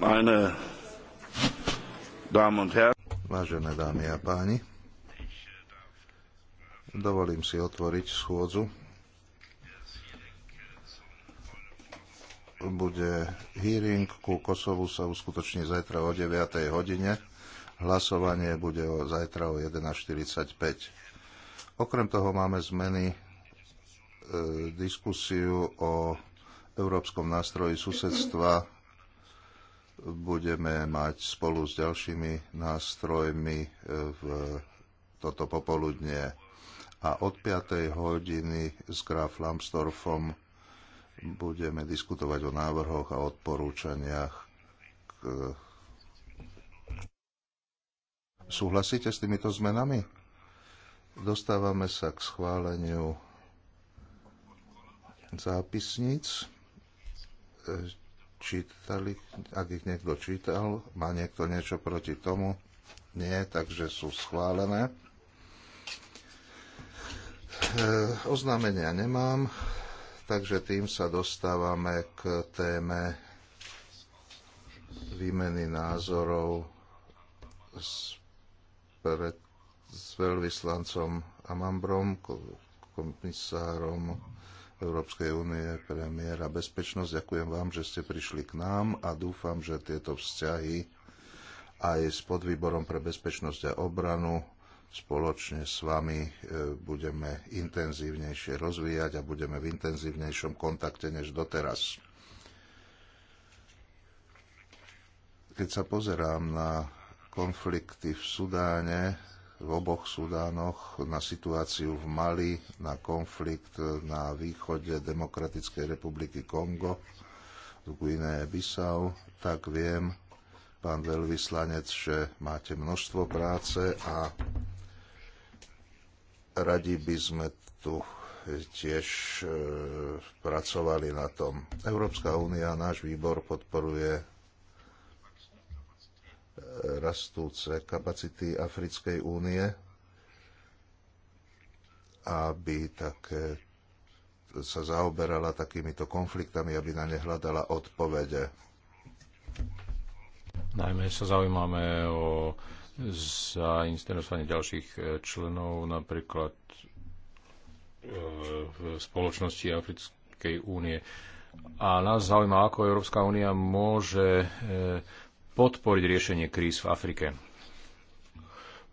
Meine Damen und Herren. Vážené dámy a páni, dovolím si otvoriť schôdzu. Bude hearing ku Kosovu sa uskutoční zajtra o 9. hodine. Hlasovanie bude o zajtra o 11.45. Okrem toho máme zmeny e, diskusiu o Európskom nástroji susedstva budeme mať spolu s ďalšími nástrojmi e, v toto popoludnie. A od 5. hodiny s Graf Lambsdorffom budeme diskutovať o návrhoch a odporúčaniach. K... Súhlasíte s týmito zmenami? Dostávame sa k schváleniu zápisníc čítali, ak ich niekto čítal, má niekto niečo proti tomu? Nie, takže sú schválené. E, oznámenia nemám, takže tým sa dostávame k téme výmeny názorov s, pred, s veľvyslancom Amambrom, komisárom Európskej únie pre mier a bezpečnosť. Ďakujem vám, že ste prišli k nám a dúfam, že tieto vzťahy aj s podvýborom pre bezpečnosť a obranu spoločne s vami e, budeme intenzívnejšie rozvíjať a budeme v intenzívnejšom kontakte než doteraz. Keď sa pozerám na konflikty v Sudáne, v oboch Sudánoch, na situáciu v Mali, na konflikt na východe Demokratickej republiky Kongo, v Guiné Bissau, tak viem, pán veľvyslanec, že máte množstvo práce a radi by sme tu tiež e, pracovali na tom. Európska únia, náš výbor podporuje rastúce kapacity Africkej únie, aby také sa zaoberala takýmito konfliktami, aby na ne hľadala odpovede. Najmä sa zaujímame o zainteresovanie ďalších e, členov, napríklad e, v spoločnosti Africkej únie. A nás zaujíma, ako Európska únia môže e, podporiť riešenie kríz v Afrike.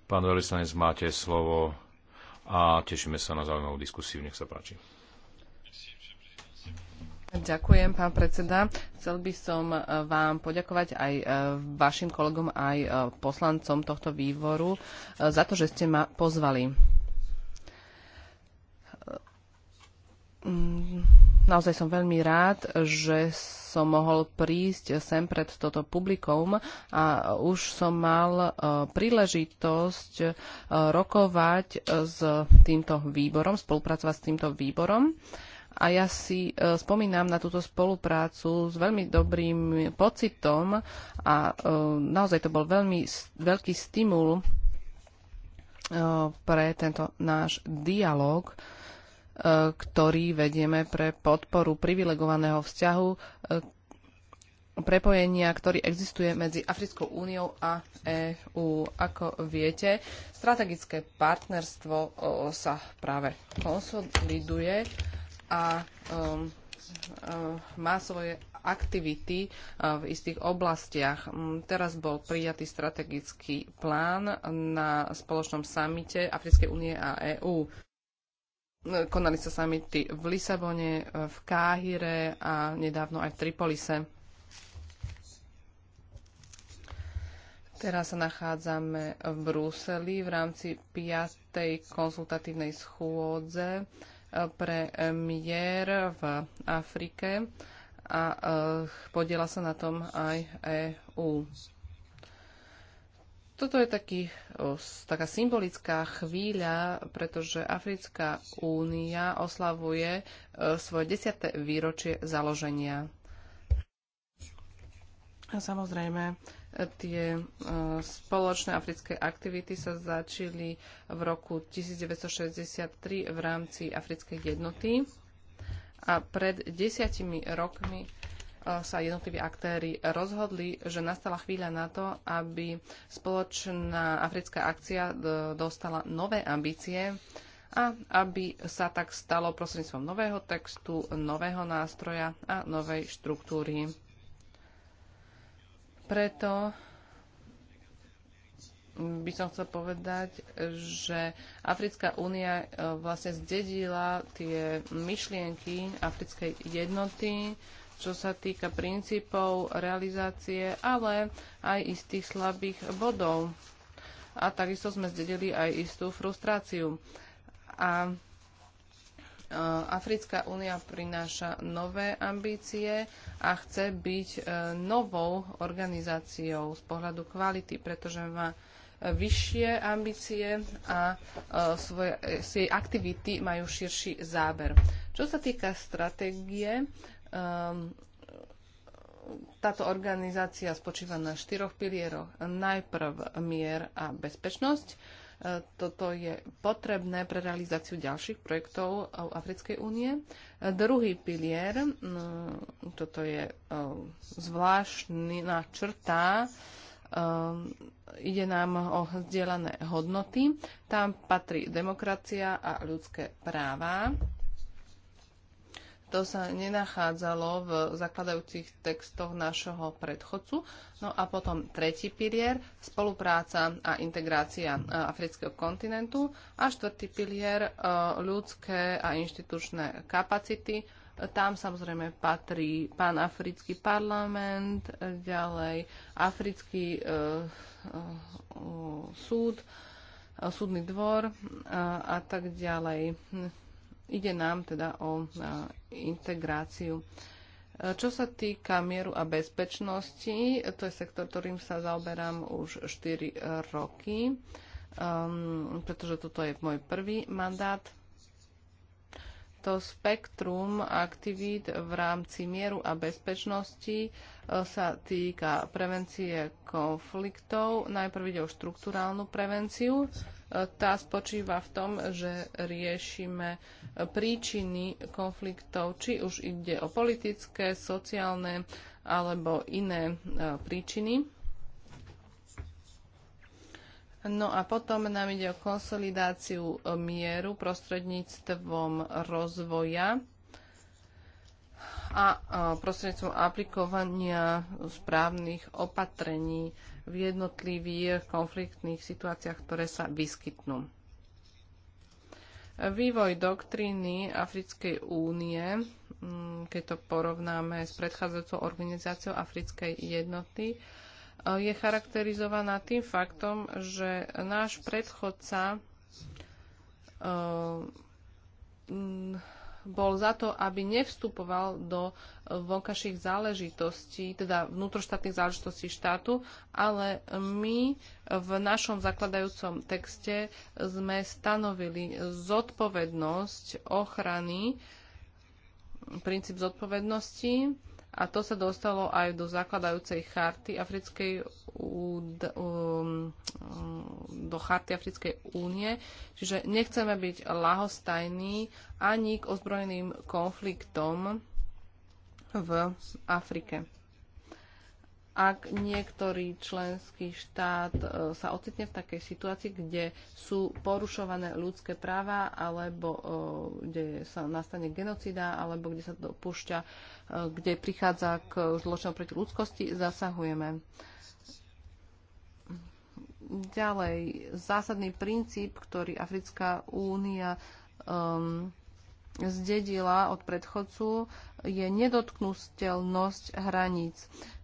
Pán veľvyslanec, máte slovo a tešíme sa na zaujímavú diskusiu. Nech sa páči. Ďakujem, pán predseda. Chcel by som e, vám poďakovať aj e, vašim kolegom, aj e, poslancom tohto výboru za to, že ste ma pozvali. Naozaj som veľmi rád, že som mohol prísť sem pred toto publikum a už som mal e, príležitosť e, rokovať e, s týmto výborom, spolupracovať s týmto výborom. A ja si spomínam na túto spoluprácu s veľmi dobrým pocitom a naozaj to bol veľmi veľký stimul pre tento náš dialog E, ktorý vedieme pre podporu privilegovaného vzťahu e, prepojenia, ktorý existuje medzi Africkou úniou a EÚ. Ako viete, strategické partnerstvo e, sa práve konsoliduje a má svoje aktivity v istých oblastiach. Teraz bol prijatý strategický plán na spoločnom samite Africkej únie a EÚ konali sa samity v Lisabone, v Káhire a nedávno aj v Tripolise. Teraz sa nachádzame v Bruseli v rámci 5. konzultatívnej schôdze eh, pre eh, mier v Afrike a eh, podiela sa na tom aj EU. Toto je taký, o, taká symbolická chvíľa, pretože Africká únia oslavuje e, svoje desiaté výročie založenia. A samozrejme, e, tie e, spoločné africké aktivity sa začali v roku 1963 v rámci Africkej jednoty a pred desiatimi rokmi sa jednotliví aktéry rozhodli, že nastala chvíľa na to, aby spoločná africká akcia e, dostala nové ambície a aby sa tak stalo prostredníctvom nového textu, nového nástroja a novej štruktúry. Preto by som chcel povedať, že Africká únia e, vlastne zdedila tie myšlienky africkej jednoty, čo sa týka princípov realizácie, ale aj istých slabých bodov. A takisto sme zdedili aj istú frustráciu. A e, Africká únia prináša nové ambície a chce byť e, novou organizáciou z pohľadu kvality, pretože má vyššie ambície a e, svoje, aktivity majú širší záber. Čo sa týka stratégie, Um, táto organizácia spočíva na štyroch pilieroch. Najprv mier a bezpečnosť. E, toto je potrebné pre realizáciu ďalších projektov Africkej únie. E, druhý pilier, toto je e, zvláštna črta, ide nám o vzdielané hodnoty. Tam patrí demokracia a ľudské práva. To sa nenachádzalo v zakladajúcich textoch našeho predchodcu. No a potom tretí pilier, spolupráca a integrácia e, afrického kontinentu. A štvrtý pilier, e, ľudské a inštitučné kapacity, tam samozrejme patrí pán Africký parlament, ďalej Africký e, súd, súdny dvor a tak ďalej ide nám teda o integráciu. E, čo sa týka mieru a bezpečnosti, to je sektor, ktorým sa zaoberám už 4 e, roky, um, pretože toto je môj prvý mandát. To spektrum aktivít v rámci mieru a bezpečnosti e, sa týka prevencie konfliktov. Najprv ide o štruktúrálnu prevenciu, tá spočíva v tom, že riešime príčiny konfliktov, či už ide o politické, sociálne alebo iné e, príčiny. No a potom nám ide o konsolidáciu e, mieru prostredníctvom rozvoja a e, prostredníctvom aplikovania správnych opatrení v jednotlivých konfliktných situáciách, ktoré sa vyskytnú. Vývoj doktríny Africkej únie, mm, keď to porovnáme s predchádzajúcou organizáciou Africkej jednoty, je charakterizovaná tým faktom, že náš predchodca eh, mm, bol za to, aby nevstupoval do vonkajších záležitostí, teda vnútroštátnych záležitostí štátu, ale my v našom zakladajúcom texte sme stanovili zodpovednosť ochrany, princíp zodpovednosti a to sa dostalo aj do zakladajúcej charty Africkej um, um, do charty Africkej únie. Čiže nechceme byť lahostajní ani k ozbrojeným konfliktom v Afrike ak niektorý členský štát e, sa ocitne v takej situácii, kde sú porušované ľudské práva, alebo e, kde sa nastane genocida, alebo kde sa dopúšťa, e, kde prichádza k zločinom proti ľudskosti, zasahujeme. Ďalej, zásadný princíp, ktorý Africká únia um, zdedila od predchodcu, je nedotknutelnosť hraníc.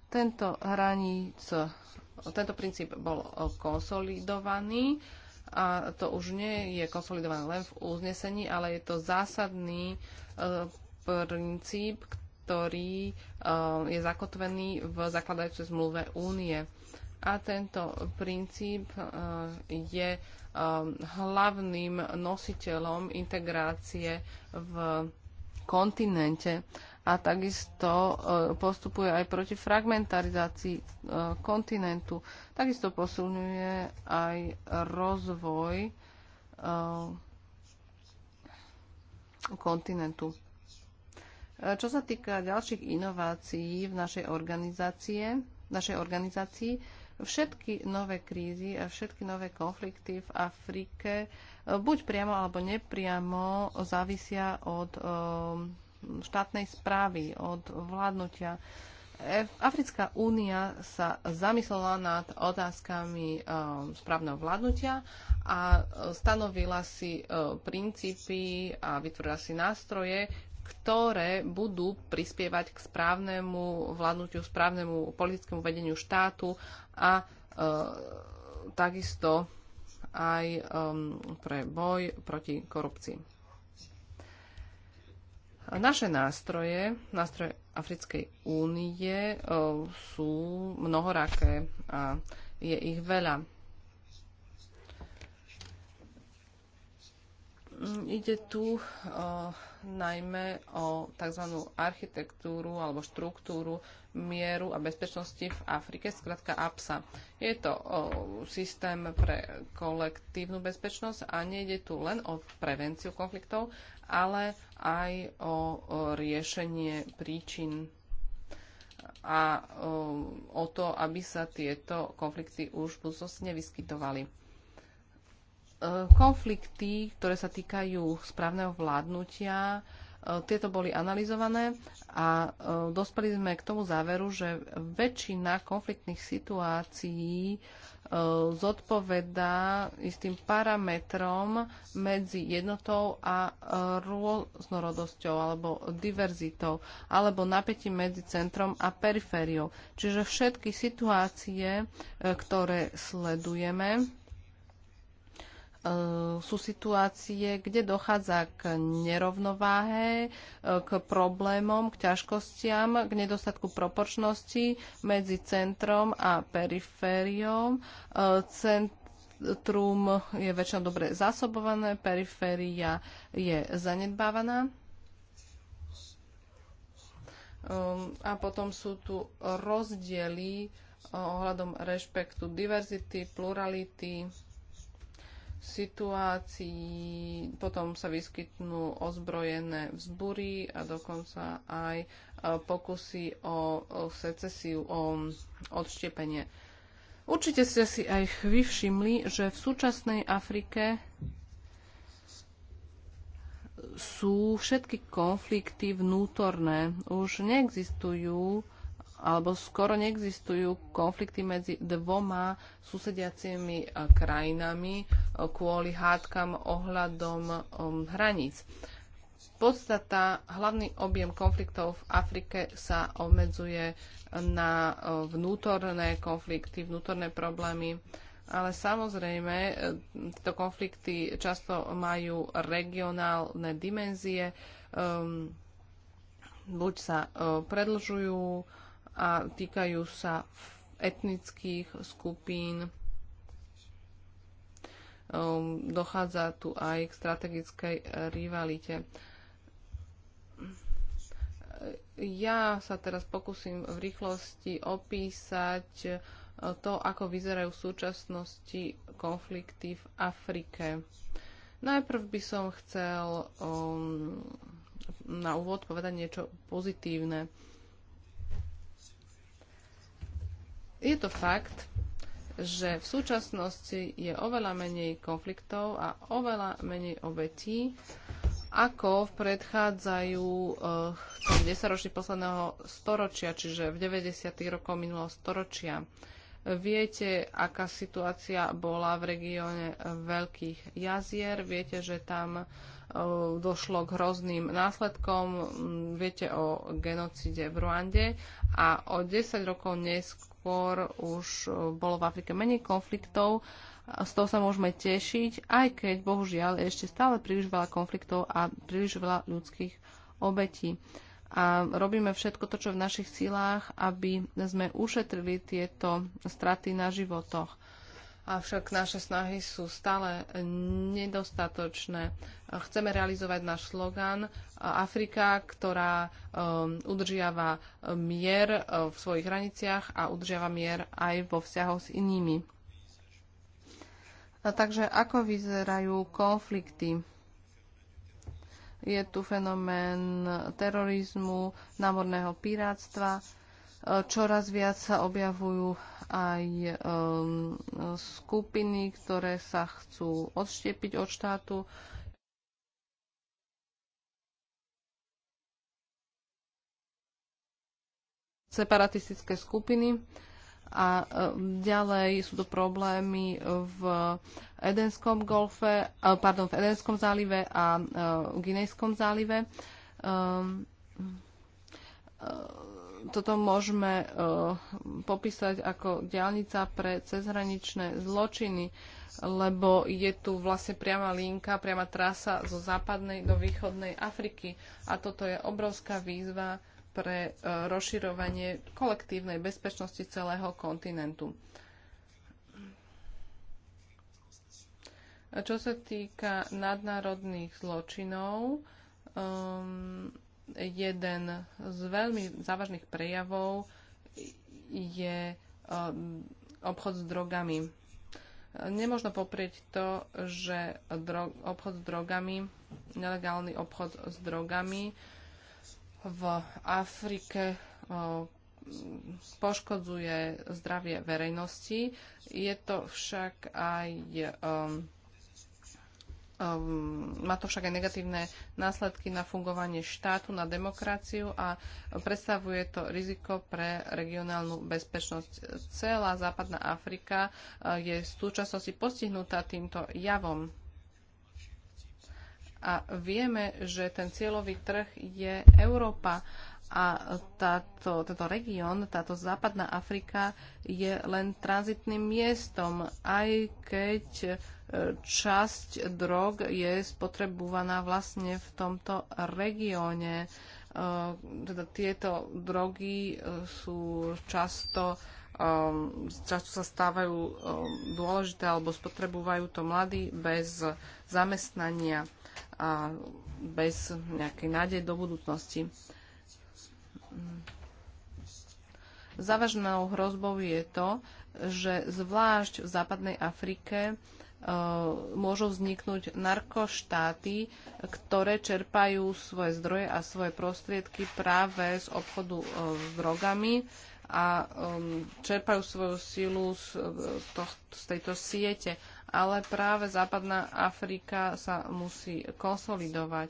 Tento hranic, tento princíp bol konsolidovaný a to už nie je konsolidované len v uznesení, ale je to zásadný e, princíp, ktorý e, je zakotvený v zakladajúcej zmluve únie. A tento princíp e, je hlavným nositeľom integrácie v kontinente a takisto e, postupuje aj proti fragmentarizácii e, kontinentu. Takisto posilňuje aj rozvoj e, kontinentu. Čo sa týka ďalších inovácií v našej organizácie, našej organizácii, všetky nové krízy a všetky nové konflikty v Afrike buď priamo alebo nepriamo závisia od um, štátnej správy, od vládnutia. Africká únia sa zamyslela nad otázkami eh, správneho vládnutia a eh, stanovila si eh, princípy a vytvorila si nástroje, ktoré budú prispievať k správnemu vládnutiu, správnemu politickému vedeniu štátu a takisto aj pre boj proti korupcii. Naše nástroje, nástroje Africkej únie e, sú mnohoraké a je ich veľa. Hm, ide tu e, najmä o tzv. architektúru alebo štruktúru mieru a bezpečnosti v Afrike, skratka APSA. Je to o, systém pre kolektívnu bezpečnosť a nejde tu len o prevenciu konfliktov, ale aj o, o riešenie príčin a o, o to, aby sa tieto konflikty už v budúcnosti nevyskytovali. E, konflikty, ktoré sa týkajú správneho vládnutia, e, tieto boli analyzované a e, dospeli sme k tomu záveru, že väčšina konfliktných situácií zodpovedá istým parametrom medzi jednotou a rôznorodosťou alebo diverzitou alebo napätím medzi centrom a perifériou. Čiže všetky situácie, ktoré sledujeme, Ehm, sú situácie, kde dochádza k nerovnováhe, ehm, k problémom, k ťažkostiam, k nedostatku proporčnosti medzi centrom a perifériom. Ehm, centrum je väčšinou dobre zásobované, periféria je zanedbávaná. A potom sú tu rozdiely ohľadom rešpektu diverzity, plurality, situácií, potom sa vyskytnú ozbrojené vzbury a dokonca aj e, pokusy o, secesiu, o odštepenie. Určite ste si aj vy všimli, že v súčasnej Afrike sú všetky konflikty vnútorné. Už neexistujú alebo skoro neexistujú konflikty medzi dvoma susediacimi eh, krajinami eh, kvôli hádkam ohľadom um, hraníc. Podstata, hlavný objem konfliktov v Afrike sa obmedzuje na eh, vnútorné konflikty, vnútorné problémy, ale samozrejme tieto konflikty často majú regionálne dimenzie, ehm, buď sa predlžujú, a týkajú sa etnických skupín. Ehm, dochádza tu aj k strategickej rivalite. Ja sa teraz pokúsim v rýchlosti opísať e, to, ako vyzerajú v súčasnosti konflikty v Afrike. Najprv by som chcel um, na úvod povedať niečo pozitívne. Je to fakt, že v súčasnosti je oveľa menej konfliktov a oveľa menej obetí, ako predchádzajú uh, 10 ročí posledného storočia, čiže v 90. rokov minulého storočia. Viete, aká situácia bola v regióne veľkých jazier, viete, že tam Eh, došlo k hrozným následkom. Mm, viete o genocíde v Ruande a o 10 rokov neskôr už eh, bolo v Afrike menej konfliktov. Z toho sa môžeme tešiť, aj keď bohužiaľ ešte stále príliš veľa konfliktov a príliš veľa ľudských obetí. A robíme všetko to, čo je v našich silách, aby sme ušetrili tieto straty na životoch avšak naše snahy sú stále nedostatočné. Chceme realizovať náš slogan Afrika, ktorá um, udržiava mier uh, v svojich hraniciach a udržiava mier aj vo vzťahoch s inými. A takže ako vyzerajú konflikty? Je tu fenomén terorizmu, námorného pirátstva, Čoraz viac sa objavujú aj um, skupiny, ktoré sa chcú odštiepiť od štátu. Separatistické skupiny. A um, ďalej sú to problémy v Edenskom golfe, eh, pardon, v Edenskom zálive a uh, Ginejskom zálive. Um, uh, toto môžeme e, popísať ako diálnica pre cezhraničné zločiny, lebo je tu vlastne priama linka, priama trasa zo západnej do východnej Afriky. A toto je obrovská výzva pre e, rozširovanie kolektívnej bezpečnosti celého kontinentu. Čo sa týka nadnárodných zločinov, um, jeden z veľmi závažných prejavov je e, obchod s drogami. Nemôžno poprieť to, že drog, obchod s drogami, nelegálny obchod s drogami v Afrike e, poškodzuje zdravie verejnosti. Je to však aj um, Ehm, má to však aj negatívne následky na fungovanie štátu, na demokraciu a predstavuje to riziko pre regionálnu bezpečnosť. Celá západná Afrika eh, je v súčasnosti postihnutá týmto javom. A vieme, že ten cieľový trh je Európa a táto, tento región, táto západná Afrika je len tranzitným miestom, aj keď e, časť drog je spotrebovaná vlastne v tomto regióne. E, teda tieto drogy e, sú často často sa stávajú dôležité alebo spotrebujú to mladí bez zamestnania a bez nejakej nádej do budúcnosti. Mm. Závažnou hrozbou je to, že zvlášť v západnej Afrike e, môžu vzniknúť narkoštáty, ktoré čerpajú svoje zdroje a svoje prostriedky práve z obchodu e, s drogami a um, čerpajú svoju silu z, to, z tejto siete. Ale práve západná Afrika sa musí konsolidovať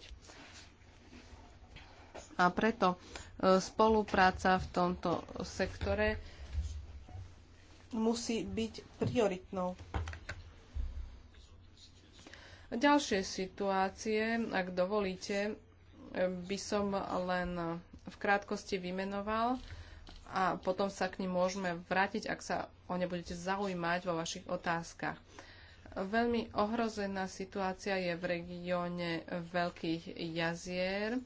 a preto e, spolupráca v tomto sektore musí byť prioritnou. Ďalšie situácie, ak dovolíte, by som len v krátkosti vymenoval a potom sa k nim môžeme vrátiť, ak sa o ne budete zaujímať vo vašich otázkach. Veľmi ohrozená situácia je v regióne Veľkých jazier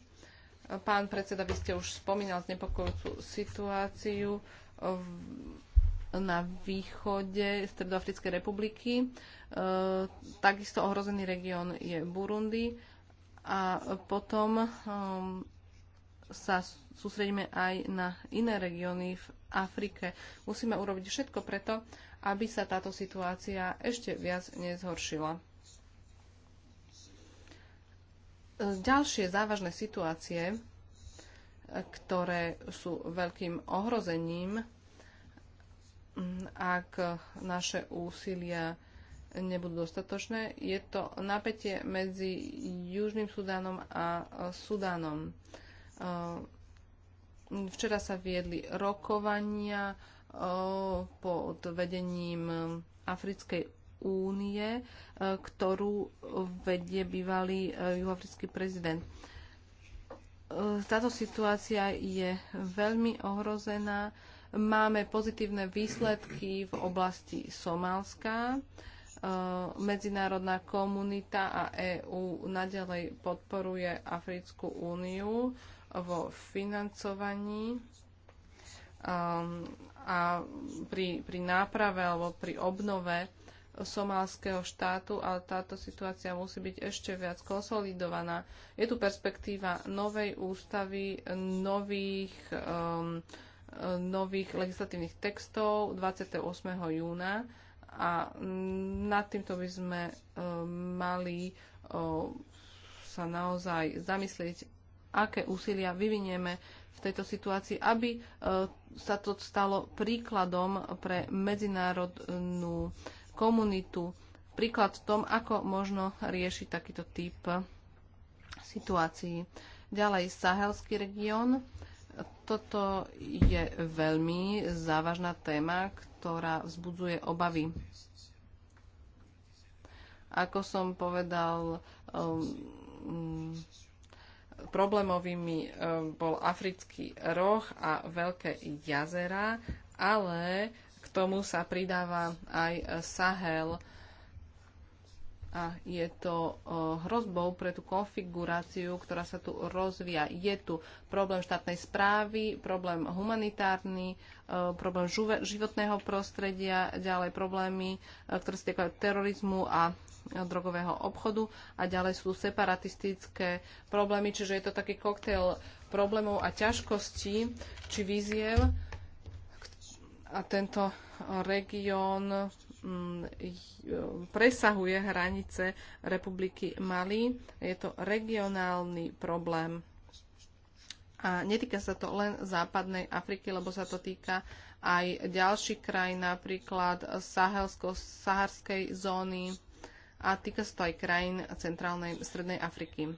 Pán predseda, vy ste už spomínal znepokojujúcu situáciu na východe Stredoafrickej republiky. E, takisto ohrozený región je Burundi. A potom e, sa sústredíme aj na iné regióny v Afrike. Musíme urobiť všetko preto, aby sa táto situácia ešte viac nezhoršila. ďalšie závažné situácie, ktoré sú veľkým ohrozením, ak naše úsilia nebudú dostatočné, je to napätie medzi Južným Sudánom a Sudánom. Včera sa viedli rokovania eh, pod vedením Africkej únie, e, ktorú vedie bývalý e, juhoafrický prezident. E, táto situácia je veľmi ohrozená. Máme pozitívne výsledky v oblasti Somálska. Medzinárodná komunita a EÚ nadalej podporuje Africkú úniu vo financovaní um, a pri, pri náprave alebo pri obnove somálskeho štátu, ale táto situácia musí byť ešte viac konsolidovaná. Je tu perspektíva novej ústavy, nových, um, nových legislatívnych textov 28. júna a nad týmto by sme um, mali um, sa naozaj zamyslieť, aké úsilia vyvinieme v tejto situácii, aby um, sa to stalo príkladom pre medzinárodnú um, komunitu. Príklad v tom, ako možno riešiť takýto typ situácií. Ďalej Sahelský región. Toto je veľmi závažná téma, ktorá vzbudzuje obavy. Ako som povedal, um, problémovými um, bol africký roh a veľké jazera, ale tomu sa pridáva aj e, Sahel a je to e, hrozbou pre tú konfiguráciu, ktorá sa tu rozvíja. Je tu problém štátnej správy, problém humanitárny, e, problém životného prostredia, ďalej problémy, ktoré sa týkajú terorizmu a drogového obchodu a ďalej sú separatistické problémy, čiže je to taký koktail problémov a ťažkostí či víziev a tento región mm, presahuje hranice Republiky Mali. Je to regionálny problém. A netýka sa to len západnej Afriky, lebo sa to týka aj ďalších krajín, napríklad sahelsko-saharskej zóny a týka sa to aj krajín centrálnej strednej Afriky.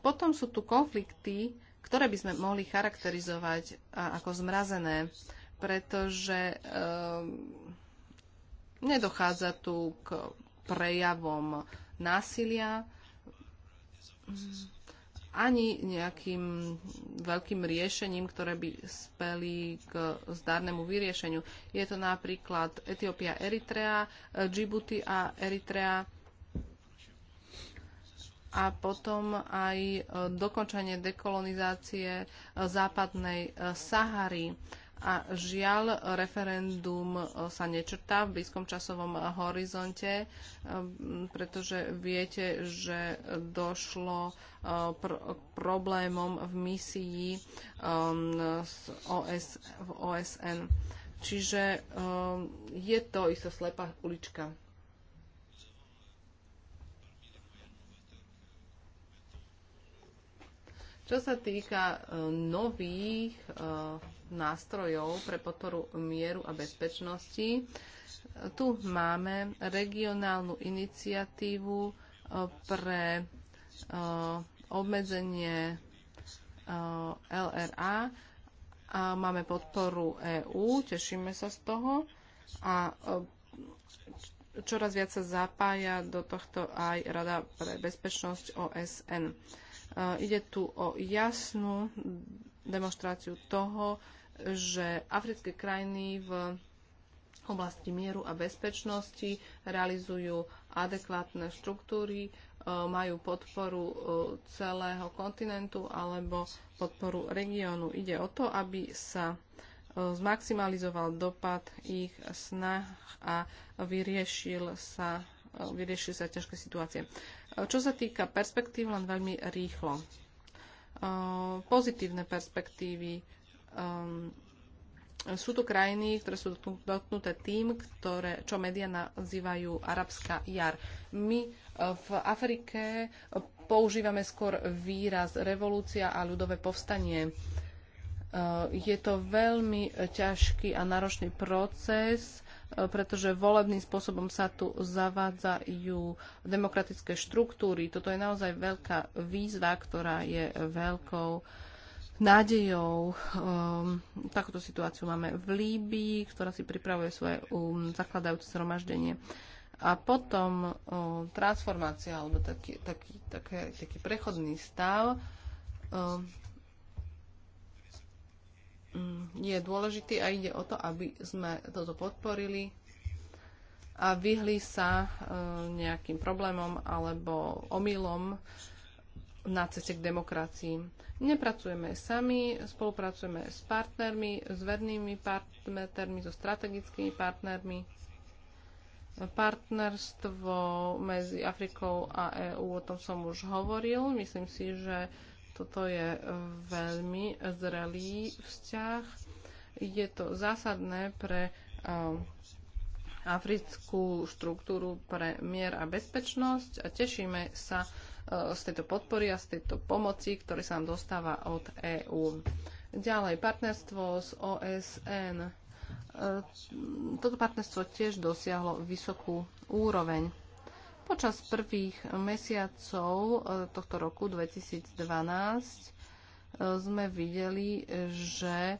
Potom sú tu konflikty, ktoré by sme mohli charakterizovať ako zmrazené pretože ehm, nedochádza tu k prejavom násilia ani nejakým veľkým riešením, ktoré by speli k zdarnému vyriešeniu. Je to napríklad Etiópia, Eritrea, Djibouti a Eritrea a potom aj dokončenie dekolonizácie eh, západnej eh, Sahary a žiaľ, referendum e, sa nečrtá v blízkom časovom horizonte, e, pretože viete, že došlo e, pr- problémom v misii OS, v OSN. Čiže je to isto slepá ulička. Čo sa týka e, nových e, nástrojov pre podporu mieru a bezpečnosti, e, tu máme regionálnu iniciatívu pre obmedzenie LRA. A máme podporu EÚ, tešíme sa z toho. A čoraz viac sa zapája do tohto aj Rada pre bezpečnosť OSN. Ide tu o jasnú demonstráciu toho, že africké krajiny v oblasti mieru a bezpečnosti realizujú adekvátne štruktúry, e, majú podporu e, celého kontinentu alebo podporu regiónu. Ide o to, aby sa e, zmaximalizoval dopad ich snah a vyriešil sa vyriešili sa ťažké situácie. Čo sa týka perspektív, len veľmi rýchlo. Pozitívne perspektívy. Um, sú to krajiny, ktoré sú dotknuté tým, ktoré, čo médiá nazývajú arabská jar. My e, v Afrike používame skôr výraz revolúcia a ľudové povstanie. E, je to veľmi ťažký a náročný proces, pretože volebným spôsobom sa tu zavádzajú demokratické štruktúry. Toto je naozaj veľká výzva, ktorá je veľkou nádejou. Um, takúto situáciu máme v Líbii, ktorá si pripravuje svoje um, zakladajúce zhromaždenie. A potom um, transformácia, alebo taký, taký, taký, taký prechodný stav. Um, Mm, je dôležitý a ide o to, aby sme toto podporili a vyhli sa e, nejakým problémom alebo omylom na ceste k demokracii. Nepracujeme sami, spolupracujeme s partnermi, s vernými partnermi, so strategickými partnermi. Partnerstvo medzi Afrikou a EÚ, o tom som už hovoril. Myslím si, že toto je e, veľmi zrelý vzťah. Je to zásadné pre e, africkú štruktúru pre mier a bezpečnosť a tešíme sa e, z tejto podpory a z tejto pomoci, ktorý sa nám dostáva od EÚ. Ďalej, partnerstvo s OSN. Toto partnerstvo tiež dosiahlo vysokú úroveň. Počas prvých mesiacov e, tohto roku 2012 e, sme videli, že e,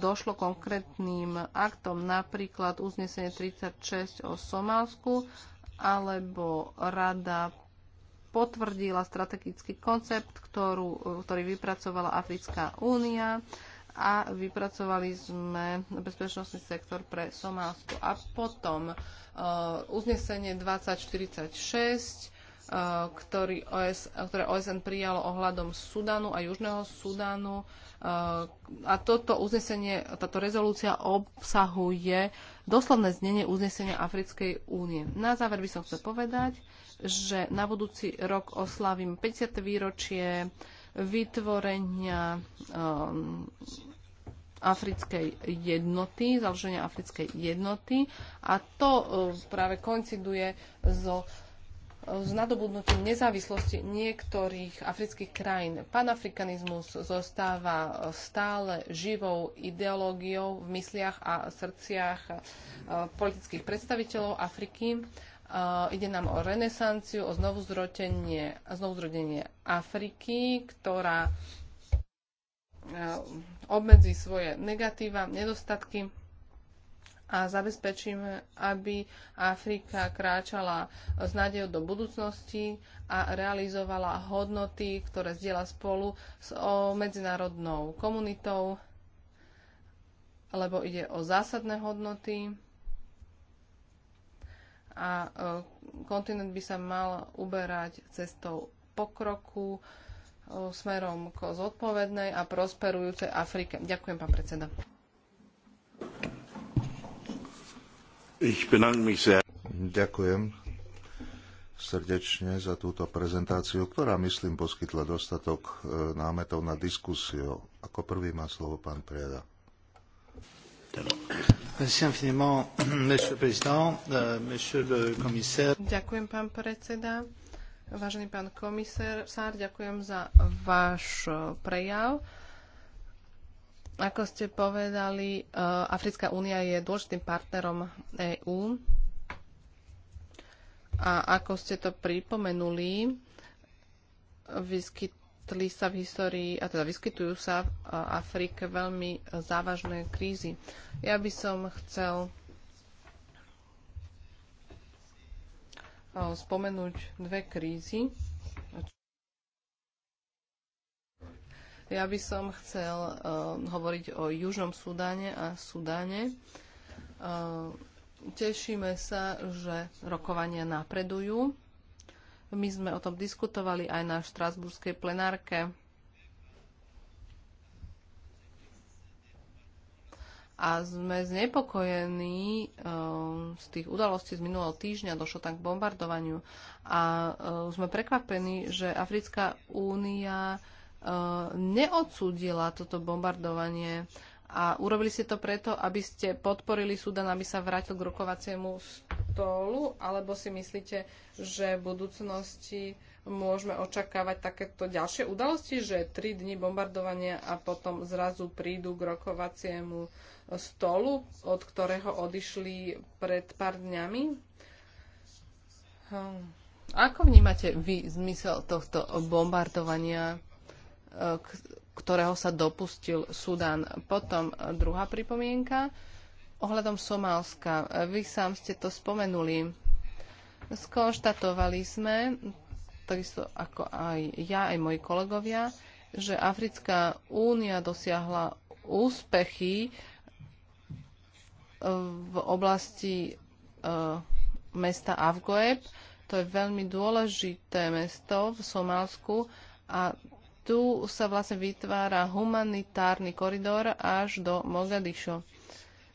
došlo konkrétnym aktom, napríklad uznesenie 36 o Somálsku, alebo rada potvrdila strategický koncept, ktorú, ktorý vypracovala Africká únia a vypracovali sme bezpečnostný sektor pre Somálsko. A potom uh, uznesenie 2046, uh, ktorý OS, ktoré OSN prijalo ohľadom Sudanu a Južného Sudanu. Uh, a toto uznesenie, táto rezolúcia obsahuje doslovné znenie uznesenia Africkej únie. Na záver by som chcel povedať, že na budúci rok oslavím 50. výročie vytvorenia um, africkej jednoty, založenia africkej jednoty a to um, práve koinciduje so s nadobudnutím nezávislosti niektorých afrických krajín. Panafrikanizmus zostáva stále živou ideológiou v mysliach a srdciach uh, politických predstaviteľov Afriky ide nám o renesanciu, o znovuzrodenie, znovuzrodenie Afriky, ktorá obmedzí svoje negatíva, nedostatky a zabezpečíme, aby Afrika kráčala s nádejou do budúcnosti a realizovala hodnoty, ktoré zdieľa spolu s medzinárodnou komunitou, lebo ide o zásadné hodnoty, a e, kontinent by sa mal uberať cestou pokroku e, smerom k zodpovednej a prosperujúcej Afrike. Ďakujem, pán predseda. Ďakujem srdečne za túto prezentáciu, ktorá, myslím, poskytla dostatok e, námetov na diskusiu. Ako prvý má slovo pán Prieda. Euh, ďakujem, pán predseda. Vážený pán komisár, ďakujem za váš e, prejav. Ako ste povedali, e, Africká únia je dôležitým partnerom EÚ. A ako ste to pripomenuli, vyskyt vyskytli sa v histórii, a teda vyskytujú sa v Afrike veľmi závažné krízy. Ja by som chcel eh, spomenúť dve krízy. Ja by som chcel eh, hovoriť o Južnom Sudáne a Sudáne. Eh, tešíme sa, že rokovania napredujú my sme o tom diskutovali aj na štrasburskej plenárke. A sme znepokojení eh, z tých udalostí z minulého týždňa, došlo tam k bombardovaniu. A eh, sme prekvapení, že Africká únia eh, neodsúdila toto bombardovanie a urobili ste to preto, aby ste podporili Sudan, aby sa vrátil k rokovaciemu stolu, alebo si myslíte, že v budúcnosti môžeme očakávať takéto ďalšie udalosti, že tri dni bombardovania a potom zrazu prídu k rokovaciemu stolu, od ktorého odišli pred pár dňami? Hm. Ako vnímate vy zmysel tohto bombardovania? Eh, ktorého sa dopustil Sudán. Potom druhá pripomienka ohľadom Somálska. Vy sám ste to spomenuli. Skonštatovali sme, takisto ako aj ja, aj moji kolegovia, že Africká únia dosiahla úspechy e, v oblasti e, mesta Avgoeb. To je veľmi dôležité mesto v Somálsku a tu sa vlastne vytvára humanitárny koridor až do Mogadišo.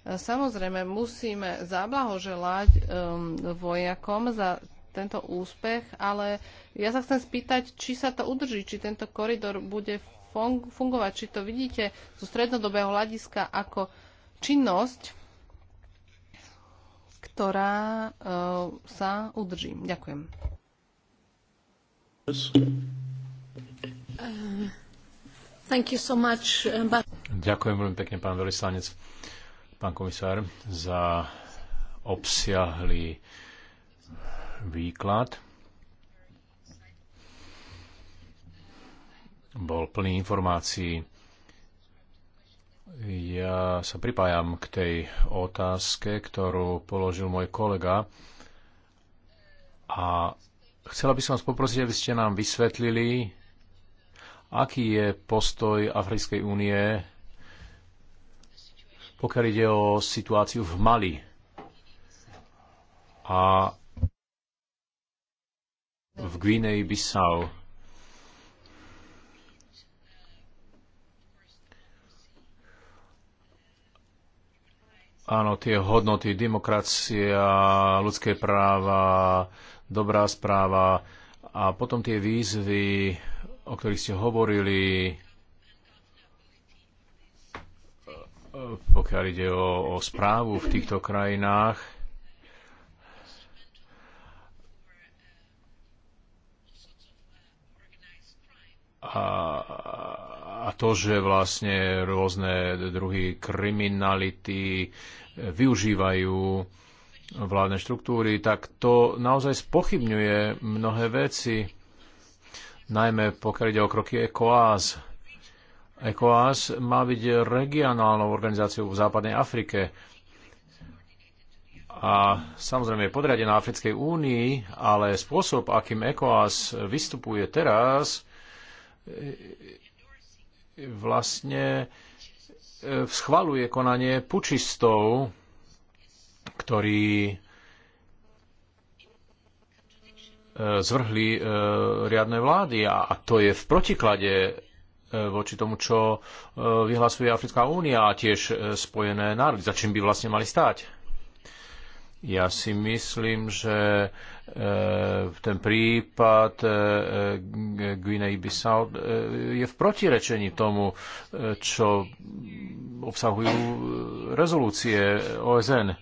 Samozrejme, musíme zablahoželať um, vojakom za tento úspech, ale ja sa chcem spýtať, či sa to udrží, či tento koridor bude fungovať, či to vidíte zo strednodobého hľadiska ako činnosť, ktorá uh, sa udrží. Ďakujem. Yes. Ďakujem veľmi pekne, pán veľvyslanec, pán komisár, za obsiahly výklad. Bol plný informácií. Ja sa pripájam k tej otázke, ktorú položil môj kolega. A chcela by som vás poprosiť, aby ste nám vysvetlili, Aký je postoj Africkej únie, pokiaľ ide o situáciu v Mali? A v Guinei Bissau. Áno, tie hodnoty, demokracia, ľudské práva, dobrá správa a potom tie výzvy o ktorých ste hovorili, pokiaľ ide o, o správu v týchto krajinách. A, a to, že vlastne rôzne druhy kriminality využívajú vládne štruktúry, tak to naozaj spochybňuje mnohé veci najmä pokiaľ ide o kroky ECOAS. ECOAS má byť regionálnou organizáciou v západnej Afrike a samozrejme je podriadená Africkej únii, ale spôsob, akým ECOAS vystupuje teraz, vlastne e, schvaluje konanie pučistov, ktorí zvrhli e, riadne vlády a to je v protiklade e, voči tomu, čo e, vyhlasuje Africká únia a tiež Spojené národy, za čím by vlastne mali stáť. Ja si myslím, že ten prípad Guinea Bissau je v protirečení tomu, čo obsahujú rezolúcie OSN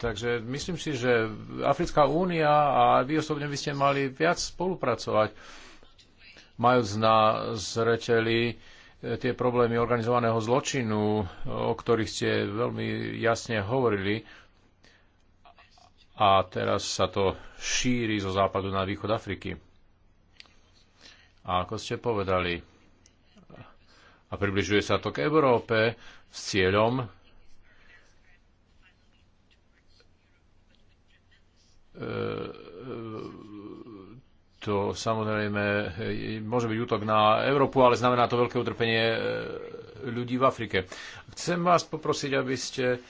Takže myslím si, že Africká únia a vy osobne by ste mali viac spolupracovať, majúc na zreteli e, tie problémy organizovaného zločinu, o ktorých ste veľmi jasne hovorili. A teraz sa to šíri zo západu na východ Afriky. A ako ste povedali, a približuje sa to k Európe s cieľom E, e, to samozrejme môže byť útok na Európu, ale znamená to veľké utrpenie e, ľudí v Afrike. Chcem vás poprosiť, aby ste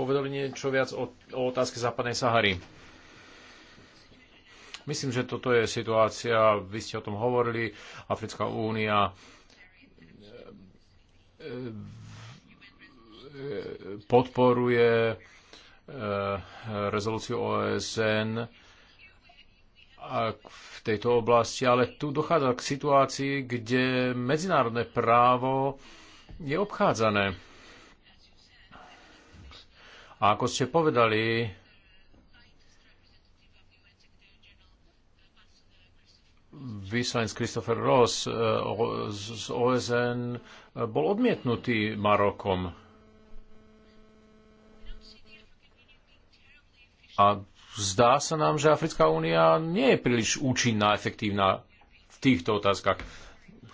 povedali niečo viac o, o otázke západnej Sahary. Myslím, že toto je situácia, vy ste o tom hovorili, Africká únia podporuje Eh, rezolúciu OSN v tejto oblasti, ale tu dochádza k situácii, kde medzinárodné právo je obchádzané. A ako ste povedali, vyslanec Christopher Ross eh, z OSN eh, bol odmietnutý Marokom A zdá sa nám, že Africká únia nie je príliš účinná, efektívna v týchto otázkach.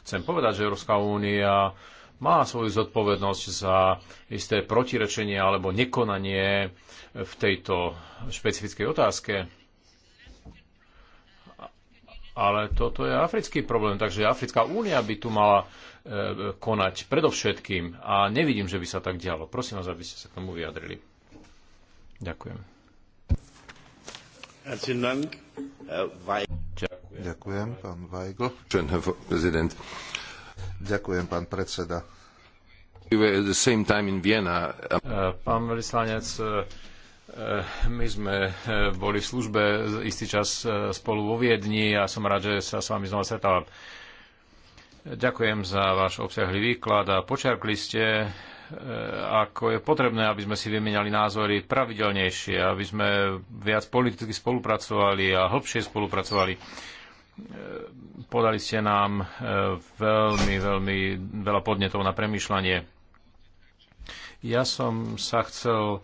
Chcem povedať, že Európska únia má svoju zodpovednosť za isté protirečenie alebo nekonanie v tejto špecifickej otázke. Ale toto je africký problém, takže Africká únia by tu mala e, konať predovšetkým a nevidím, že by sa tak dialo. Prosím vás, aby ste sa k tomu vyjadrili. Ďakujem. Ďakujem, pán Weigl. Ďakujem, pán predseda. Eh, pán vyslanec, eh, eh, my sme boli v službe istý čas spolu vo Viedni a som rád, že sa s vami znova stretávam. Ďakujem za váš obsiahlý výklad a počerkli ste Eh, ako je potrebné, aby sme si vymenali názory pravidelnejšie, aby sme viac politicky spolupracovali a hĺbšie spolupracovali. Eh, podali ste nám eh, veľmi, veľmi veľa podnetov na premýšľanie. Ja som sa chcel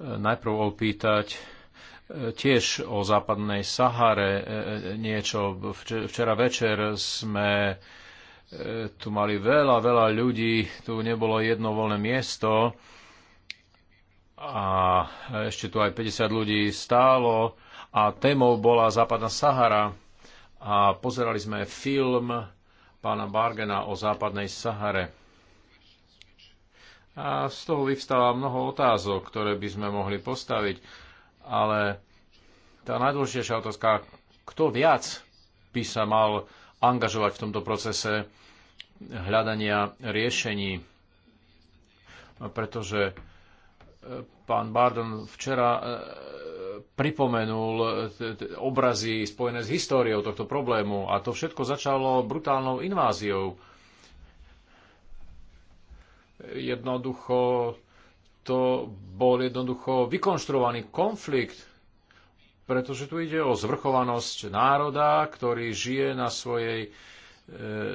najprv opýtať tiež o západnej Sahare niečo. Včera večer sme E, tu mali veľa, veľa ľudí, tu nebolo jedno voľné miesto a ešte tu aj 50 ľudí stálo a témou bola Západná Sahara a pozerali sme film pána Bargena o Západnej Sahare. A z toho vyvstala mnoho otázok, ktoré by sme mohli postaviť, ale tá najdôležitejšia otázka, kto viac by sa mal angažovať v tomto procese, hľadania riešení, pretože e, pán Bardon včera e, pripomenul e, obrazy spojené s históriou tohto problému a to všetko začalo brutálnou inváziou. Jednoducho to bol jednoducho vykonštruovaný konflikt, pretože tu ide o zvrchovanosť národa, ktorý žije na svojej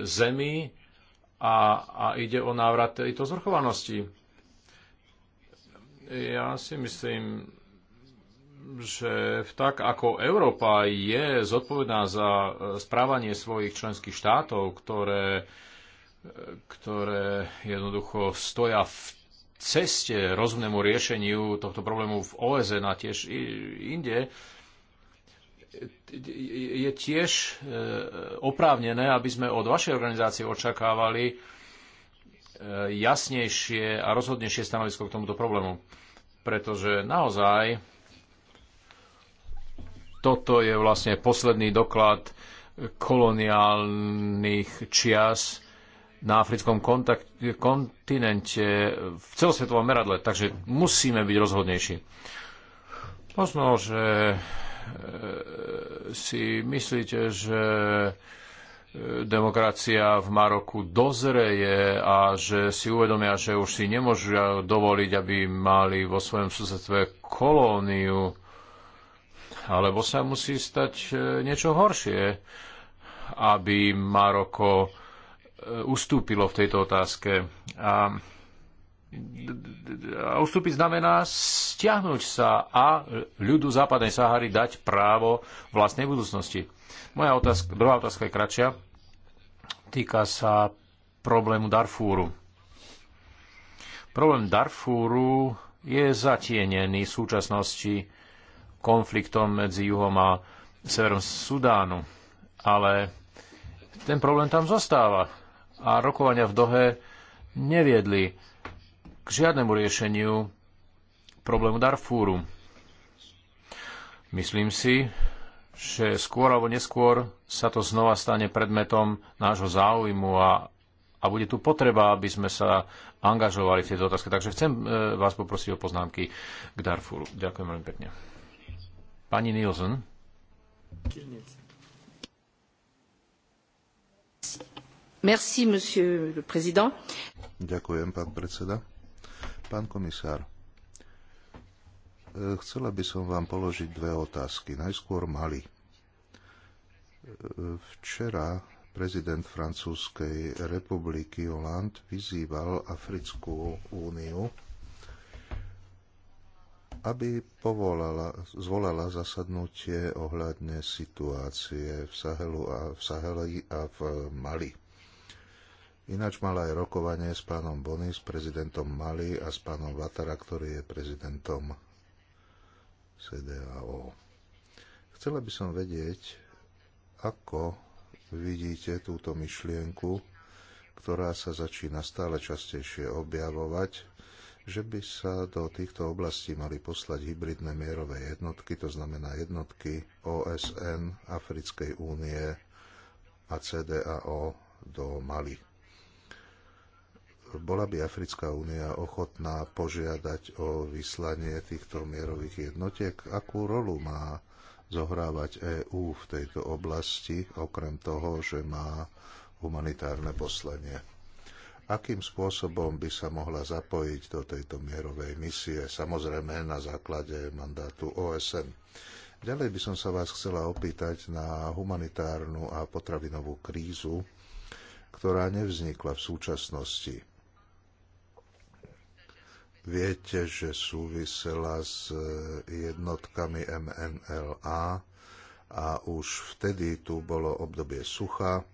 zemi a, a ide o návrat tejto zvrchovanosti. Ja si myslím, že tak ako Európa je zodpovedná za e, správanie svojich členských štátov, ktoré, e, ktoré jednoducho stoja v ceste rozumnému riešeniu tohto problému v OSN e a tiež inde, je tiež e, oprávnené, aby sme od vašej organizácie očakávali e, jasnejšie a rozhodnejšie stanovisko k tomuto problému. Pretože naozaj toto je vlastne posledný doklad koloniálnych čias na africkom kontakt, kontinente v celosvetovom meradle. Takže musíme byť rozhodnejší. Možno, že E, si myslíte, že e, demokracia v Maroku dozreje a že si uvedomia, že už si nemôžu dovoliť, aby mali vo svojom susedstve kolóniu, alebo sa musí stať e, niečo horšie, aby Maroko ustúpilo v tejto otázke. A a ustúpiť znamená stiahnuť sa a ľudu západnej Sahary dať právo vlastnej budúcnosti. Moja otázka, druhá otázka je kratšia. Týka sa problému Darfúru. Problém Darfúru je zatienený v súčasnosti konfliktom medzi juhom a severom Sudánu. Ale ten problém tam zostáva. A rokovania v Dohe neviedli k žiadnemu riešeniu problému Darfúru. Myslím si, že skôr alebo neskôr sa to znova stane predmetom nášho záujmu a, a bude tu potreba, aby sme sa angažovali v tejto otázke. Takže chcem e, vás poprosiť o poznámky k Darfúru. Ďakujem veľmi pekne. Pani Nielsen. Merci, monsieur le président. Ďakujem, pán predseda Pán komisár, e, chcela by som vám položiť dve otázky. Najskôr Mali. E, včera prezident Francúzskej republiky Hollande vyzýval Africkú úniu, aby povolala, zvolala zasadnutie ohľadne situácie v Sahelu a v Saheli a v Mali. Ináč mala aj rokovanie s pánom Bony, s prezidentom Mali a s pánom Vatara, ktorý je prezidentom CDAO. Chcela by som vedieť, ako vidíte túto myšlienku, ktorá sa začína stále častejšie objavovať, že by sa do týchto oblastí mali poslať hybridné mierové jednotky, to znamená jednotky OSN, Africkej únie a CDAO do Mali bola by Africká únia ochotná požiadať o vyslanie týchto mierových jednotiek? Akú rolu má zohrávať EÚ v tejto oblasti, okrem toho, že má humanitárne poslanie? Akým spôsobom by sa mohla zapojiť do tejto mierovej misie, samozrejme na základe mandátu OSN? Ďalej by som sa vás chcela opýtať na humanitárnu a potravinovú krízu, ktorá nevznikla v súčasnosti. Viete, že súvisela s e, jednotkami MNLA a už vtedy tu bolo obdobie sucha.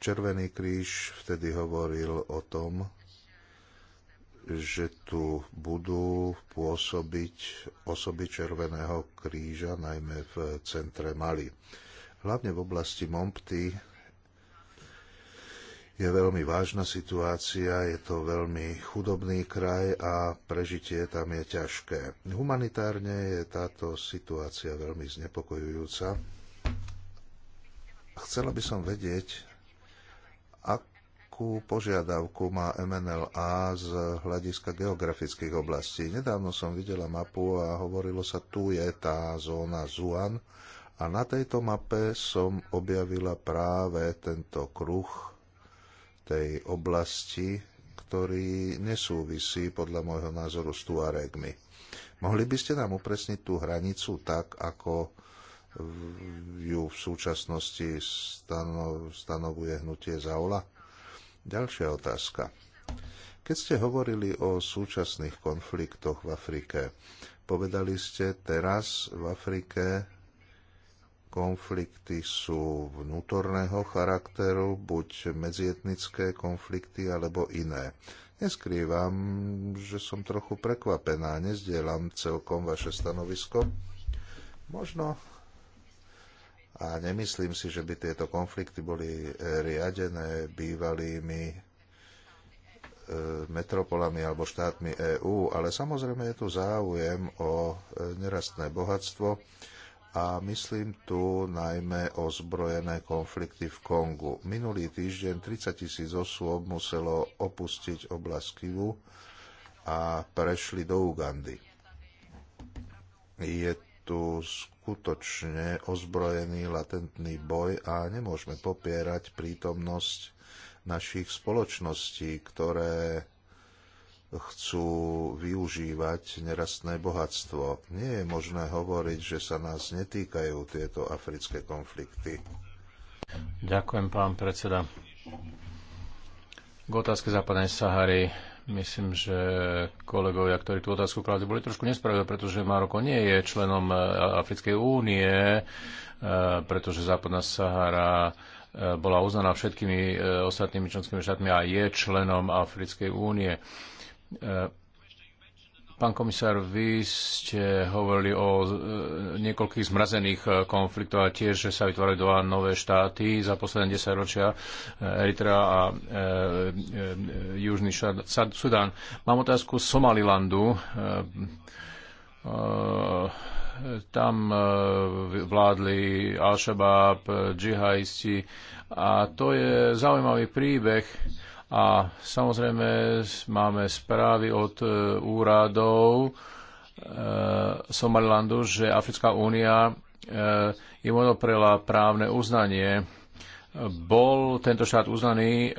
Červený kríž vtedy hovoril o tom, že tu budú pôsobiť osoby Červeného kríža, najmä v centre Mali. Hlavne v oblasti Mompty je veľmi vážna situácia, je to veľmi chudobný kraj a prežitie tam je ťažké. Humanitárne je táto situácia veľmi znepokojujúca. Chcela by som vedieť, akú požiadavku má MNLA z hľadiska geografických oblastí. Nedávno som videla mapu a hovorilo sa, tu je tá zóna Zuan a na tejto mape som objavila práve tento kruh tej oblasti, ktorý nesúvisí podľa môjho názoru s Tuaregmi. Mohli by ste nám upresniť tú hranicu tak, ako ju v súčasnosti stano, stanovuje hnutie Zaula? Ďalšia otázka. Keď ste hovorili o súčasných konfliktoch v Afrike, povedali ste, teraz v Afrike konflikty sú vnútorného charakteru, buď medzietnické konflikty alebo iné. Neskrývam, že som trochu prekvapená, nezdielam celkom vaše stanovisko. Možno a nemyslím si, že by tieto konflikty boli e, riadené bývalými e, metropolami alebo štátmi EÚ, ale samozrejme je tu záujem o e, nerastné bohatstvo, a myslím tu najmä o zbrojené konflikty v Kongu. Minulý týždeň 30 tisíc osôb muselo opustiť oblasť Kivu a prešli do Ugandy. Je tu skutočne ozbrojený latentný boj a nemôžeme popierať prítomnosť našich spoločností, ktoré chcú využívať nerastné bohatstvo. Nie je možné hovoriť, že sa nás netýkajú tieto africké konflikty. Ďakujem, pán predseda. K otázke západnej Sahary myslím, že kolegovia, ktorí tú otázku kladli, boli trošku nespravili, pretože Maroko nie je členom e, Africkej únie, e, pretože západná Sahara e, bola uznaná všetkými ostatnými členskými štátmi a je členom Africkej únie. Eh, pán komisár, vy ste hovorili o eh, niekoľkých zmrazených eh, konfliktoch a tiež, že sa vytvárajú dva nové štáty za posledné 10 ročia, Eritrea a e, e, Južný šad, Sudán. Mám otázku z Somalilandu. E, tam vládli Al-Shabaab, džihaisti a to je zaujímavý príbeh a samozrejme máme správy od e, úradov e, Somalilandu, že Africká únia im e, odoprela právne uznanie. Bol tento štát uznaný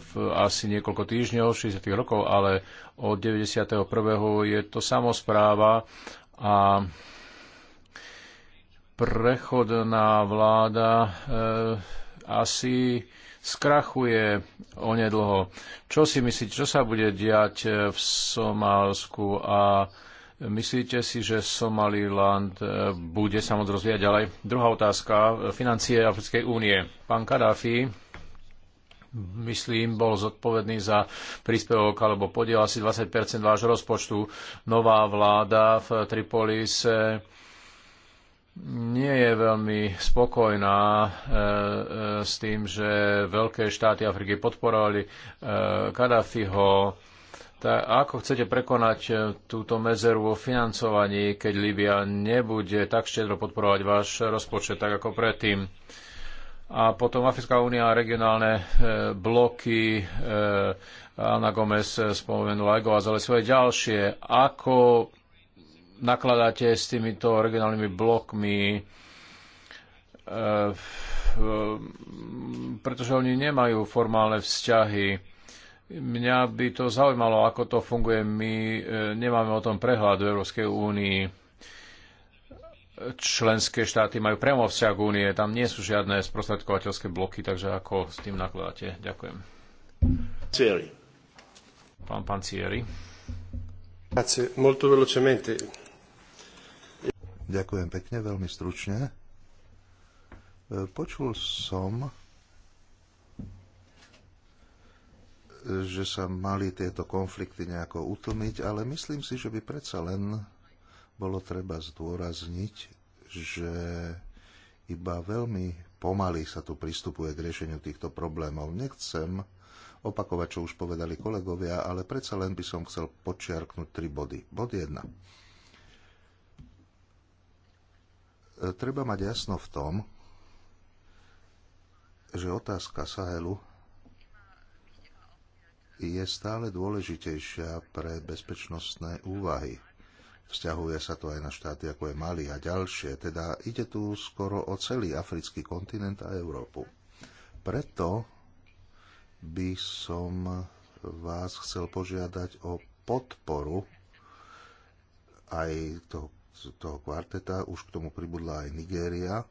v asi niekoľko týždňov, 60. rokov, ale od 91. je to samozpráva a prechodná vláda asi skrachuje onedlho. Čo si myslíte, čo sa bude diať eh, v Somálsku a myslíte si, že Somaliland eh, bude sa môcť rozvíjať ďalej? Druhá otázka, eh, financie Africkej únie. Pán Kadáfi, myslím, bol zodpovedný za príspevok alebo podiel asi 20 vášho rozpočtu. Nová vláda v Tripolise nie je veľmi spokojná e, e, s tým, že veľké štáty Afriky podporovali e, tak ako chcete prekonať túto medzeru vo financovaní, keď Líbia nebude tak štedro podporovať váš rozpočet, tak ako predtým? A potom Africká únia a regionálne bloky Anna Gomez spomenula Egoaz, ale svoje ďalšie. Ako nakladáte s týmito regionálnymi blokmi, eh, pretože oni nemajú formálne vzťahy. Mňa by to zaujímalo, ako to funguje. My eh, nemáme o tom prehľad v Európskej únii. Členské štáty majú priamo vzťah únie, tam nie sú žiadne sprostredkovateľské bloky, takže ako s tým nakladáte? Ďakujem. Cieri. Pán Pancieri. Grazie, molto velocemente. Ďakujem pekne, veľmi stručne. E, počul som, že sa mali tieto konflikty nejako utlmiť, ale myslím si, že by predsa len bolo treba zdôrazniť, že iba veľmi pomaly sa tu pristupuje k riešeniu týchto problémov. Nechcem opakovať, čo už povedali kolegovia, ale predsa len by som chcel počiarknúť tri body. Bod 1 treba mať jasno v tom, že otázka Sahelu je stále dôležitejšia pre bezpečnostné úvahy. Vzťahuje sa to aj na štáty ako je Mali a ďalšie, teda ide tu skoro o celý africký kontinent a Európu. Preto by som vás chcel požiadať o podporu aj toho z toho kvarteta, už k tomu pribudla aj Nigéria.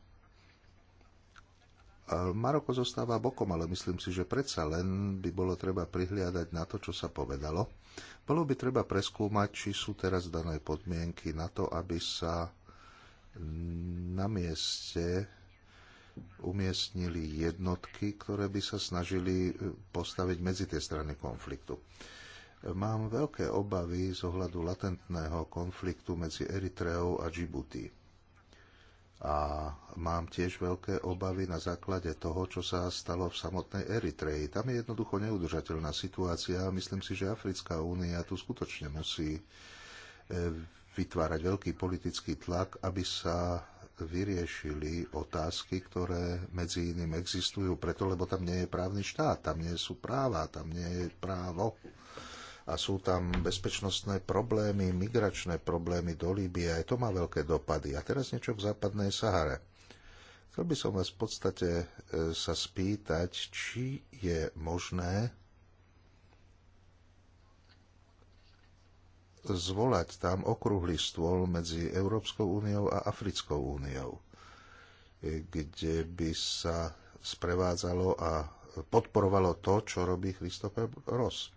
Maroko zostáva bokom, ale myslím si, že predsa len by bolo treba prihliadať na to, čo sa povedalo. Bolo by treba preskúmať, či sú teraz dané podmienky na to, aby sa na mieste umiestnili jednotky, ktoré by sa snažili postaviť medzi tie strany konfliktu. Mám veľké obavy z ohľadu latentného konfliktu medzi Eritreou a Djibouti A mám tiež veľké obavy na základe toho, čo sa stalo v samotnej Eritreji. Tam je jednoducho neudržateľná situácia a myslím si, že Africká únia tu skutočne musí e, vytvárať veľký politický tlak, aby sa vyriešili otázky, ktoré medzi iným existujú, preto lebo tam nie je právny štát, tam nie sú práva, tam nie je právo a sú tam bezpečnostné problémy, migračné problémy do Líbie, aj to má veľké dopady. A teraz niečo k západnej Sahare. Chcel by som vás v podstate e, sa spýtať, či je možné zvolať tam okrúhly stôl medzi Európskou úniou a Africkou úniou, e, kde by sa sprevádzalo a podporovalo to, čo robí Christopher Ross.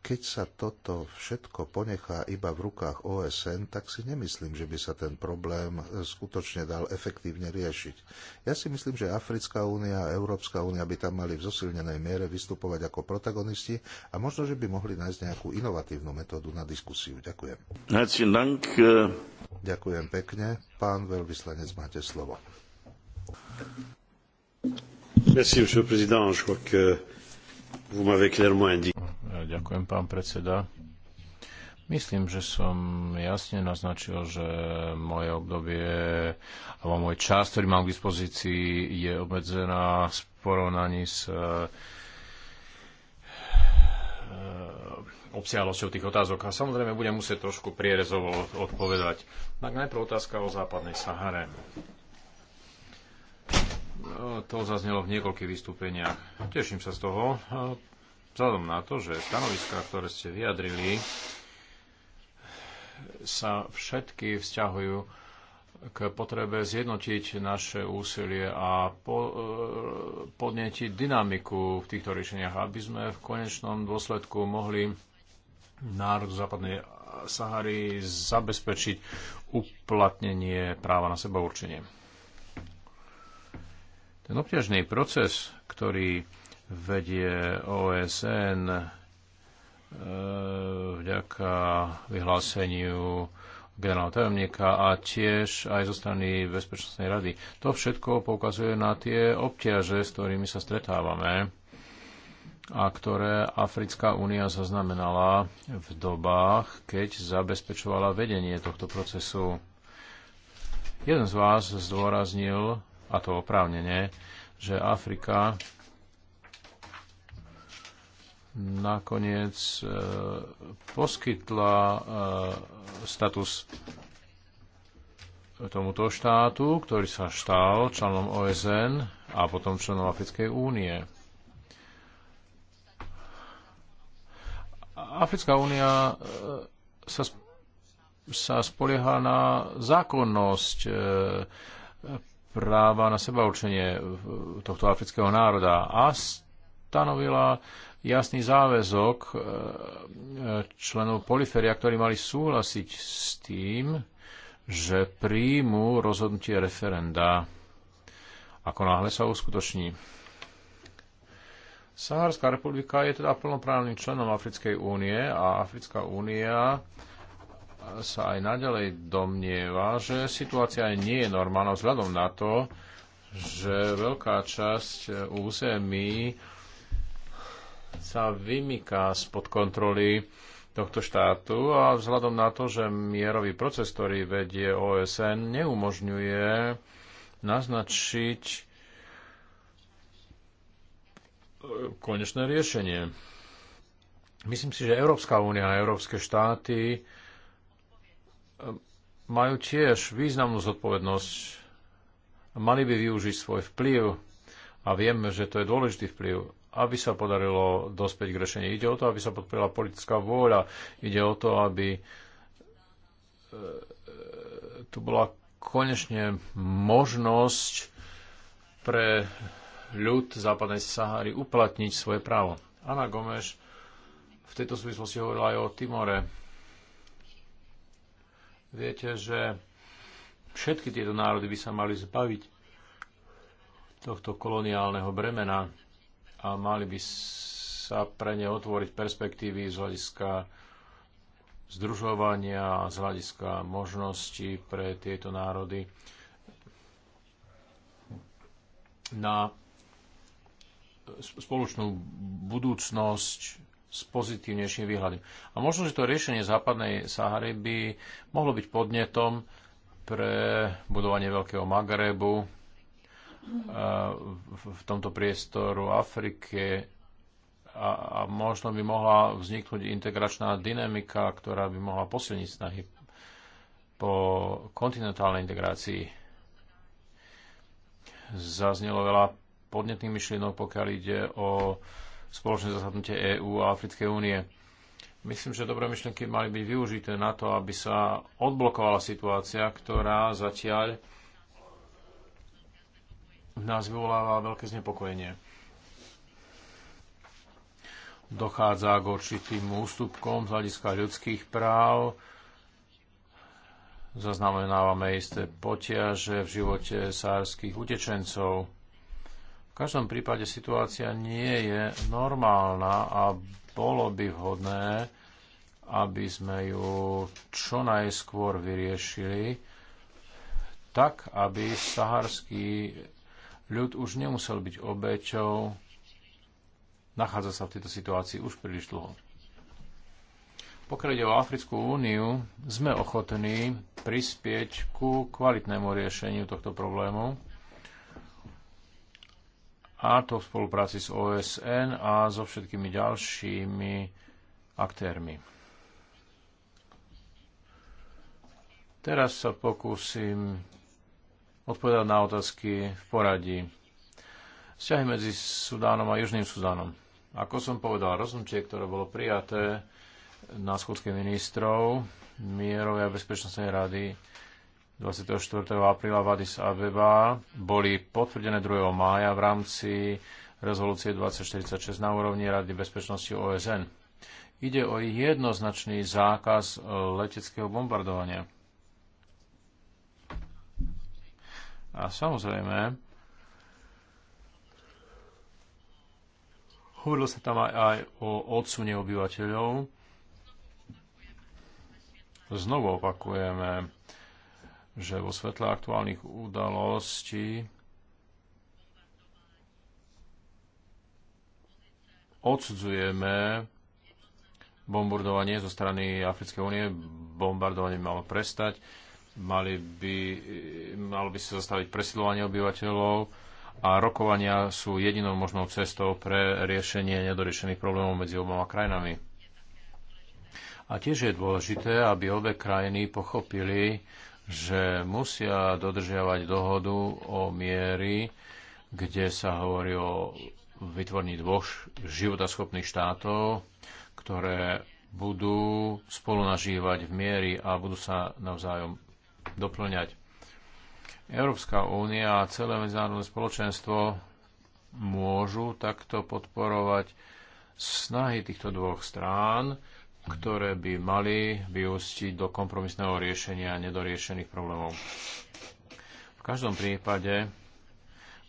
Keď sa toto všetko ponechá iba v rukách OSN, tak si nemyslím, že by sa ten problém e, skutočne dal efektívne riešiť. Ja si myslím, že Africká únia a Európska únia by tam mali v zosilnenej miere vystupovať ako protagonisti a možno, že by mohli nájsť nejakú inovatívnu metódu na diskusiu. Ďakujem. E. Ďakujem pekne. Pán veľvyslanec, máte slovo. Merci, monsieur le président. Je crois que Ďakujem, pán predseda. Myslím, že som jasne naznačil, že moje obdobie alebo môj čas, ktorý mám k dispozícii, je obmedzená v porovnaní s e, e, obsiahlosťou tých otázok. A samozrejme budem musieť trošku prierezovo odpovedať. Tak najprv otázka o západnej Sahare. To zaznelo v niekoľkých vystúpeniach. Teším sa z toho, vzhľadom na to, že stanoviská, ktoré ste vyjadrili, sa všetky vzťahujú k potrebe zjednotiť naše úsilie a po, e, podnetiť dynamiku v týchto riešeniach, aby sme v konečnom dôsledku mohli národu západnej Sahary zabezpečiť uplatnenie práva na seba určenie. Ten obťažný proces, ktorý vedie OSN e, vďaka vyhláseniu generálneho tajomníka a tiež aj zo strany Bezpečnostnej rady. To všetko poukazuje na tie obťaže, s ktorými sa stretávame a ktoré Africká únia zaznamenala v dobách, keď zabezpečovala vedenie tohto procesu. Jeden z vás zdôraznil a to oprávnenie, že Afrika nakoniec e, poskytla e, status tomuto štátu, ktorý sa štal členom OSN a potom členom Africkej únie. Africká únia e, sa, sa spolieha na zákonnosť práva na seba určenie tohto afrického národa a stanovila jasný záväzok e, členov Poliferia, ktorí mali súhlasiť s tým, že príjmu rozhodnutie referenda, ako náhle sa uskutoční. Sahárska republika je teda plnoprávnym členom Africkej únie a Africká únia sa aj naďalej domnieva, že situácia nie je normálna vzhľadom na to, že veľká časť území sa vymyká spod kontroly tohto štátu a vzhľadom na to, že mierový proces, ktorý vedie OSN, neumožňuje naznačiť e, konečné riešenie. Myslím si, že Európska únia a európske štáty majú tiež významnú zodpovednosť. Mali by využiť svoj vplyv a vieme, že to je dôležitý vplyv, aby sa podarilo dospäť k riešeniu. Ide o to, aby sa podporila politická vôľa, ide o to, aby e, e, tu bola konečne možnosť pre ľud západnej Sahary uplatniť svoje právo. Anna Gomeš v tejto súvislosti hovorila aj o Timore Viete, že všetky tieto národy by sa mali zbaviť tohto koloniálneho bremena a mali by sa pre ne otvoriť perspektívy z hľadiska združovania, z hľadiska možností pre tieto národy na spoločnú budúcnosť s pozitívnejším výhľadom. A možno, že to riešenie západnej Sahary by mohlo byť podnetom pre budovanie Veľkého Magrebu eh, v tomto priestoru Afrike a, a možno by mohla vzniknúť integračná dynamika, ktorá by mohla posilniť snahy po kontinentálnej integrácii. Zaznelo veľa podnetných myšlienok, pokiaľ ide o spoločné zasadnutie EÚ a Africkej únie. Myslím, že dobré myšlenky mali byť využité na to, aby sa odblokovala situácia, ktorá zatiaľ v nás vyvoláva veľké znepokojenie. Dochádza k určitým ústupkom z hľadiska ľudských práv. Zaznamenávame isté potiaže v živote sárskych utečencov v každom prípade situácia nie je normálna a bolo by vhodné, aby sme ju čo najskôr vyriešili, tak aby saharský ľud už nemusel byť obeťou, nachádza sa v tejto situácii už príliš dlho. Pokiaľ ide o Africkú úniu, sme ochotní prispieť ku kvalitnému riešeniu tohto problému a to v spolupráci s OSN a so všetkými ďalšími aktérmi. Teraz sa pokúsim odpovedať na otázky v poradí. Vzťahy medzi Sudánom a Južným Sudánom. Ako som povedal, rozhodnutie, ktoré bolo prijaté na schôdzke ministrov Mierovej a bezpečnostnej rady 24. apríla v Addis Abeba boli potvrdené 2. mája v rámci rezolúcie 2046 na úrovni Rady bezpečnosti OSN. Ide o jednoznačný zákaz e, leteckého bombardovania. A samozrejme, hovorilo sa tam aj, aj o odsune obyvateľov. Znovu opakujeme, že vo svetle aktuálnych udalostí odsudzujeme bombardovanie zo strany Africkej únie. Bombardovanie malo prestať, mali by, malo by sa zastaviť presilovanie obyvateľov a rokovania sú jedinou možnou cestou pre riešenie nedoriešených problémov medzi oboma krajinami. A tiež je dôležité, aby obe krajiny pochopili, že musia dodržiavať dohodu o miery, kde sa hovorí o vytvorení dvoch životaschopných štátov, ktoré budú spolu nažívať v miery a budú sa navzájom doplňať. Európska únia a celé medzinárodné spoločenstvo môžu takto podporovať snahy týchto dvoch strán ktoré by mali vyústiť do kompromisného riešenia nedoriešených problémov. V každom prípade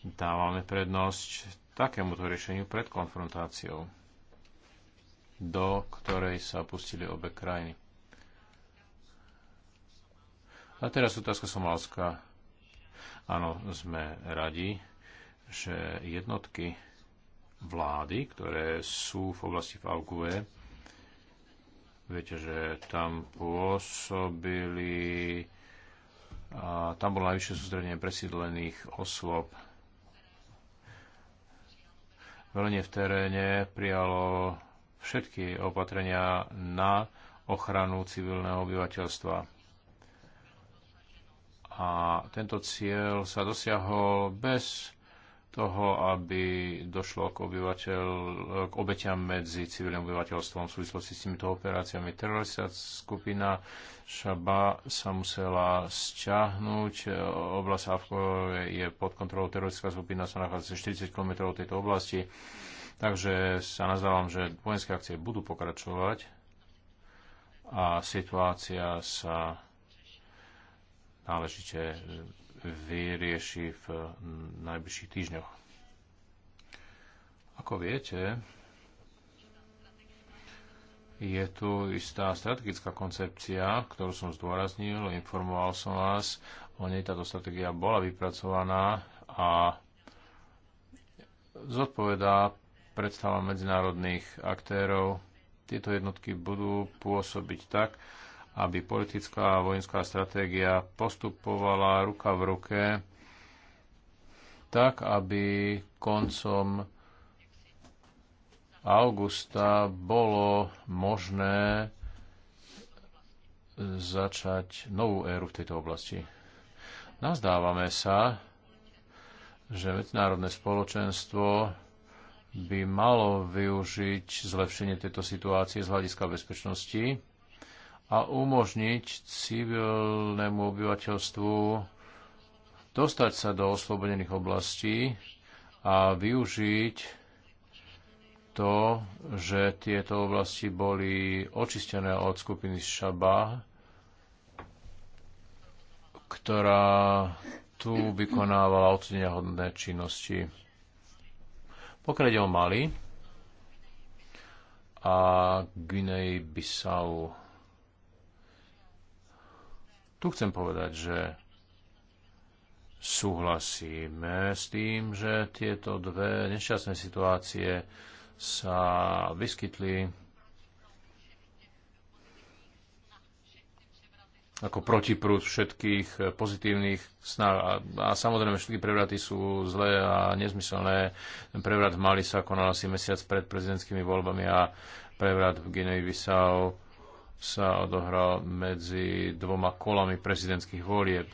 dávame prednosť takémuto riešeniu pred konfrontáciou, do ktorej sa pustili obe krajiny. A teraz otázka Somálska. Áno, sme radi, že jednotky vlády, ktoré sú v oblasti v Viete, že tam pôsobili a tam bolo najvyššie sústredenie presídlených osôb. Velenie v teréne prijalo všetky opatrenia na ochranu civilného obyvateľstva. A tento cieľ sa dosiahol bez toho, aby došlo k, obyvateľ, k obeťam medzi civilným obyvateľstvom v súvislosti s týmito operáciami. Teroristická skupina Šaba sa musela stiahnuť. Oblasť Avko je pod kontrolou. Teroristická skupina sa nachádza 40 km od tejto oblasti. Takže sa nazdávam, že vojenské akcie budú pokračovať a situácia sa náležite vyrieši v najbližších týždňoch. Ako viete, je tu istá strategická koncepcia, ktorú som zdôraznil, informoval som vás o nej. Táto strategia bola vypracovaná a zodpovedá predstava medzinárodných aktérov. Tieto jednotky budú pôsobiť tak, aby politická a vojenská stratégia postupovala ruka v ruke, tak aby koncom augusta bolo možné začať novú éru v tejto oblasti. Nazdávame sa, že medzinárodné spoločenstvo by malo využiť zlepšenie tejto situácie z hľadiska bezpečnosti a umožniť civilnému obyvateľstvu dostať sa do oslobodených oblastí a využiť to, že tieto oblasti boli očistené od skupiny Šaba, ktorá tu vykonávala odsudenia hodné činnosti. Pokiaľ ide o Mali a Guinei-Bissau. Tu chcem povedať, že súhlasíme s tým, že tieto dve nešťastné situácie sa vyskytli ako protiprúd všetkých pozitívnych snah. A, a samozrejme, všetky prevraty sú zlé a nezmyselné. Ten Prevrat v Mali sa konal asi mesiac pred prezidentskými voľbami a prevrat v guinea bissau sa odohral medzi dvoma kolami prezidentských volieb.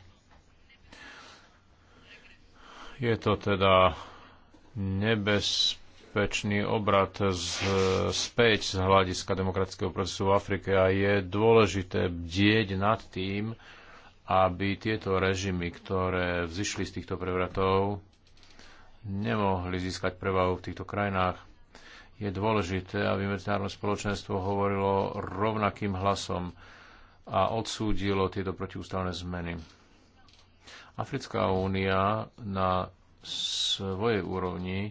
Je to teda nebezpečný obrad z, späť z hľadiska demokratického procesu v Afrike a je dôležité bdieť nad tým, aby tieto režimy, ktoré vzýšli z týchto prevratov, nemohli získať prevahu v týchto krajinách je dôležité, aby medzinárodné spoločenstvo hovorilo rovnakým hlasom a odsúdilo tieto protiústavné zmeny. Africká únia na svojej úrovni e,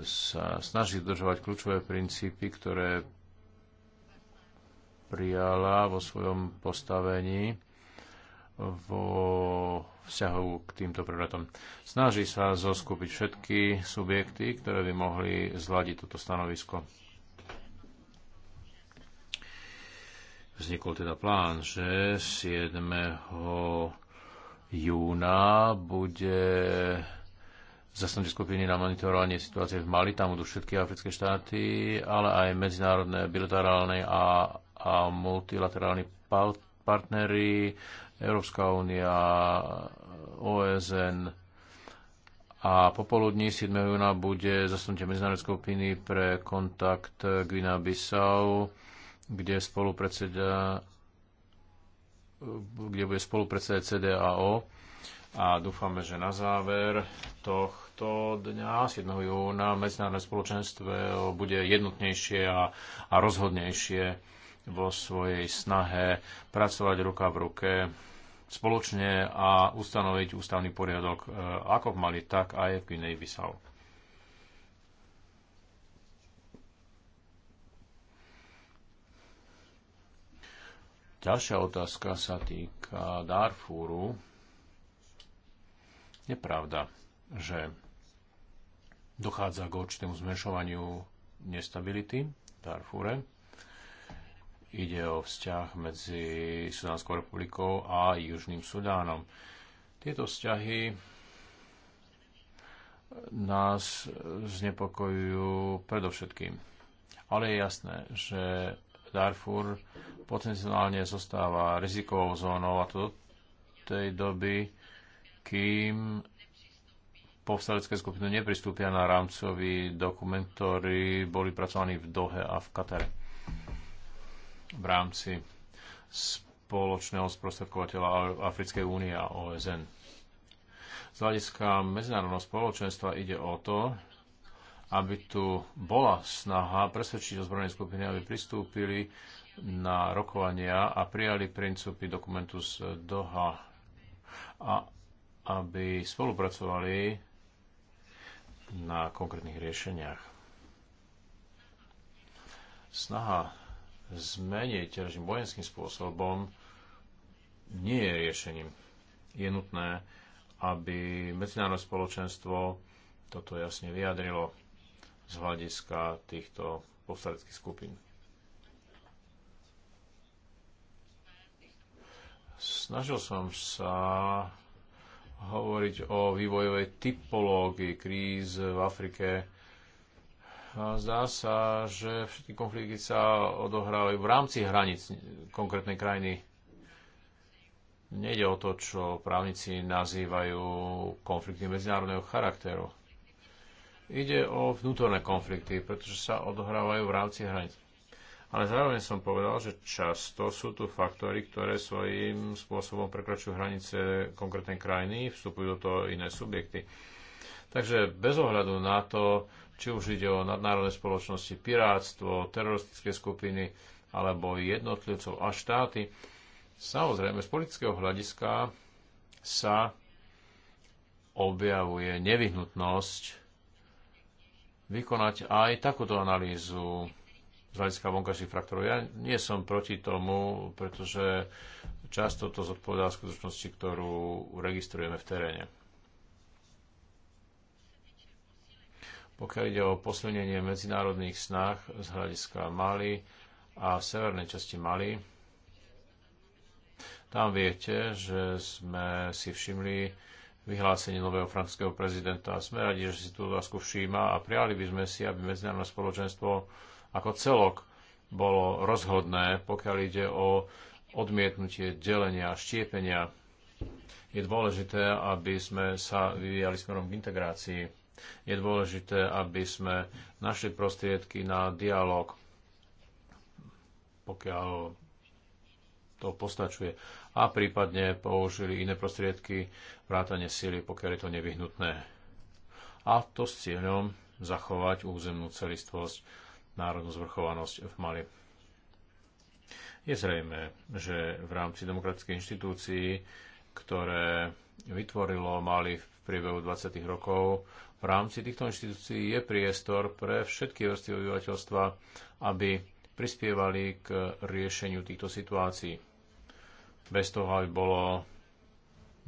sa snaží dodržovať kľúčové princípy, ktoré prijala vo svojom postavení vo vzťahu k týmto prevratom. Snaží sa zoskupiť všetky subjekty, ktoré by mohli zladiť toto stanovisko. Vznikol teda plán, že 7. júna bude zasadnutie skupiny na monitorovanie situácie v Mali, tam budú všetky africké štáty, ale aj medzinárodné, bilaterálne a, a multilaterálni partnery Európska únia, OSN a popoludní 7. júna bude zastupnutie medzinárodnej skupiny pre kontakt Gvina bissau kde spolupredseda kde bude spolupredseda CDAO a dúfame, že na záver tohto dňa 7. júna medzinárodné spoločenstvo bude jednotnejšie a, a rozhodnejšie vo svojej snahe pracovať ruka v ruke spoločne a ustanoviť ústavný poriadok e, ako v Mali, tak aj v Guinei Bissau. Ďalšia otázka sa týka Darfúru. Je pravda, že dochádza k určitému zmenšovaniu nestability v Darfúre. Ide o vzťah medzi Sudánskou republikou a Južným Sudánom. Tieto vzťahy nás znepokojujú predovšetkým. Ale je jasné, že Darfur potenciálne zostáva rizikovou zónou a to do tej doby, kým povstalecké skupiny nepristúpia na rámcový dokument, ktorý boli pracovaní v Dohe a v Katare v rámci spoločného sprostredkovateľa Africkej únie a OSN. Z hľadiska medzinárodného spoločenstva ide o to, aby tu bola snaha presvedčiť ozbrojené skupiny, aby pristúpili na rokovania a prijali princípy dokumentu z Doha a aby spolupracovali na konkrétnych riešeniach. Snaha zmeniť režim vojenským spôsobom nie je riešením. Je nutné, aby medzinárodné spoločenstvo toto jasne vyjadrilo z hľadiska týchto povstaleckých skupín. Snažil som sa hovoriť o vývojovej typológii kríz v Afrike Zdá sa, že všetky konflikty sa odohrávajú v rámci hranic konkrétnej krajiny. Nejde o to, čo právnici nazývajú konflikty medzinárodného charakteru. Ide o vnútorné konflikty, pretože sa odohrávajú v rámci hranic. Ale zároveň som povedal, že často sú tu faktory, ktoré svojím spôsobom prekračujú hranice konkrétnej krajiny, vstupujú do toho iné subjekty. Takže bez ohľadu na to, či už ide o nadnárodné spoločnosti, pirátstvo, teroristické skupiny alebo jednotlivcov a štáty. Samozrejme, z politického hľadiska sa objavuje nevyhnutnosť vykonať aj takúto analýzu z hľadiska vonkajších faktorov. Ja nie som proti tomu, pretože často to zodpovedá skutočnosti, ktorú registrujeme v teréne. Pokiaľ ide o posilnenie medzinárodných snah z hľadiska Mali a severnej časti Mali, tam viete, že sme si všimli vyhlásenie nového francúzského prezidenta. Sme radi, že si tú otázku všíma a prijali by sme si, aby medzinárodné spoločenstvo ako celok bolo rozhodné, pokiaľ ide o odmietnutie delenia, a štiepenia. Je dôležité, aby sme sa vyvíjali smerom k integrácii je dôležité, aby sme našli prostriedky na dialog, pokiaľ to postačuje, a prípadne použili iné prostriedky vrátane síly, pokiaľ je to nevyhnutné. A to s cieľom zachovať územnú celistvosť, národnú zvrchovanosť v Mali. Je zrejme, že v rámci demokratických inštitúcií, ktoré vytvorilo Mali v priebehu 20. rokov, v rámci týchto inštitúcií je priestor pre všetky vrsty obyvateľstva, aby prispievali k riešeniu týchto situácií. Bez toho, aby bolo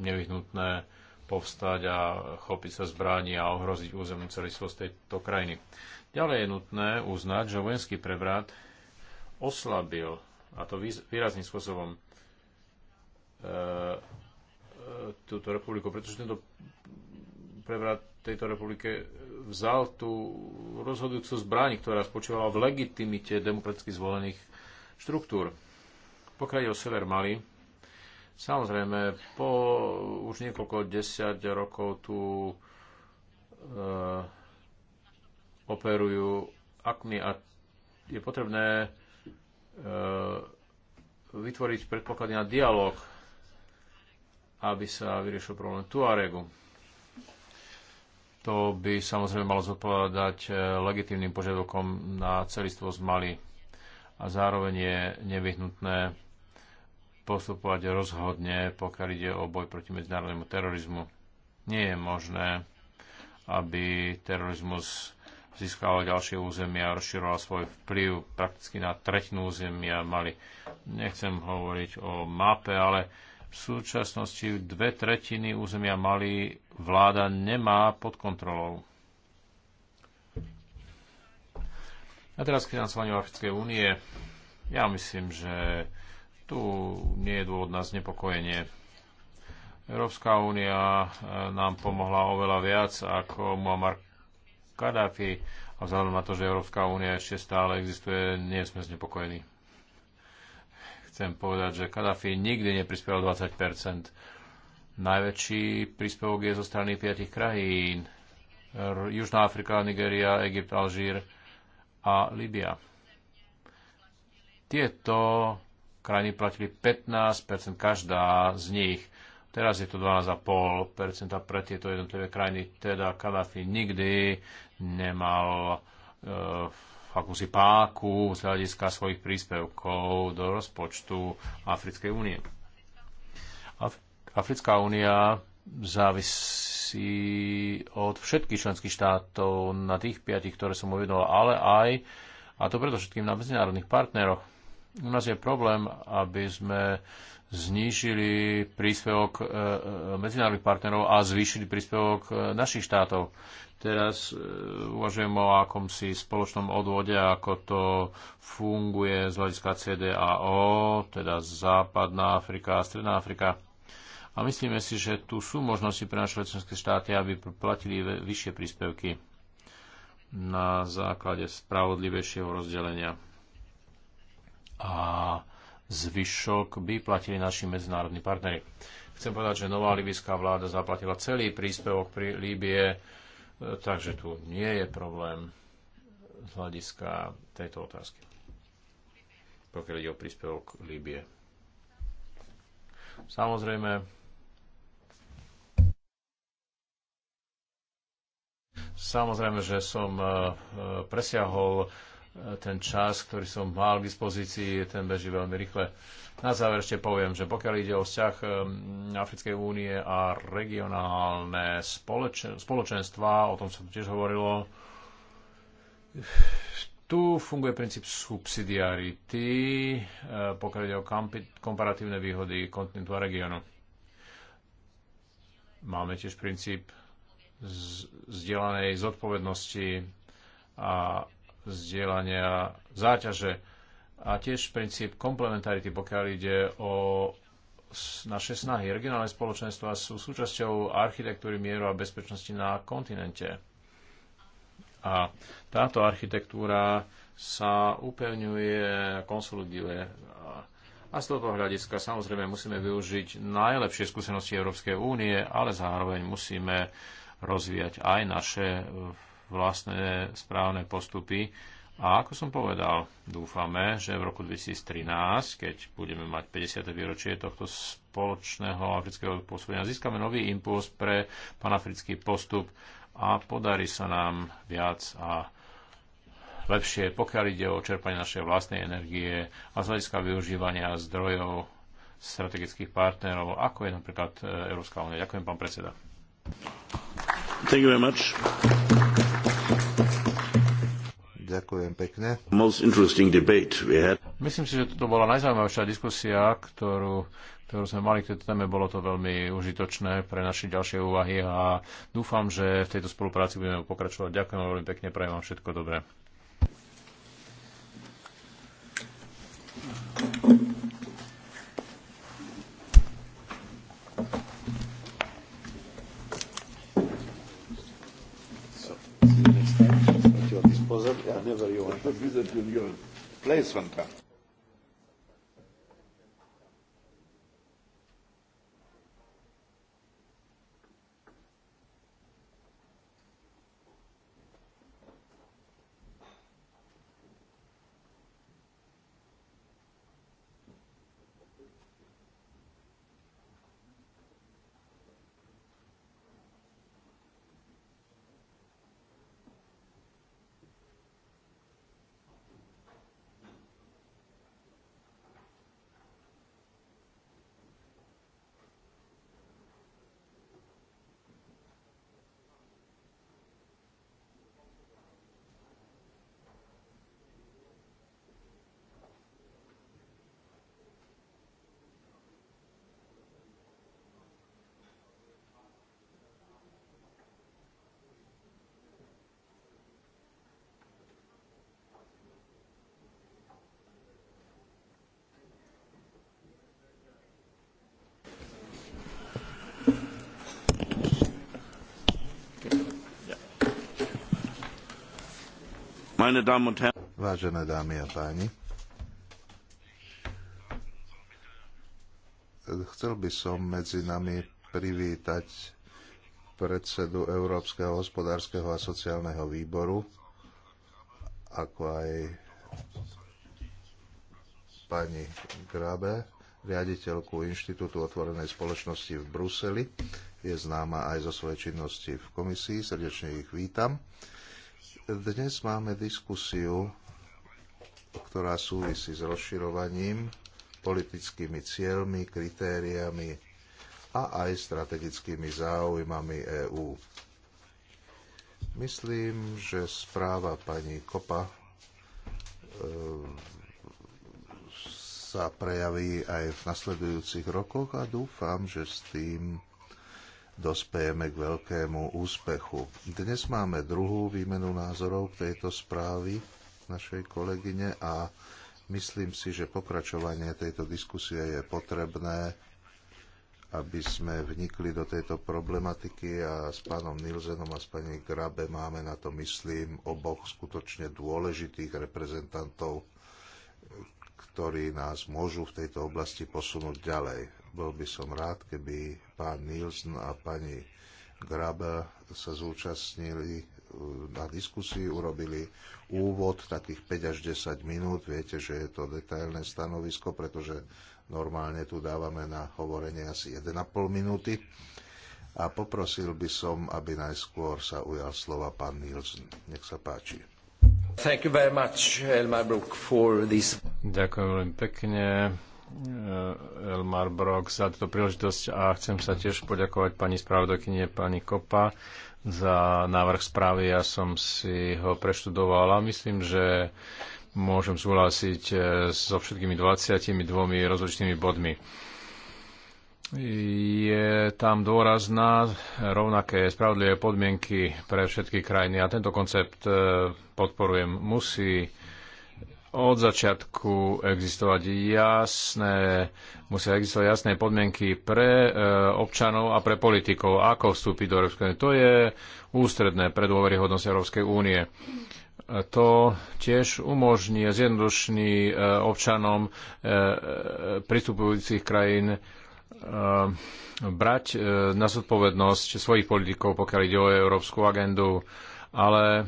nevyhnutné povstať a chopiť sa zbraní a ohroziť územnú celistvosť tejto krajiny. Ďalej je nutné uznať, že vojenský prevrat oslabil, a to výrazným spôsobom, e, e, túto republiku, pretože tento prevrat tejto republike vzal tú rozhodujúcu zbraň, ktorá spočívala v legitimite demokraticky zvolených štruktúr. Pokiaľ je o sever Mali, samozrejme, po už niekoľko desať rokov tu e, operujú akmi a je potrebné e, vytvoriť predpoklady na dialog, aby sa vyriešil problém Tuaregu to by samozrejme malo zodpovedať e, legitímnym požiadavkom na celistvosť Mali a zároveň je nevyhnutné postupovať rozhodne, pokiaľ ide o boj proti medzinárodnému terorizmu. Nie je možné, aby terorizmus získal ďalšie územia a rozširoval svoj vplyv prakticky na tretinu územia mali. Nechcem hovoriť o mape, ale v súčasnosti dve tretiny územia Mali vláda nemá pod kontrolou. A teraz k financovaniu Africkej únie. Ja myslím, že tu nie je dôvod na znepokojenie. Európska únia e, nám pomohla oveľa viac ako Muammar Kadáfi a vzhľadom na to, že Európska únia ešte stále existuje, nie sme znepokojení chcem povedať, že Kadafi nikdy neprispieval 20 Najväčší príspevok je zo strany piatich krajín. Južná Afrika, Nigeria, Egypt, Alžír a Libia. Tieto krajiny platili 15 každá z nich. Teraz je to 12,5 pre tieto jednotlivé krajiny. Teda Kadafi nikdy nemal uh, akúsi páku z hľadiska svojich príspevkov do rozpočtu Africkej únie. Af- Africká únia závisí od všetkých členských štátov na tých piatich, ktoré som uvedol, ale aj, a to predovšetkým na medzinárodných partneroch. U nás je problém, aby sme znížili príspevok e, e, medzinárodných partnerov a zvýšili príspevok e, našich štátov. Teraz uvažujem o akomsi spoločnom odvode, ako to funguje z hľadiska CDAO, teda Západná Afrika a Stredná Afrika. A myslíme si, že tu sú možnosti pre naše členské štáty, aby platili vyššie príspevky na základe spravodlivejšieho rozdelenia. A zvyšok by platili naši medzinárodní partnery. Chcem povedať, že nová libyská vláda zaplatila celý príspevok pri Líbie, e, takže tu nie je problém z hľadiska tejto otázky, pokiaľ ide o príspevok Líbie. Samozrejme, samozrejme, že som e, e, presiahol ten čas, ktorý som mal k dispozícii, ten beží veľmi rýchle. Na záver ešte poviem, že pokiaľ ide o vzťah ehm, Africkej únie a regionálne spoločen- spoločenstva, o tom sa tu tiež hovorilo, tu funguje princíp subsidiarity, eh, pokiaľ ide o komparatívne výhody kontinentu a regionu. Máme tiež princíp zdieľanej zodpovednosti a zdieľania záťaže a tiež princíp komplementarity, pokiaľ ide o naše snahy. Regionálne spoločenstva sú súčasťou architektúry mieru a bezpečnosti na kontinente. A táto architektúra sa upevňuje, konsoliduje. A z tohto hľadiska samozrejme musíme využiť najlepšie skúsenosti Európskej únie, ale zároveň musíme rozvíjať aj naše eh, vlastné správne postupy. A ako som povedal, dúfame, že v roku 2013, keď budeme mať 50. výročie tohto spoločného afrického pôsobenia, získame nový impuls pre panafrický postup a podarí sa nám viac a lepšie, pokiaľ ide o čerpanie našej vlastnej energie a z hľadiska využívania zdrojov strategických partnerov, ako je napríklad e, Európska únia. Ďakujem, pán predseda. Ďakujem pekne. Myslím si, že toto bola najzaujímavejšia diskusia, ktorú, ktorú sme mali k tejto téme. Bolo to veľmi užitočné pre naše ďalšie úvahy a dúfam, že v tejto spolupráci budeme pokračovať. Ďakujem veľmi pekne, prajem vám všetko dobré. Was that. I never you want. This is your place sometime. Vážené dámy a páni, chcel by som medzi nami privítať predsedu Európskeho hospodárskeho a sociálneho výboru, ako aj pani Grabe, riaditeľku Inštitútu otvorenej spoločnosti v Bruseli. Je známa aj zo svojej činnosti v komisii. Srdečne ich vítam. Dnes máme diskusiu, ktorá súvisí s rozširovaním, politickými cieľmi, kritériami a aj strategickými záujmami EÚ. Myslím, že správa pani Kopa e, sa prejaví aj v nasledujúcich rokoch a dúfam, že s tým dospejeme k veľkému úspechu. Dnes máme druhú výmenu názorov k tejto správy našej kolegyne a myslím si, že pokračovanie tejto diskusie je potrebné, aby sme vnikli do tejto problematiky a s pánom Nilzenom a s pani Grabe máme na to, myslím, oboch skutočne dôležitých reprezentantov ktorí nás môžu v tejto oblasti posunúť ďalej. Bol by som rád, keby pán Nielsen a pani Grabe sa zúčastnili e, na diskusii, urobili úvod takých 5 až 10 minút. Viete, že je to detailné stanovisko, pretože normálne tu dávame na hovorenie asi 1,5 minúty. A poprosil by som, aby najskôr sa ujal slova pán Nielsen. Nech sa páči. Much, Ďakujem veľmi pekne, eh, Elmar Brok, za túto príležitosť a chcem sa tiež poďakovať pani spravodajkynie, pani Kopa za návrh správy. Ja som si ho preštudoval a myslím, že môžem súhlasiť eh, so všetkými 22 rozličnými bodmi je tam dôraz na rovnaké spravodlivé podmienky pre všetky krajiny a tento koncept e, podporujem. Musí od začiatku existovať jasné, musia existovať jasné podmienky pre e, občanov a pre politikov, ako vstúpiť do Európskej únie. To je ústredné pre dôveryhodnosť Európskej únie to tiež umožní a zjednodušní e, občanom pristupujúcich krajín Ehm, brať e, na zodpovednosť svojich politikov, pokiaľ ide o európsku agendu, ale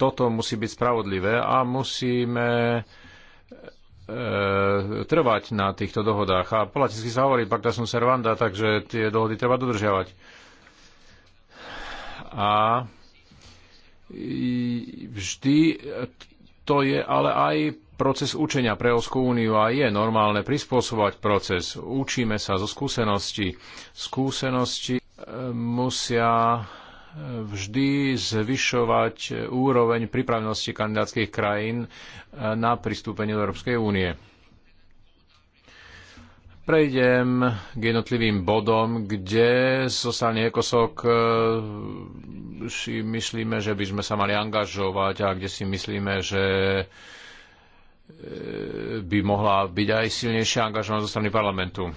toto musí byť spravodlivé a musíme e, trvať na týchto dohodách. A po latinsky sa hovorí pacta sunt servanda, takže tie dohody treba dodržiavať. A vždy to je ale aj proces učenia pre Európsku úniu a je normálne prispôsobovať proces. Učíme sa zo skúseností. Skúsenosti e, musia e, vždy zvyšovať úroveň pripravenosti kandidátskych krajín e, na pristúpenie do Európskej únie. Prejdem k jednotlivým bodom, kde zostane ekosok si myslíme, že by sme sa mali angažovať a kde si myslíme, že by mohla byť aj silnejšia angažovaná zo strany parlamentu.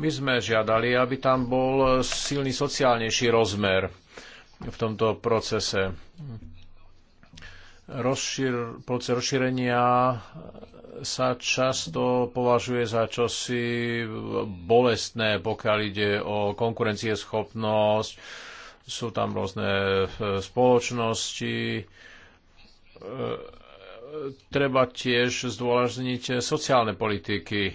My sme žiadali, aby tam bol silný sociálnejší rozmer v tomto procese. Rozšír, proces rozšírenia sa často považuje za čosi bolestné, pokiaľ ide o konkurencieschopnosť. Sú tam rôzne e, spoločnosti, E, treba tiež zdôrazniť sociálne politiky, e,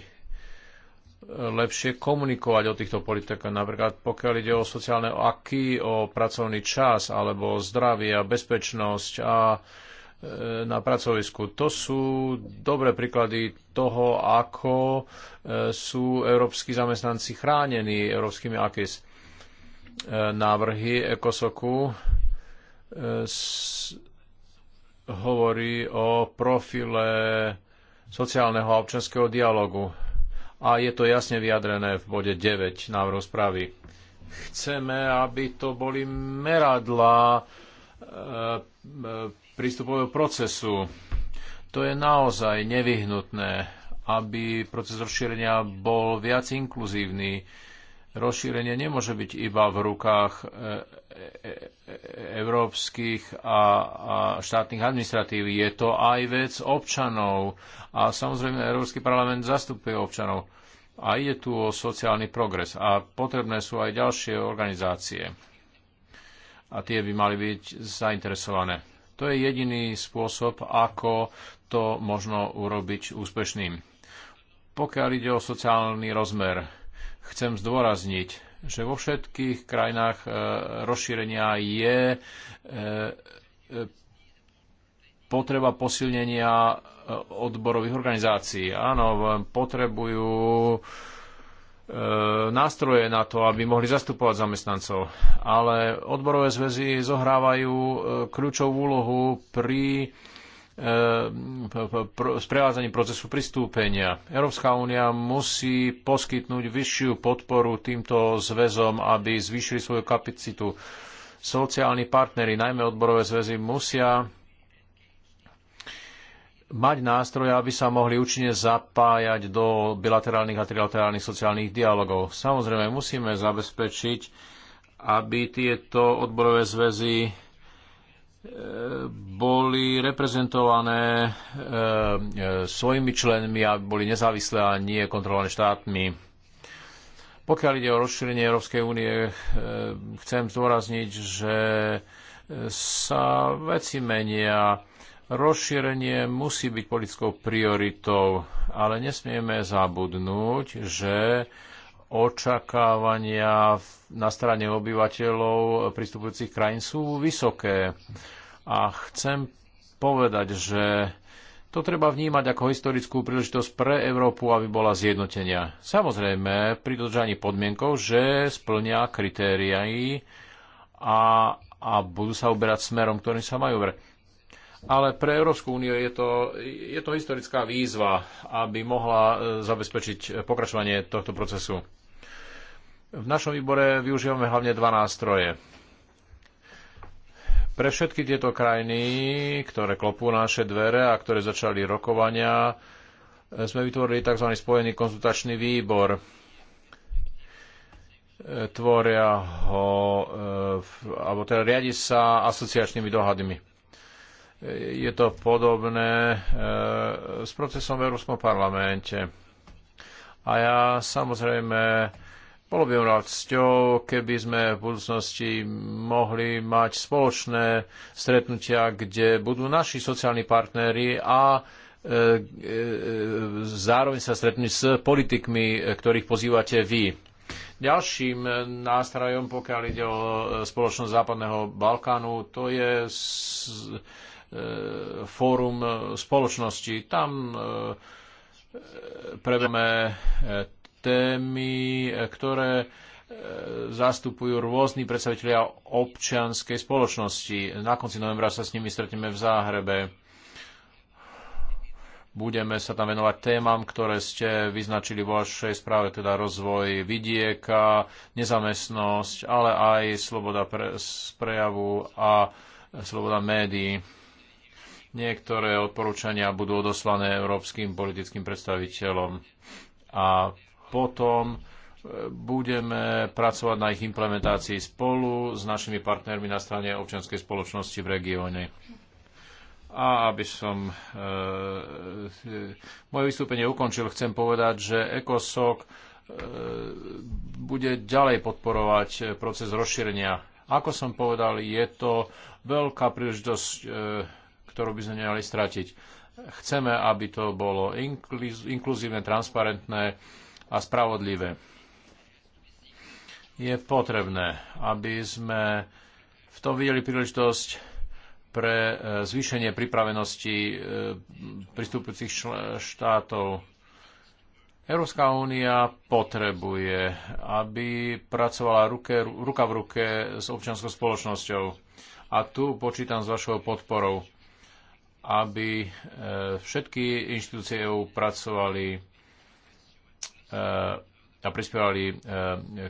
lepšie komunikovať o týchto politikách. Napríklad pokiaľ ide o sociálne aky, o pracovný čas, alebo zdravie a bezpečnosť a e, na pracovisku. To sú dobré príklady toho, ako sú európsky zamestnanci chránení európskymi AKIS. Návrhy ECOSOKu hovorí o profile sociálneho a občanského dialogu. A je to jasne vyjadrené v bode 9 návrhu správy. Chceme, aby to boli meradla e, e, prístupového procesu. To je naozaj nevyhnutné, aby proces rozšírenia bol viac inkluzívny rozšírenie nemôže byť iba v rukách e, e, e, európskych a, štátnych administratív. Je to aj vec občanov a samozrejme Európsky parlament zastupuje občanov. A ide tu o sociálny progres a potrebné sú aj ďalšie organizácie. A tie by mali byť zainteresované. To je jediný spôsob, ako to možno urobiť úspešným. Pokiaľ ide o sociálny rozmer, chcem zdôrazniť, že vo všetkých krajinách e, rozšírenia je e, e, potreba posilnenia odborových organizácií. Áno, potrebujú nástroje na to, aby mohli zastupovať zamestnancov. Ale odborové zväzy zohrávajú kľúčovú úlohu pri Ehm, sprevádzaní procesu pristúpenia. Európska únia musí poskytnúť vyššiu podporu týmto zväzom, aby zvýšili svoju kapacitu. Sociálni partnery, najmä odborové zväzy, musia mať nástroje, aby sa mohli účinne zapájať do bilaterálnych a trilaterálnych sociálnych dialogov. Samozrejme, musíme zabezpečiť, aby tieto odborové zväzy boli reprezentované eh, svojimi členmi a boli nezávislé a nie kontrolované štátmi. Pokiaľ ide o rozšírenie Európskej únie, eh, chcem zdôrazniť, že eh, sa veci menia. Rozšírenie musí byť politickou prioritou, ale nesmieme zabudnúť, že očakávania na strane obyvateľov pristupujúcich krajín sú vysoké. A chcem povedať, že to treba vnímať ako historickú príležitosť pre Európu, aby bola zjednotenia. Samozrejme, pri dodržaní podmienkov, že splňa kritéria a, a budú sa uberať smerom, ktorým sa majú uberať. Ale pre Európsku úniu je to, je to historická výzva, aby mohla e, zabezpečiť pokračovanie tohto procesu. V našom výbore využívame hlavne dva nástroje. Pre všetky tieto krajiny, ktoré klopú naše dvere a ktoré začali rokovania, sme vytvorili tzv. spojený konzultačný výbor. Tvoria ho, eh, alebo teda riadi sa asociačnými dohadmi. Je to podobné eh, s procesom v Európskom parlamente. A ja samozrejme bolo by mnou cťou, keby sme v budúcnosti mohli mať spoločné stretnutia, kde budú naši sociálni partnery a e, e, zároveň sa stretnúť s politikmi, ktorých pozývate vy. Ďalším nástrojom, pokiaľ ide o e, spoločnosť Západného Balkánu, to je s, e, fórum spoločnosti. Tam e, preberáme e, témy, e, ktoré e, zastupujú rôzni predstavitelia občianskej spoločnosti. Na konci novembra sa s nimi stretneme v Záhrebe. Budeme sa tam venovať témam, ktoré ste vyznačili vo vašej správe, teda rozvoj vidieka, nezamestnosť, ale aj sloboda pre, prejavu a sloboda médií. Niektoré odporúčania budú odoslané európskym politickým predstaviteľom a potom e, budeme pracovať na ich implementácii spolu s našimi partnermi na strane občianskej spoločnosti v regióne. A aby som e, e moje vystúpenie ukončil, chcem povedať, že ECOSOC e, bude ďalej podporovať e, proces rozšírenia. Ako som povedal, je to veľká príležitosť, e, ktorú by sme nemali stratiť. Chceme, aby to bolo inkluzívne, transparentné, e, a spravodlivé. Je potrebné, aby sme v tom videli príležitosť pre e, zvýšenie pripravenosti e, pristupujúcich štátov. Európska únia potrebuje, aby pracovala ruke, ruka v ruke s občianskou spoločnosťou. A tu počítam s vašou podporou, aby e, všetky inštitúcie EÚ pracovali Eh, a prispievali eh,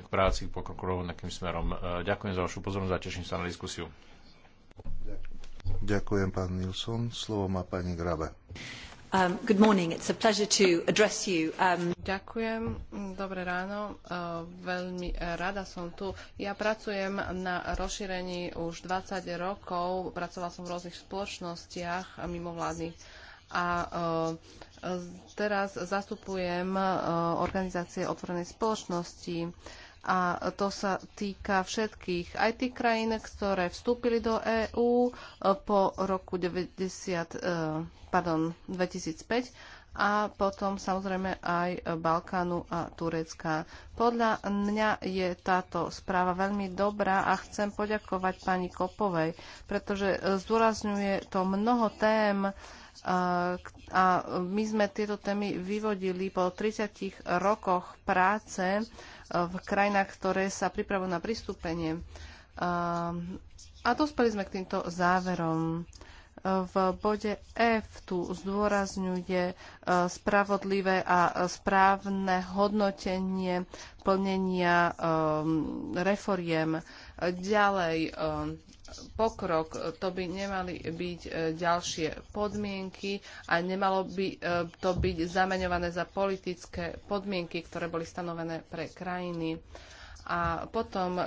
k práci po nejakým smerom. Eh, ďakujem za vašu pozornosť a teším sa na diskusiu. Ďakujem, pán Nilsson. Slovo má pani Grabe. Um, good morning. It's a pleasure to address you. Um... Ďakujem. Dobré ráno. veľmi rada som tu. Ja pracujem na rozšírení už 20 rokov. pracoval som v rôznych spoločnostiach a mimovládnych a e, teraz zastupujem e, organizácie otvorenej spoločnosti a to sa týka všetkých, aj tých krajín, ktoré vstúpili do EÚ e, po roku 90, pardon, 2005 a potom samozrejme aj Balkánu a Turecka. Podľa mňa je táto správa veľmi dobrá a chcem poďakovať pani Kopovej, pretože zdôrazňuje to mnoho tém, a my sme tieto témy vyvodili po 30 rokoch práce e, v krajinách, ktoré sa pripravujú na pristúpenie. E, a dospeli sme k týmto záverom. E, v bode F tu zdôrazňuje spravodlivé a správne hodnotenie plnenia reforiem. Ďalej pokrok. To by nemali byť e, ďalšie podmienky a nemalo by e, to byť zameňované za politické podmienky, ktoré boli stanovené pre krajiny. A potom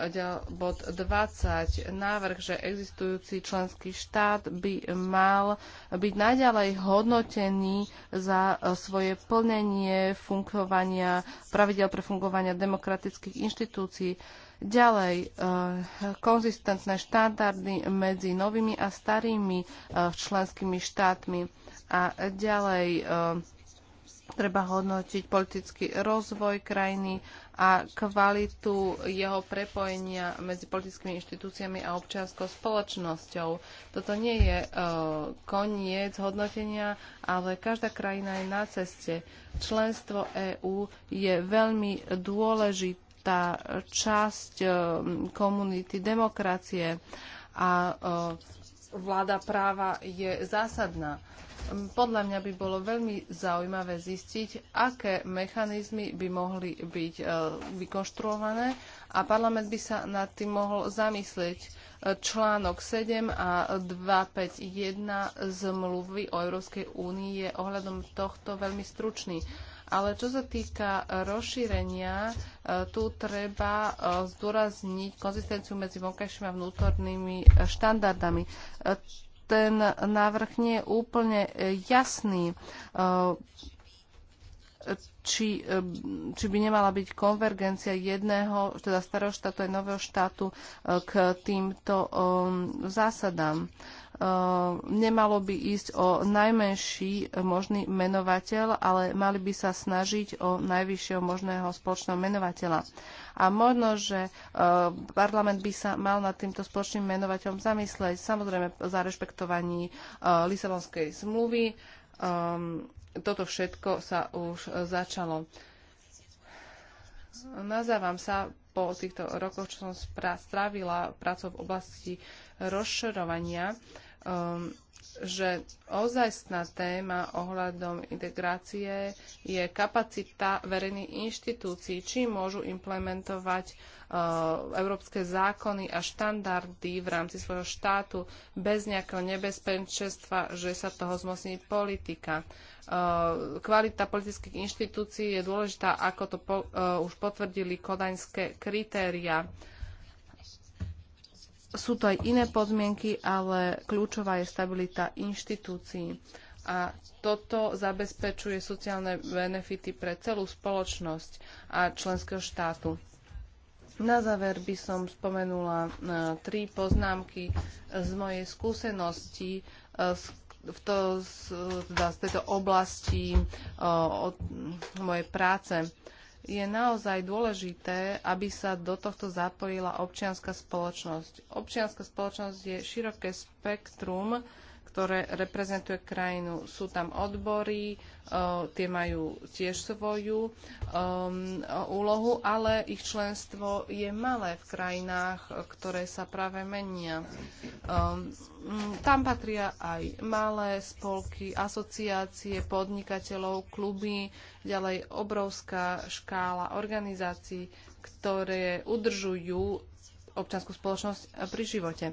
bod 20, návrh, že existujúci členský štát by mal byť naďalej hodnotený za e, svoje plnenie fungovania, pravidel pre fungovania demokratických inštitúcií Ďalej, eh, konzistentné štandardy medzi novými a starými eh, členskými štátmi. A ďalej, eh, treba hodnotiť politický rozvoj krajiny a kvalitu jeho prepojenia medzi politickými inštitúciami a občianskou spoločnosťou. Toto nie je koniec hodnotenia, ale každá krajina je na ceste. Členstvo EÚ je veľmi dôležité tá časť e, komunity demokracie a e, vláda práva je zásadná. Podľa mňa by bolo veľmi zaujímavé zistiť, aké mechanizmy by mohli byť e, vykonštruované a parlament by sa nad tým mohol zamyslieť článok 7 a 251 zmluvy o Európskej únii je ohľadom tohto veľmi stručný. Ale čo sa týka rozšírenia, e, tu treba e, zdôrazniť konzistenciu medzi vonkajšími a vnútornými e, štandardami. Ten návrh nie je úplne jasný či, či by nemala byť konvergencia jedného, teda starého štátu aj nového štátu k týmto zásadám. Eh, nemalo by ísť o najmenší možný menovateľ, ale mali by sa snažiť o najvyššieho možného spoločného menovateľa. A možno, že eh, parlament by sa mal nad týmto spoločným menovateľom zamyslieť, samozrejme za rešpektovaní eh, Lisabonskej zmluvy. Ehm, toto všetko sa už začalo. Nazávam sa po týchto rokoch, čo som strávila prácou v oblasti rozširovania, um, že ozajstná téma ohľadom integrácie je kapacita verejných inštitúcií, či môžu implementovať uh, európske zákony a štandardy v rámci svojho štátu bez nejakého nebezpečenstva, že sa toho zmocní politika. Uh, kvalita politických inštitúcií je dôležitá, ako to po, uh, už potvrdili kodaňské kritéria. Uh, sú to aj iné podmienky, ale kľúčová je stabilita inštitúcií. A toto zabezpečuje sociálne benefity pre celú spoločnosť a členského štátu. Na záver by som spomenula e, tri poznámky z mojej skúsenosti e, z, v to, z, teda z tejto oblasti o, e, o, mojej práce je naozaj dôležité, aby sa do tohto zapojila občianská spoločnosť. Občianská spoločnosť je široké spektrum ktoré reprezentuje krajinu. Sú tam odbory, e, tie majú tiež svoju e, úlohu, ale ich členstvo je malé v krajinách, ktoré sa práve menia. E, tam patria aj malé spolky, asociácie, podnikateľov, kluby, ďalej obrovská škála organizácií, ktoré udržujú občanskú spoločnosť pri živote.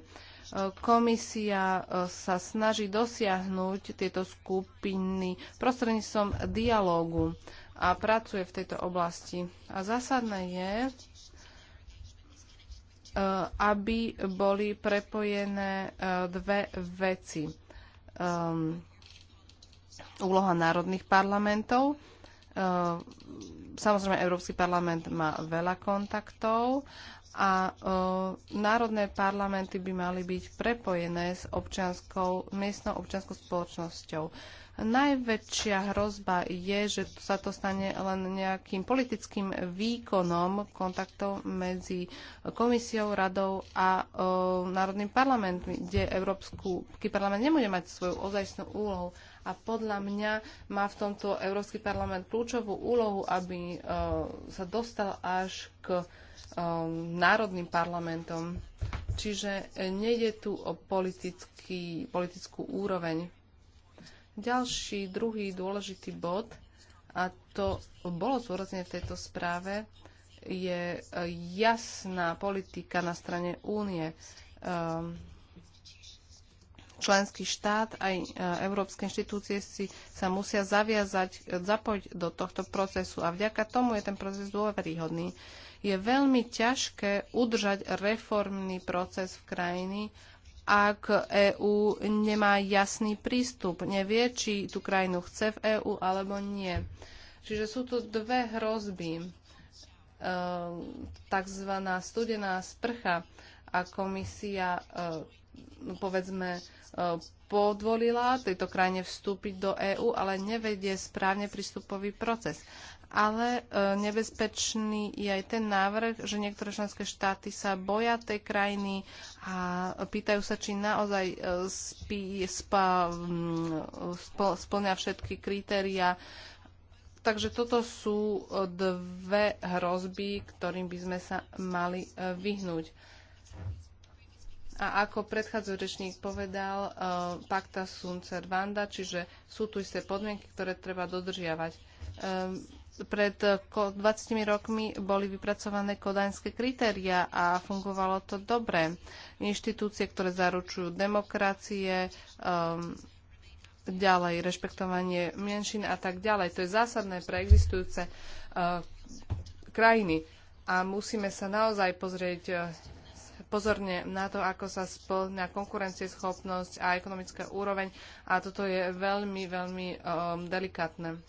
Komisia e, sa snaží dosiahnuť tieto skupiny prostredníctvom dialógu a pracuje v tejto oblasti. A zásadné je, e, aby boli prepojené e, dve veci. úloha národných parlamentov. Samozrejme, Európsky parlament má veľa kontaktov a o, národné parlamenty by mali byť prepojené s občianskou, miestnou občianskou spoločnosťou. Najväčšia hrozba je, že sa to stane len nejakým politickým výkonom kontaktov medzi komisiou, radou a o, národným parlamentmi, kde Európsky parlament nebude mať svoju ozajstnú úlohu. A podľa mňa má v tomto Európsky parlament kľúčovú úlohu, aby o, sa dostal až k Um, národným parlamentom. Čiže e, nejde tu o politický, politickú úroveň. Ďalší, druhý dôležitý bod, a to bolo zúrazne v tejto správe, je e, jasná politika na strane únie. Um, členský štát aj e, európske inštitúcie si sa musia zaviazať, zapojiť do tohto procesu a vďaka tomu je ten proces dôveryhodný je veľmi ťažké udržať reformný proces v krajiny, ak EÚ nemá jasný prístup, nevie, či tú krajinu chce v EÚ alebo nie. Čiže sú tu dve hrozby. E, takzvaná studená sprcha a komisia, e, povedzme, e, podvolila tejto krajine vstúpiť do EÚ, ale nevedie správne prístupový proces ale e, nebezpečný je aj ten návrh, že niektoré členské štáty sa boja tej krajiny a pýtajú sa, či naozaj e, spí, spa, splňa všetky kritéria. Takže toto sú e, dve hrozby, ktorým by sme sa mali vyhnúť. A ako predchádzajúci povedal, pacta sunt servanda, čiže sú tu isté podmienky, ktoré treba dodržiavať. Um, pred 20 eh, rokmi boli vypracované kodaňské kritéria a fungovalo to dobre. Inštitúcie, ktoré zaručujú demokracie, um, ďalej rešpektovanie menšín a tak ďalej. To je zásadné pre existujúce uh, krajiny. A musíme sa naozaj pozrieť uh, pozorne na to, ako sa splňa konkurencieschopnosť a ekonomická úroveň. A toto je veľmi, veľmi um, delikátne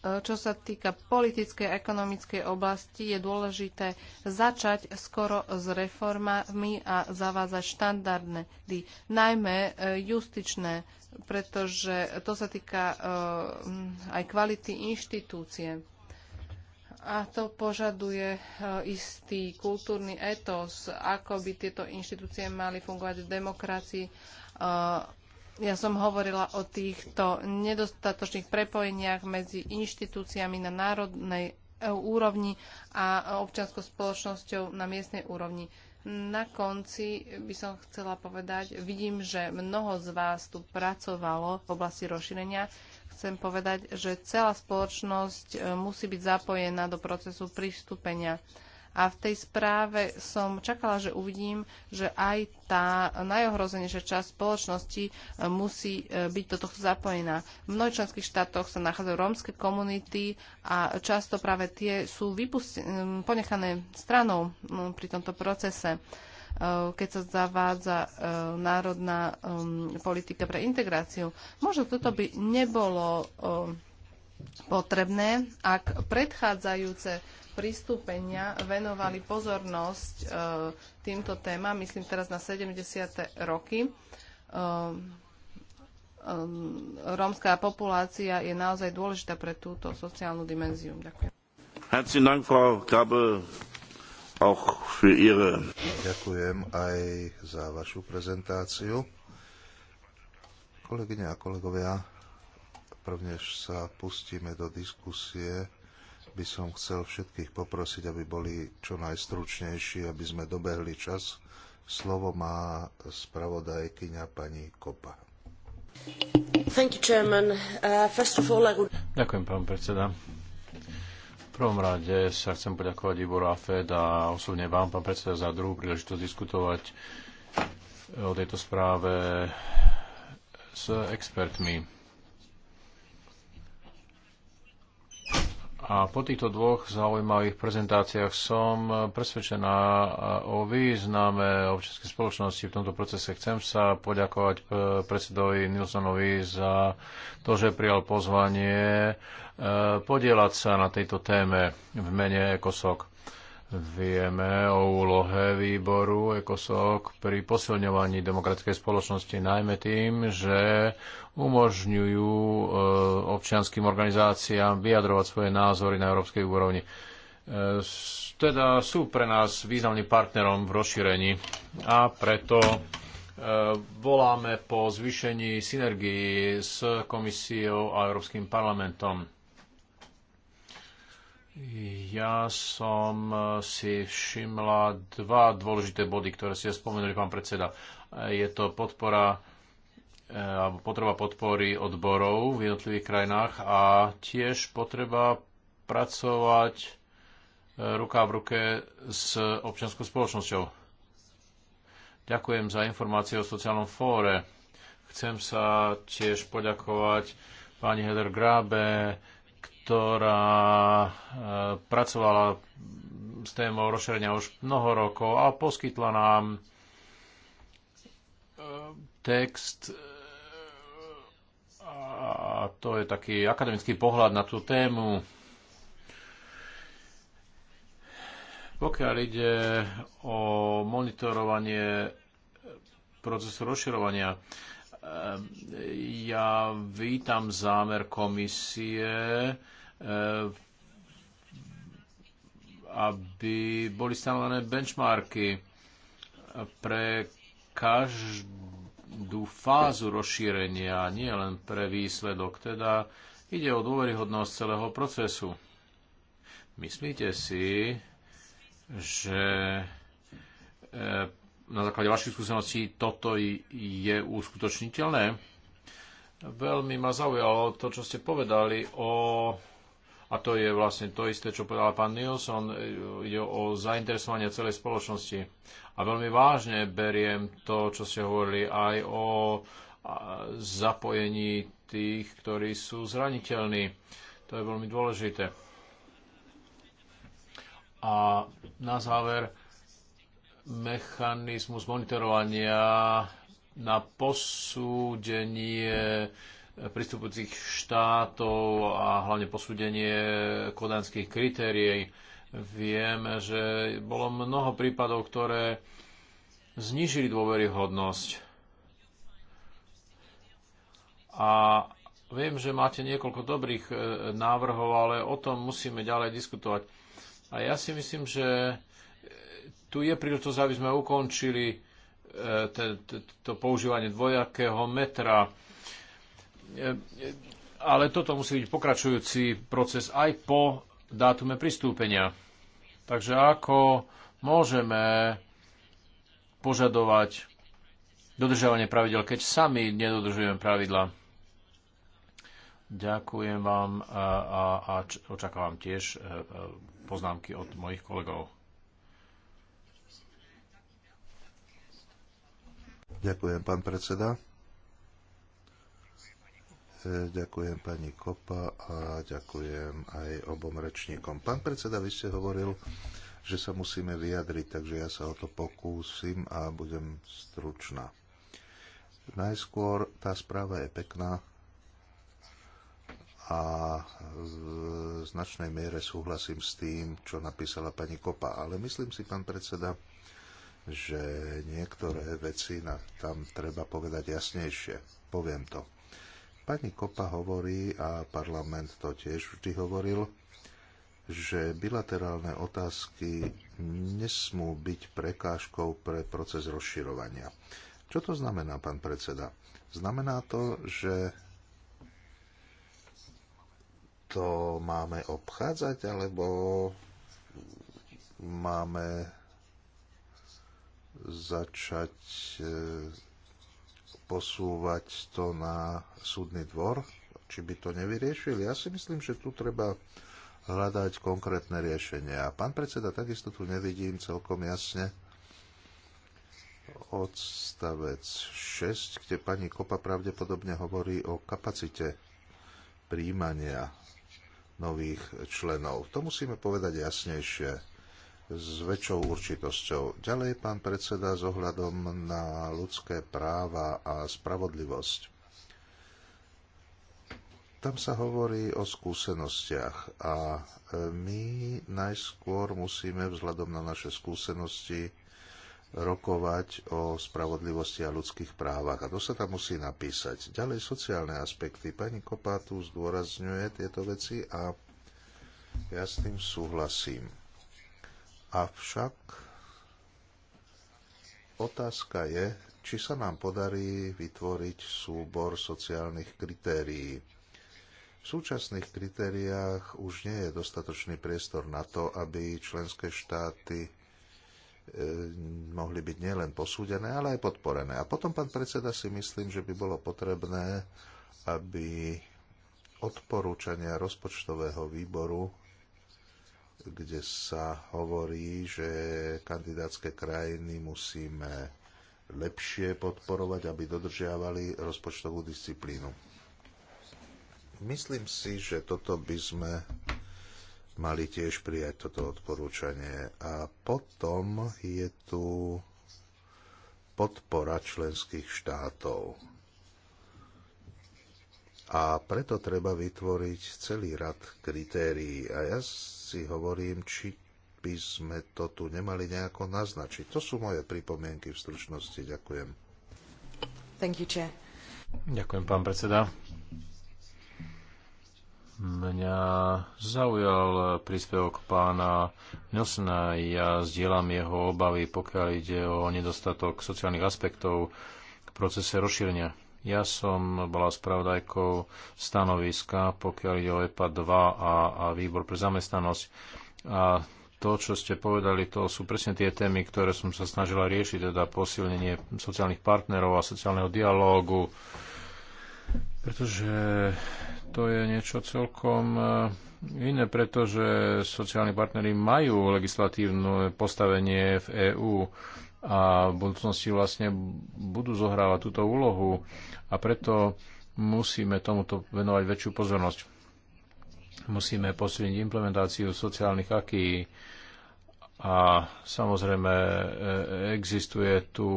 čo sa týka politickej a ekonomickej oblasti, je dôležité začať skoro s reformami a zavázať štandardné, najmä e, justičné, pretože to sa týka e, aj kvality inštitúcie. A to požaduje e, istý kultúrny etos, ako by tieto inštitúcie mali fungovať v demokracii ja som hovorila o týchto nedostatočných prepojeniach medzi inštitúciami na národnej e, úrovni a občianskou spoločnosťou na miestnej úrovni. Na konci by som chcela povedať, vidím, že mnoho z vás tu pracovalo v oblasti rozšírenia. Chcem povedať, že celá spoločnosť e, musí byť zapojená do procesu pristúpenia. A v tej správe som čakala, že uvidím, že aj tá najohrozenejšia časť spoločnosti e, musí e, byť do tohto zapojená. V mnohých členských štátoch sa nachádzajú rómske komunity a často práve tie sú e, ponechané stranou pri tomto procese keď sa zavádza národná politika pre integráciu. Možno toto by nebolo potrebné, ak predchádzajúce pristúpenia venovali pozornosť e, týmto témam, myslím teraz na 70. roky. E, e, rómska populácia je naozaj dôležitá pre túto sociálnu dimenziu. Ďakujem. Ďakujem aj za vašu prezentáciu. Kolegyne a kolegovia, prvnež sa pustíme do diskusie by som chcel všetkých poprosiť, aby boli čo najstručnejší, aby sme dobehli čas. Slovo má spravodajkyňa pani Kopa. You, uh, all, would... Ďakujem, pán predseda. V prvom rade sa chcem poďakovať Iboru Fed a osobne vám, pán predseda, za druhú príležitosť diskutovať o tejto správe s expertmi A po týchto dvoch zaujímavých prezentáciách som presvedčená o význame občianskej spoločnosti v tomto procese. Chcem sa poďakovať e, predsedovi Nilsonovi za to, že prijal pozvanie e, podielať sa na tejto téme v mene KOSOK. Vieme o úlohe výboru ECOSOC pri posilňovaní demokratickej spoločnosti najmä tým, že umožňujú e, občianským organizáciám vyjadrovať svoje názory na európskej úrovni. E, teda sú pre nás významným partnerom v rozšírení a preto e, voláme po zvýšení synergii s komisiou a Európskym parlamentom ja som eh, si všimla dva dôležité body, ktoré ste spomenuli, pán predseda. Eh, je to podpora eh, alebo potreba podpory odborov v jednotlivých krajinách a tiež potreba pracovať ruka v ruke s občianskou spoločnosťou. Ďakujem za informácie o sociálnom fóre. Chcem sa tiež poďakovať pani Heather Grabe, ktorá e, pracovala s témou rozšírenia už mnoho rokov a poskytla nám e, text e, a to je taký akademický pohľad na tú tému. Pokiaľ ide o monitorovanie procesu rozširovania, ja vítam zámer komisie Eh, aby boli stanovené benchmarky pre každú fázu rozšírenia, nie len pre výsledok. Teda ide o dôveryhodnosť celého procesu. Myslíte si, že eh, na základe vašich skúseností toto je uskutočniteľné? Veľmi ma zaujalo to, čo ste povedali o a to je vlastne to isté, čo povedal pán Nilsson. E, ide o zainteresovanie celej spoločnosti. A veľmi vážne beriem to, čo ste hovorili aj o zapojení tých, ktorí sú zraniteľní. To je veľmi dôležité. A na záver mechanizmus monitorovania na posúdenie pristupujúcich štátov a hlavne posúdenie kodanských kritérií. Viem, že bolo mnoho prípadov, ktoré znižili dôveryhodnosť. A viem, že máte niekoľko dobrých e, návrhov, ale o tom musíme ďalej diskutovať. A ja si myslím, že e, tu je príležitosť, aby sme ukončili e, to používanie dvojakého metra ale toto musí byť pokračujúci proces aj po dátume pristúpenia. Takže ako môžeme požadovať dodržiavanie pravidel, keď sami nedodržujeme pravidla? Ďakujem vám a, a, a očakávam tiež e, e, poznámky od mojich kolegov. Ďakujem, pán predseda. Ďakujem pani Kopa a ďakujem aj obom rečníkom. Pán predseda, vy ste hovoril, že sa musíme vyjadriť, takže ja sa o to pokúsim a budem stručná. Najskôr tá správa je pekná a v značnej miere súhlasím s tým, čo napísala pani Kopa. Ale myslím si, pán predseda, že niektoré veci tam treba povedať jasnejšie. Poviem to Pani Kopa hovorí, a parlament to tiež vždy hovoril, že bilaterálne otázky nesmú byť prekážkou pre proces rozširovania. Čo to znamená, pán predseda? Znamená to, že to máme obchádzať, alebo máme začať eh, posúvať to na súdny dvor, či by to nevyriešili. Ja si myslím, že tu treba hľadať konkrétne riešenia. A pán predseda, takisto tu nevidím celkom jasne odstavec 6, kde pani Kopa pravdepodobne hovorí o kapacite príjmania nových členov. To musíme povedať jasnejšie s väčšou určitosťou. Ďalej, pán predseda, s ohľadom na ľudské práva a spravodlivosť. Tam sa hovorí o skúsenostiach a e, my najskôr musíme vzhľadom na naše skúsenosti rokovať o spravodlivosti a ľudských právach. A to sa tam musí napísať. Ďalej sociálne aspekty. Pani Kopátu zdôrazňuje tieto veci a ja s tým súhlasím Avšak otázka je, či sa nám podarí vytvoriť súbor sociálnych kritérií. V súčasných kritériách už nie je dostatočný priestor na to, aby členské štáty e, mohli byť nielen posúdené, ale aj podporené. A potom, pán predseda, si myslím, že by bolo potrebné, aby odporúčania rozpočtového výboru kde sa hovorí, že kandidátske krajiny musíme lepšie podporovať, aby dodržiavali rozpočtovú disciplínu. Myslím si, že toto by sme mali tiež prijať toto odporúčanie. A potom je tu podpora členských štátov. A preto treba vytvoriť celý rad kritérií. A ja si hovorím, či by sme to tu nemali nejako naznačiť. To sú moje pripomienky v stručnosti. Ďakujem. Thank you, chair. Ďakujem, pán predseda. Mňa zaujal príspevok pána Nelsona. Ja zdieľam jeho obavy, pokiaľ ide o nedostatok sociálnych aspektov v procese rozšírenia ja som bola spravodajkou stanoviska, pokiaľ ide o EPA 2 a, a výbor pre zamestnanosť. A to, čo ste povedali, to sú presne tie témy, ktoré som sa snažila riešiť, teda posilnenie sociálnych partnerov a sociálneho dialógu, pretože to je niečo celkom e, iné, pretože sociálni partnery majú legislatívne postavenie v EÚ a v budúcnosti vlastne budú zohrávať túto úlohu a preto musíme tomuto venovať väčšiu pozornosť. Musíme posilniť implementáciu sociálnych aký a samozrejme e, existuje tu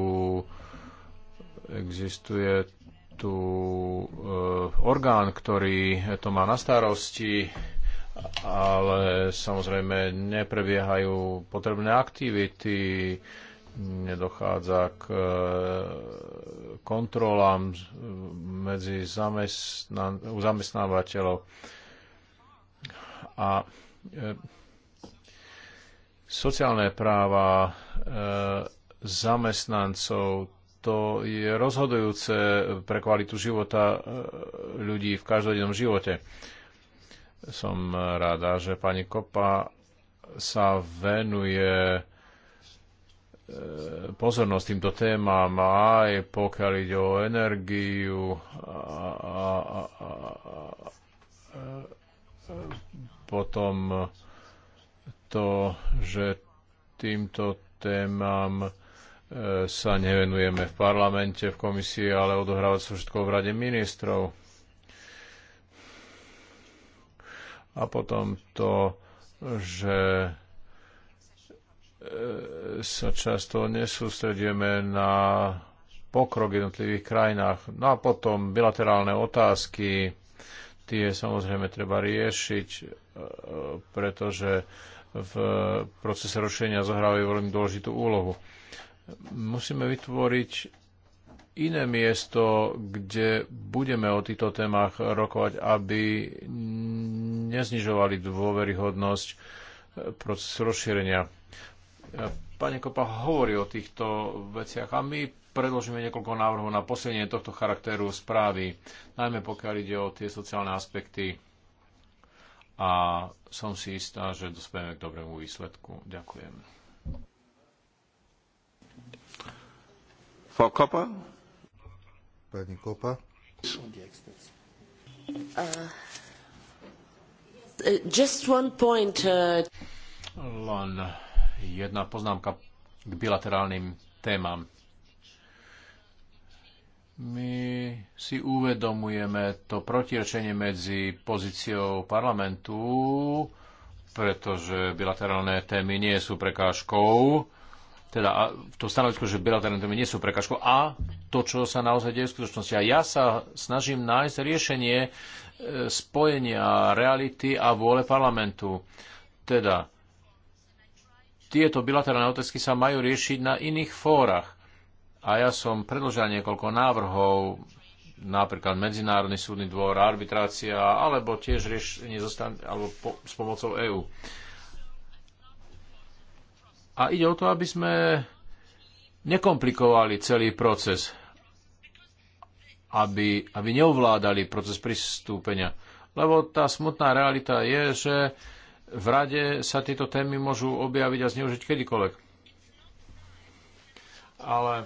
existuje tu e, orgán, ktorý to má na starosti ale samozrejme neprebiehajú potrebné aktivity nedochádza k e, kontrolám medzi zamestnan- u zamestnávateľov a e, sociálne práva e, zamestnancov to je rozhodujúce pre kvalitu života ľudí v každodennom živote. Som rada, že pani Kopa sa venuje E, pozornosť týmto témam aj pokiaľ ide o energiu a, a, a, a, a e, potom to, že týmto témam e, sa nevenujeme v parlamente, v komisii, ale odohrávať sa všetko v rade ministrov. A potom to, že E, sa často nesústredíme na pokrok v jednotlivých krajinách. No a potom bilaterálne otázky, tie samozrejme treba riešiť, e, pretože v procese rošenia zohrávajú veľmi dôležitú úlohu. Musíme vytvoriť iné miesto, kde budeme o týchto témach rokovať, aby neznižovali dôveryhodnosť procesu rozšírenia. Pane Kopa hovorí o týchto veciach a my predložíme niekoľko návrhov na posilnenie tohto charakteru správy, najmä pokiaľ ide o tie sociálne aspekty a som si istá, že dospejeme k dobrému výsledku. Ďakujem. Frau Kopa? Pani Kopa? Uh, just one point. Uh... Jedna poznámka k bilaterálnym témam. My si uvedomujeme to protirečenie medzi pozíciou parlamentu, pretože bilaterálne témy nie sú prekážkou, teda to stanovisko, že bilaterálne témy nie sú prekážkou a to, čo sa naozaj deje v skutočnosti. A ja sa snažím nájsť riešenie e, spojenia reality a vôle parlamentu. Teda tieto bilaterálne otázky sa majú riešiť na iných fórach. A ja som predložil niekoľko návrhov, napríklad Medzinárodný súdny dvor, arbitrácia, alebo tiež riešenie zostan- alebo po, s pomocou EÚ. A ide o to, aby sme nekomplikovali celý proces, aby, aby neovládali proces pristúpenia. Lebo tá smutná realita je, že v rade sa tieto témy môžu objaviť a zneužiť kedykoľvek. Ale e,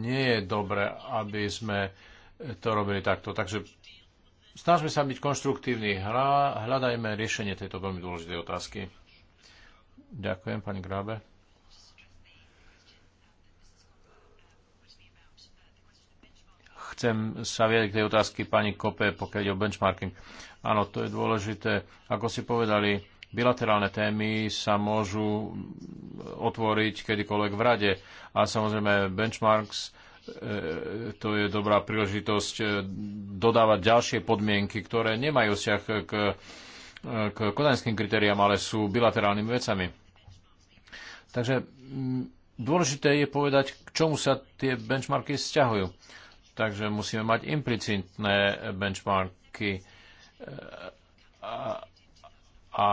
nie je dobre, aby sme to robili takto. Takže snažme sa byť konštruktívni. Hľadajme riešenie tejto veľmi dôležitej otázky. Ďakujem, pani Grábe. Chcem sa vieť k tej otázky pani Kope, pokiaľ ide o benchmarking. Uh, Áno, to je dôležité. Ako si povedali, bilaterálne témy sa môžu otvoriť kedykoľvek v rade. A samozrejme benchmarks, e, to je dobrá príležitosť e, dodávať ďalšie podmienky, ktoré nemajú vzťah k, e, k kodanským kritériám, ale sú bilaterálnymi vecami. Takže dôležité je povedať, k čomu sa tie benchmarky vzťahujú. Takže musíme mať implicitné benchmarky a, a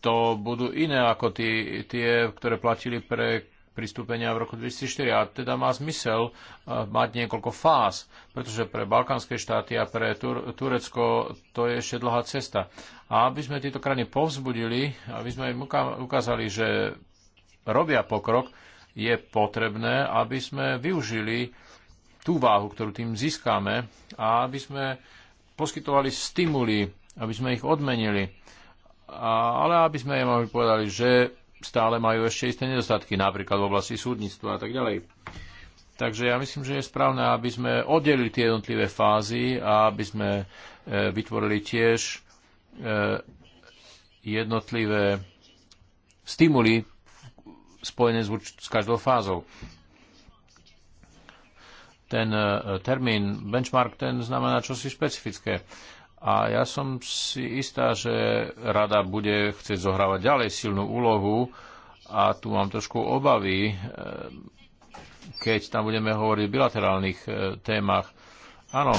to budú iné ako tí, tie, ktoré platili pre pristúpenia v roku 2004. A teda má zmysel e, mať niekoľko fáz, pretože pre balkánske štáty a pre Tur- Turecko to je ešte dlhá cesta. A aby sme tieto krajiny povzbudili, aby sme im ukázali, že robia pokrok, je potrebné, aby sme využili tú váhu, ktorú tým získame a aby sme poskytovali stimuly, aby sme ich odmenili, a, ale aby sme im povedali, že stále majú ešte isté nedostatky, napríklad v oblasti súdnictva a tak ďalej. Takže ja myslím, že je správne, aby sme oddelili tie jednotlivé fázy a aby sme e, vytvorili tiež e, jednotlivé stimuly spojené s každou fázou ten e, termín benchmark, ten znamená čosi špecifické. A ja som si istá, že rada bude chcieť zohrávať ďalej silnú úlohu a tu mám trošku obavy, e, keď tam budeme hovoriť o bilaterálnych e, témach. Áno,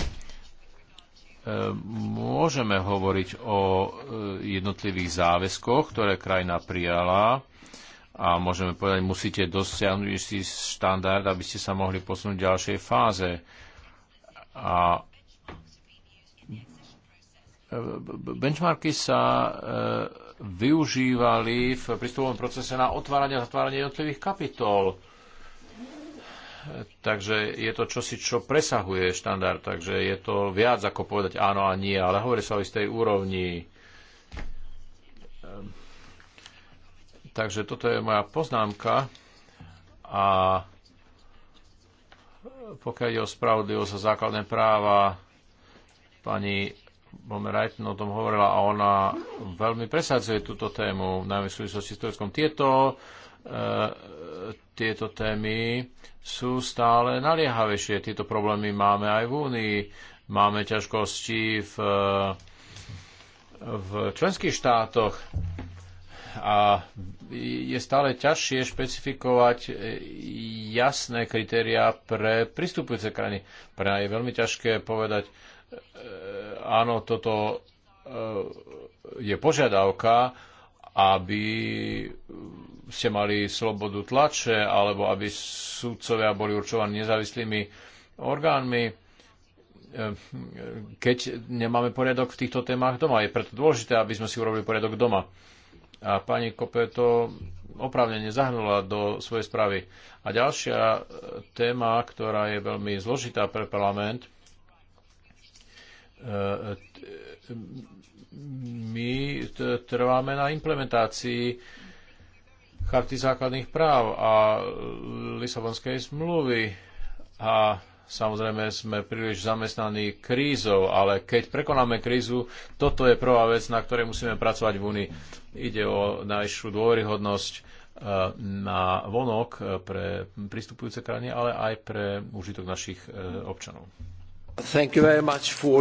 môžeme hovoriť o jednotlivých záväzkoch, ktoré krajina prijala, a môžeme povedať, musíte dosiahnuť istý štandard, aby ste sa mohli posunúť v ďalšej fáze. A e, benchmarky sa e, využívali v prístupovom procese na otváranie a zatváranie jednotlivých kapitol. Takže je to čosi, čo presahuje štandard, takže je to viac ako povedať áno a nie, ale hovorí sa o istej úrovni Takže toto je moja poznámka a pokiaľ je o spravodlivosť a základné práva, pani Bomerajten no, o tom hovorila a ona veľmi presadzuje túto tému, najmä v súvislosti s Tureckom. Tieto, e, tieto témy sú stále naliehavejšie. Tieto problémy máme aj v Únii. Máme ťažkosti v, v členských štátoch a je stále ťažšie špecifikovať e, jasné kritériá pre pristupujúce krajiny. Pre nás je veľmi ťažké povedať, e, áno, toto e, je požiadavka, aby ste mali slobodu tlače, alebo aby súdcovia boli určovaní nezávislými orgánmi. Keď nemáme poriadok v týchto témach doma, je preto dôležité, aby sme si urobili poriadok doma. A pani Kope to oprávnene zahrnula do svojej správy. A ďalšia e, téma, ktorá je veľmi zložitá pre parlament, e, e, my trváme na implementácii Charty základných práv a Lisabonskej zmluvy. A Samozrejme sme príliš zamestnaní krízou, ale keď prekonáme krízu, toto je prvá vec, na ktorej musíme pracovať v Unii. Ide o najšiu dôveryhodnosť e, na vonok e, pre pristupujúce krajiny, ale aj pre užitok našich e, občanov. Your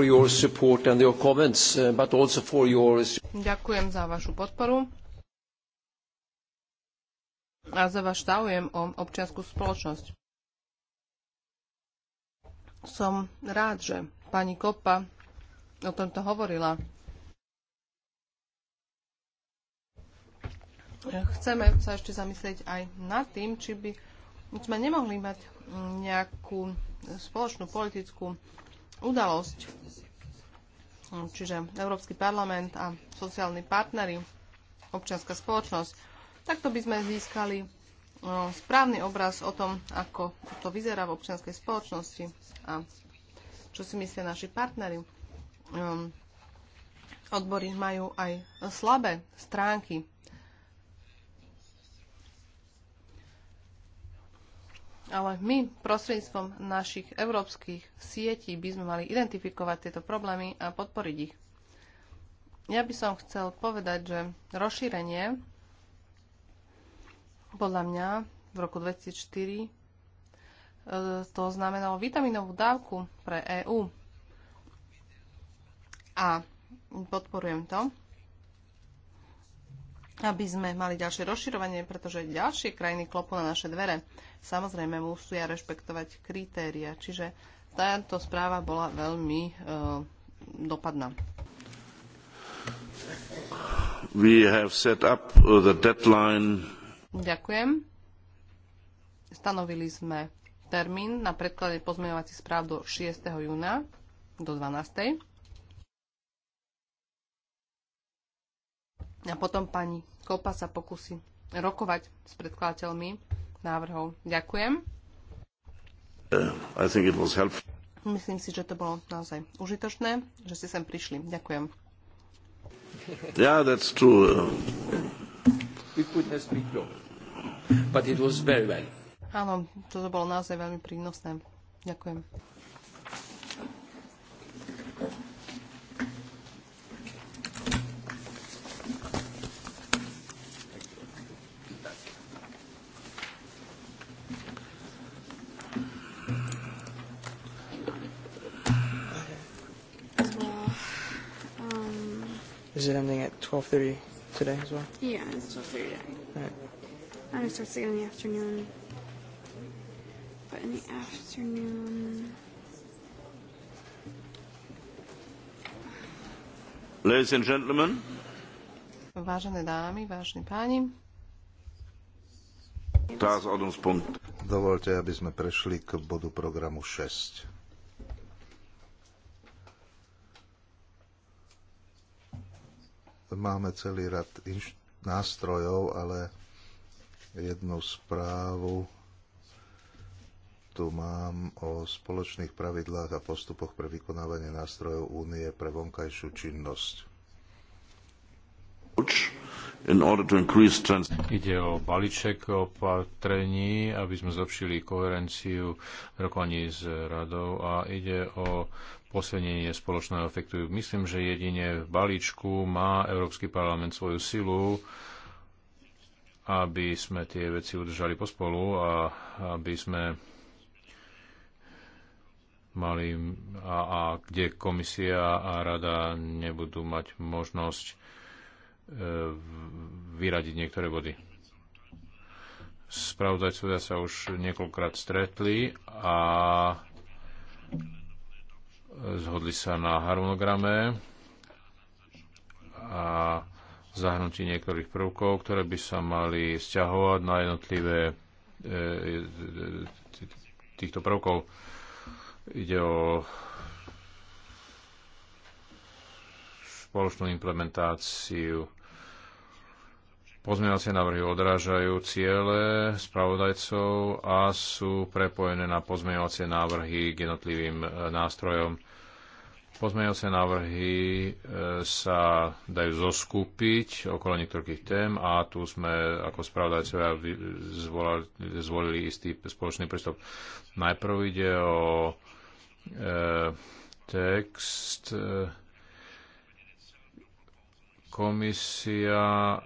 your comments, uh, your... Ďakujem za vašu podporu a za váš záujem o občiansku spoločnosť. Som rád, že pani Kopa o tomto hovorila. Chceme sa ešte zamyslieť aj nad tým, či by sme nemohli mať nejakú spoločnú politickú udalosť, čiže Európsky parlament a sociálni partnery, občianská spoločnosť. Takto by sme získali správny obraz o tom, ako to vyzerá v občianskej spoločnosti a čo si myslia naši partnery. Ehm, odbory majú aj slabé stránky. Ale my prostredníctvom našich európskych sietí by sme mali identifikovať tieto problémy a podporiť ich. Ja by som chcel povedať, že rozšírenie podľa mňa v roku 2004 e, to znamenalo vitaminovú dávku pre EÚ. A podporujem to, aby sme mali ďalšie rozširovanie, pretože ďalšie krajiny klopú na naše dvere. Samozrejme, musia rešpektovať kritéria, čiže táto správa bola veľmi e, dopadná. We have set up the deadline Ďakujem. Stanovili sme termín na predklade pozmeňovacích správ do 6. júna do 12. A potom pani Kopa sa pokusí rokovať s predkladateľmi návrhov. Ďakujem. Myslím si, že to bolo naozaj užitočné, že ste sem prišli. Ďakujem. Yeah, that's true we could have split Europe. But it was very well. Áno, toto bolo naozaj veľmi prínosné. Ďakujem. Is it ending at 12.30? today as well? Yeah, it's till 3 today. All right. I just starts again in the afternoon. But in the afternoon... Ladies and gentlemen. Vážené dámy, vážení páni. Dovolte, aby sme prešli k bodu programu 6. máme celý rad nástrojov, ale jednu správu tu mám o spoločných pravidlách a postupoch pre vykonávanie nástrojov únie pre vonkajšiu činnosť. Ide o balíček opatrení, aby sme zlepšili koherenciu rokovaní s radou a ide o posilnenie spoločného efektu. Myslím, že jedine v balíčku má Európsky parlament svoju silu, aby sme tie veci udržali pospolu a aby sme mali a, a kde komisia a rada nebudú mať možnosť e, vyradiť niektoré body. Spravodajcovia sa už niekoľkrát stretli a zhodli sa na harmonograme a zahrnutí niektorých prvkov, ktoré by sa mali sťahovať na jednotlivé e, e, týchto prvkov. Ide o spoločnú implementáciu. Pozmeňovacie návrhy odrážajú ciele spravodajcov a sú prepojené na pozmeňovacie návrhy k jednotlivým e, nástrojom. Pozmeňujúce návrhy e, sa dajú zoskúpiť okolo niektorých tém a tu sme ako spravodajcovia zvolili istý spoločný prístup. Najprv ide o e, text. E, komisia e,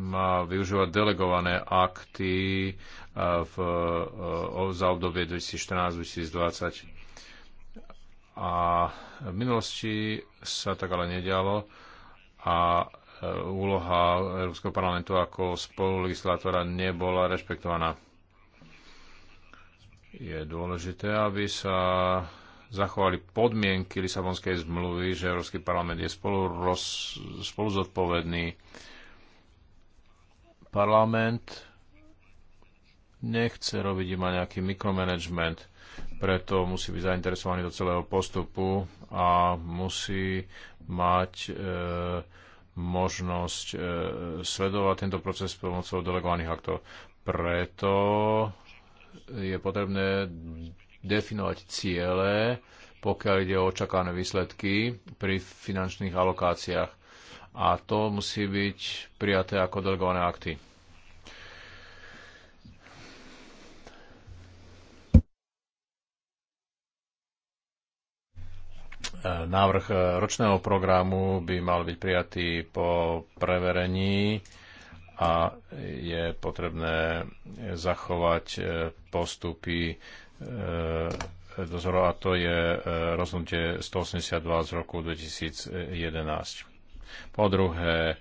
má využívať delegované akty e, v, e, za obdobie 2014-2020 a v minulosti sa tak ale nedialo a e, úloha Európskeho parlamentu ako spolulegislátora nebola rešpektovaná. Je dôležité, aby sa zachovali podmienky Lisabonskej zmluvy, že Európsky parlament je spolu, roz, spolu zodpovedný. Parlament nechce robiť iba nejaký mikromanagement preto musí byť zainteresovaný do celého postupu a musí mať e, možnosť e, sledovať tento proces pomocou delegovaných aktov. Preto je potrebné definovať ciele, pokiaľ ide o očakávané výsledky pri finančných alokáciách. A to musí byť prijaté ako delegované akty. Návrh e, ročného programu by mal byť prijatý po preverení a je potrebné zachovať e, postupy e, dozoru a to je rozhodnutie 182 z roku 2011. Po druhé,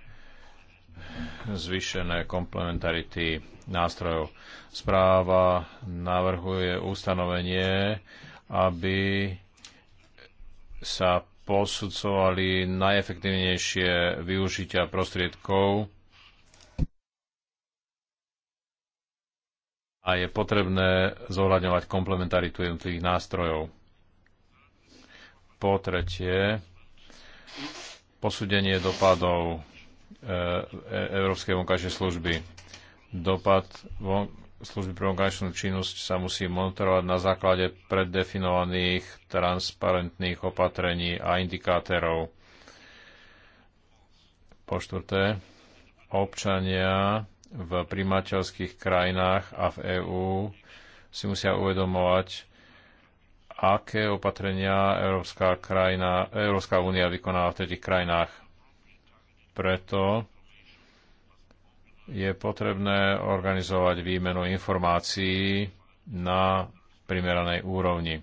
zvýšené komplementarity nástrojov. Správa navrhuje ustanovenie, aby sa posudzovali najefektívnejšie využitia prostriedkov a je potrebné zohľadňovať komplementaritu jednotlivých nástrojov. Po tretie, posúdenie dopadov e, e, Európskej vonkajšej služby. Dopad von služby pre organizačnú činnosť sa musí monitorovať na základe preddefinovaných transparentných opatrení a indikátorov. Po štvrté, občania v primateľských krajinách a v EÚ si musia uvedomovať, aké opatrenia Európska, únia vykonáva v tretich krajinách. Preto je potrebné organizovať výmenu informácií na primeranej úrovni.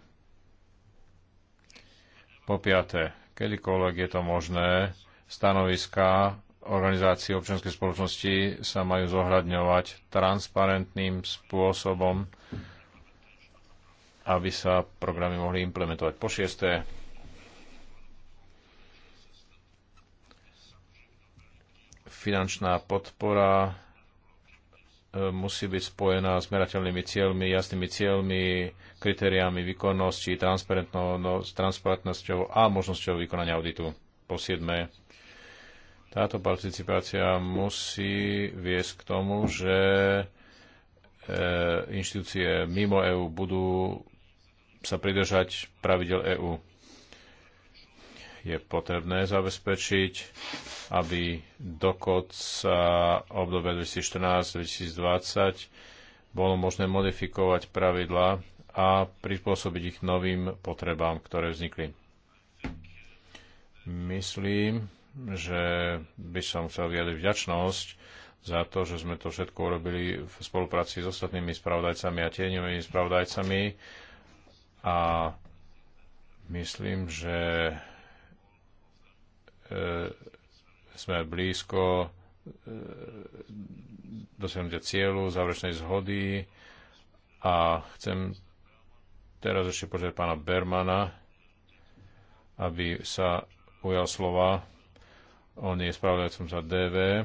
Po piaté, kedykoľvek je to možné, stanoviská organizácií občianskej spoločnosti sa majú zohľadňovať transparentným spôsobom, aby sa programy mohli implementovať. Po šiesté, finančná podpora e, musí byť spojená s merateľnými cieľmi, jasnými cieľmi, kritériami výkonnosti, no, transparentnosťou a možnosťou vykonania auditu. Po siedme, táto participácia musí viesť k tomu, že e, inštitúcie mimo EÚ budú sa pridržať pravidel EÚ je potrebné zabezpečiť, aby do konca obdobia 2014-2020 bolo možné modifikovať pravidlá a prispôsobiť ich novým potrebám, ktoré vznikli. Myslím, že by som chcel vyjadriť vďačnosť za to, že sme to všetko urobili v spolupráci s ostatnými spravodajcami a tieňovými spravodajcami a myslím, že E, sme blízko e, dosiahnutia cieľu, záverečnej zhody a chcem teraz ešte požiadať pána Bermana, aby sa ujal slova. On je spravodajcom za DV e,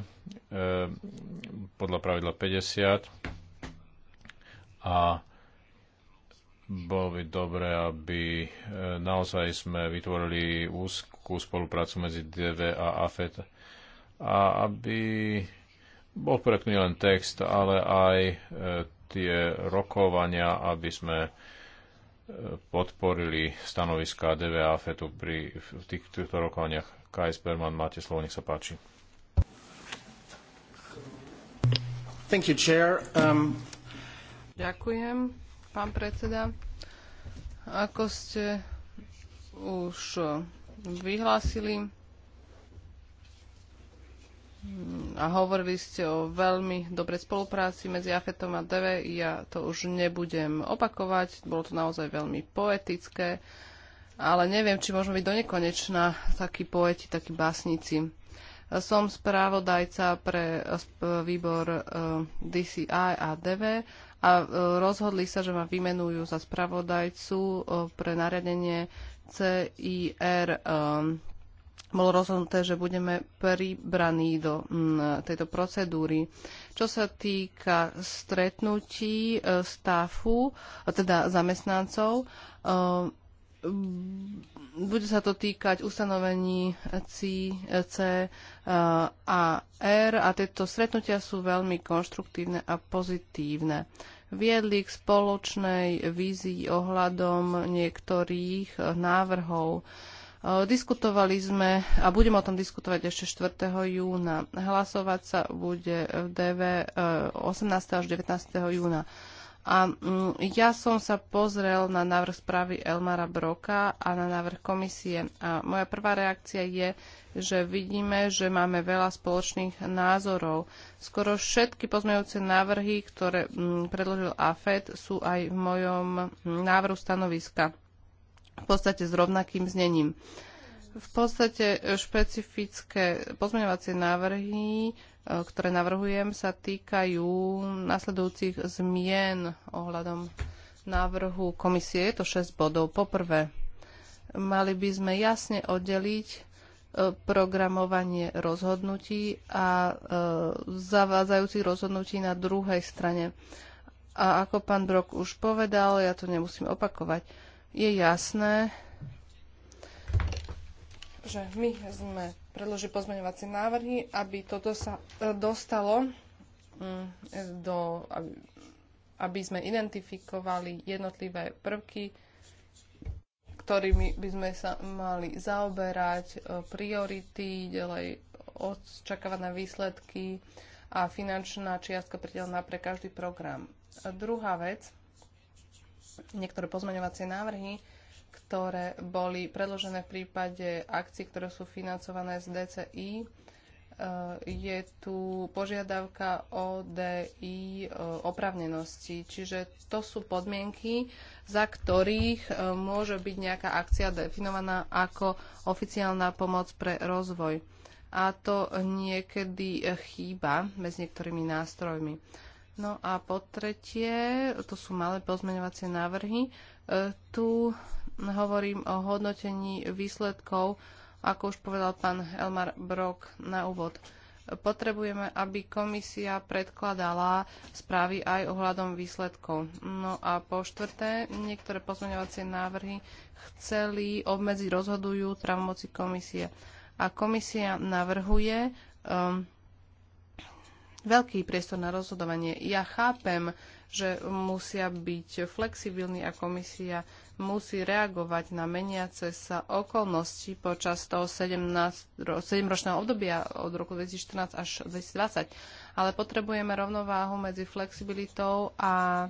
podľa pravidla 50 a bolo by dobre, aby e, naozaj sme vytvorili úzku úzkú spoluprácu medzi DV a AFET a aby bol projektný len text, ale aj e, tie rokovania, aby sme e, podporili stanoviska a AFETu pri v tých, týchto rokovaniach. Kaj Sperman, máte slovo, nech sa páči. Thank you, chair. Um... Ďakujem, pán predseda. Ako ste už vyhlásili a hovorili ste o veľmi dobrej spolupráci medzi Afetom a DV. Ja to už nebudem opakovať, bolo to naozaj veľmi poetické, ale neviem, či môžeme byť do nekonečna takí poeti, takí básnici. Som správodajca pre výbor e, DCI a DV a e, rozhodli sa, že ma vymenujú za spravodajcu e, pre nariadenie CIR um, bolo rozhodnuté, že budeme pribraní do mm, tejto procedúry. Čo sa týka stretnutí e, stafu, e, teda zamestnancov, e, bude sa to týkať ustanovení C, C e, a R a tieto stretnutia sú veľmi konštruktívne a pozitívne viedli k spoločnej vízii ohľadom niektorých návrhov. E, diskutovali sme a budeme o tom diskutovať ešte 4. júna. Hlasovať sa bude v DV 18. E, až 19. júna. A mm, ja som sa pozrel na návrh správy Elmara Broka a na návrh komisie. A moja prvá reakcia je, že vidíme, že máme veľa spoločných názorov. Skoro všetky pozmejúce návrhy, ktoré mm, predložil AFED, sú aj v mojom mm, návrhu stanoviska. V podstate s rovnakým znením. V podstate špecifické pozmeňovacie návrhy ktoré navrhujem, sa týkajú nasledujúcich zmien ohľadom návrhu komisie. Je to 6 bodov. Poprvé, mali by sme jasne oddeliť e, programovanie rozhodnutí a e, zavádzajúcich rozhodnutí na druhej strane. A ako pán Brok už povedal, ja to nemusím opakovať, je jasné, že my sme predložiť pozmeňovacie návrhy, aby toto sa e, dostalo mm, do, aby sme identifikovali jednotlivé prvky, ktorými by sme sa mali zaoberať, e, priority, ďalej očakávané výsledky a finančná čiastka pridelená pre každý program. A druhá vec, niektoré pozmeňovacie návrhy ktoré boli predložené v prípade akcií, ktoré sú financované z DCI. E, je tu požiadavka ODI e, opravnenosti, čiže to sú podmienky, za ktorých e, môže byť nejaká akcia definovaná ako oficiálna pomoc pre rozvoj. A to niekedy chýba medzi niektorými nástrojmi. No a po tretie, to sú malé pozmeňovacie návrhy. Tu hovorím o hodnotení výsledkov, ako už povedal pán Elmar Brok na úvod. Potrebujeme, aby komisia predkladala správy aj ohľadom výsledkov. No a po štvrté, niektoré pozmeňovacie návrhy chceli obmedziť rozhodujú pravomoci komisie. A komisia navrhuje um, veľký priestor na rozhodovanie. Ja chápem, že musia byť flexibilní a komisia musí reagovať na meniace sa okolnosti počas toho 7-ročného obdobia od roku 2014 až 2020. Ale potrebujeme rovnováhu medzi flexibilitou a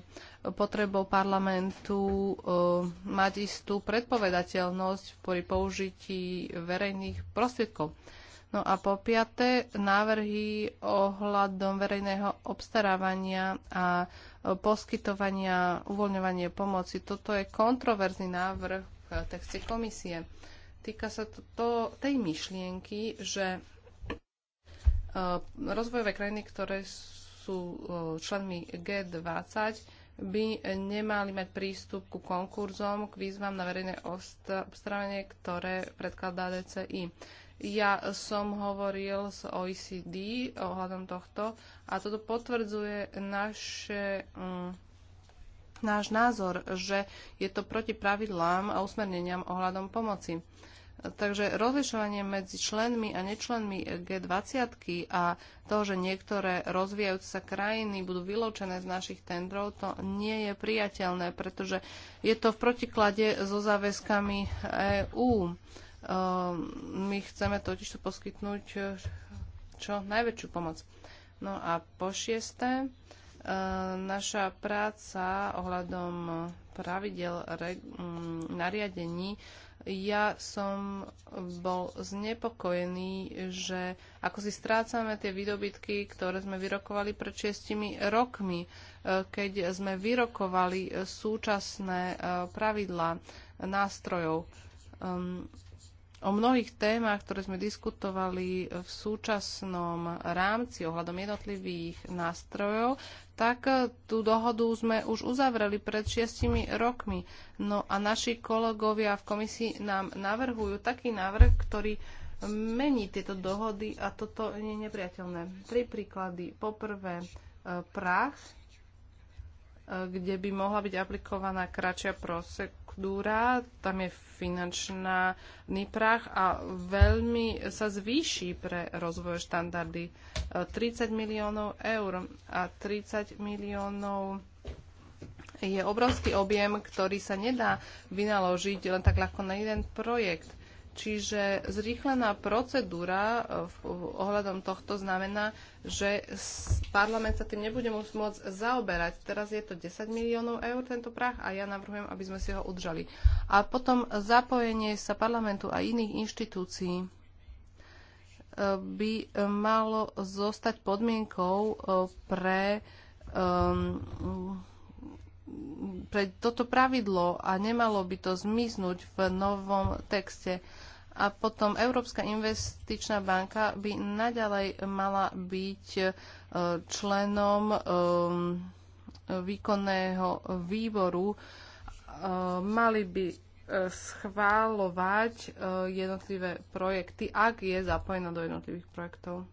potrebou parlamentu uh, mať istú predpovedateľnosť pri použití verejných prostriedkov. No a po piaté, návrhy ohľadom verejného obstarávania a e, poskytovania, uvoľňovanie pomoci. Toto je kontroverzný návrh v texte komisie. Týka sa to, to tej myšlienky, že e, rozvojové krajiny, ktoré sú e, členmi G20, by nemali mať prístup ku konkurzom, k výzvam na verejné obstarávanie, ktoré predkladá DCI. Ja som hovoril s OECD ohľadom tohto a toto potvrdzuje naše, um, náš názor, že je to proti pravidlám a usmerneniam ohľadom pomoci. Takže rozlišovanie medzi členmi a nečlenmi G20 a to, že niektoré rozvíjajúce sa krajiny budú vylúčené z našich tendrov, to nie je priateľné, pretože je to v protiklade so záväzkami EÚ. Ehm, my chceme totiž tu poskytnúť eh, čo najväčšiu pomoc. No a po šiesté, eh, naša práca ohľadom pravidel mm, nariadení ja som bol znepokojený, že ako si strácame tie výdobytky, ktoré sme vyrokovali pred šiestimi rokmi, eh, keď sme vyrokovali súčasné pravidla nástrojov. Ehm, O mnohých témach, ktoré sme diskutovali v súčasnom rámci ohľadom jednotlivých nástrojov, tak tú dohodu sme už uzavreli pred šiestimi rokmi. No a naši kolegovia v komisii nám navrhujú taký návrh, ktorý mení tieto dohody a toto je nepriateľné. Tri príklady. Poprvé, e, prach, e, kde by mohla byť aplikovaná kratšia prosek dúra, tam je finančná prach a veľmi sa zvýši pre rozvoj štandardy. 30 e, miliónov eur a 30 miliónov je obrovský objem, ktorý sa nedá vynaložiť len tak ľahko na jeden projekt. Čiže zrýchlená procedúra e, ohľadom tohto znamená, že parlament sa tým nebude môcť zaoberať. Teraz je to 10 miliónov eur tento prach a ja navrhujem, aby sme si ho udržali. A potom zapojenie sa parlamentu a iných inštitúcií e, by e, malo zostať podmienkou pre, pre toto pravidlo a nemalo by to zmiznúť v novom texte. A potom Európska investičná banka by naďalej mala byť e, členom e, výkonného výboru. E, mali by schválovať jednotlivé projekty, ak je zapojená do jednotlivých projektov.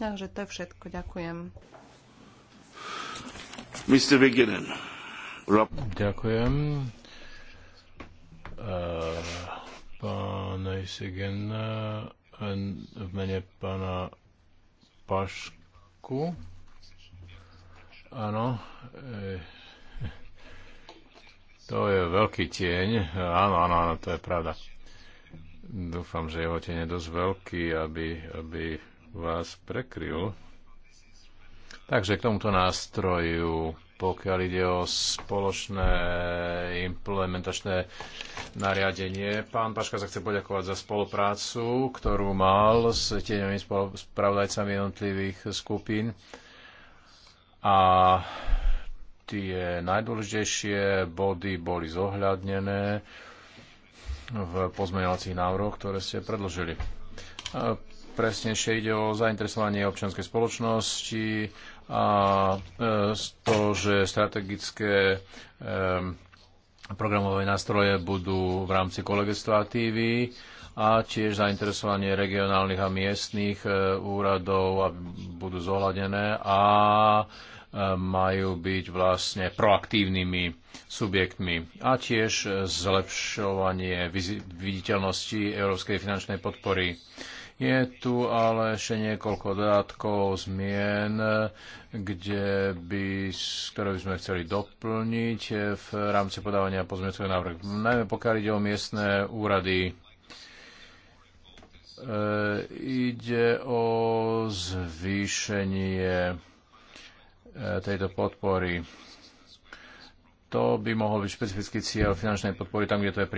Takže to je všetko. Ďakujem. Mr. Vigenen. Ďakujem. Uh pána Isigena v mene pána Pašku. Áno, e, to je veľký tieň. Áno, áno, áno, to je pravda. Dúfam, že jeho tieň je dosť veľký, aby, aby vás prekryl. Takže k tomuto nástroju, pokiaľ ide o spoločné implementačné nariadenie, pán Paška sa chce poďakovať za spoluprácu, ktorú mal s tieňovými spravodajcami jednotlivých skupín. A tie najdôležitejšie body boli zohľadnené v pozmeňovacích návrhoch, ktoré ste predložili. Presnejšie ide o zainteresovanie občianskej spoločnosti, a e, to, že strategické e, programové nástroje budú v rámci kolegislatívy a tiež zainteresovanie regionálnych a miestných e, úradov budú zohľadené a majú byť vlastne proaktívnymi subjektmi a tiež zlepšovanie viditeľnosti európskej finančnej podpory. Je tu ale ešte niekoľko dodatkov, zmien, kde by, ktoré by sme chceli doplniť v rámci podávania pozmeňovacieho návrhu. Najmä pokiaľ ide o miestne úrady, e, ide o zvýšenie e, tejto podpory to by mohol byť špecifický cieľ finančnej podpory tam, kde to je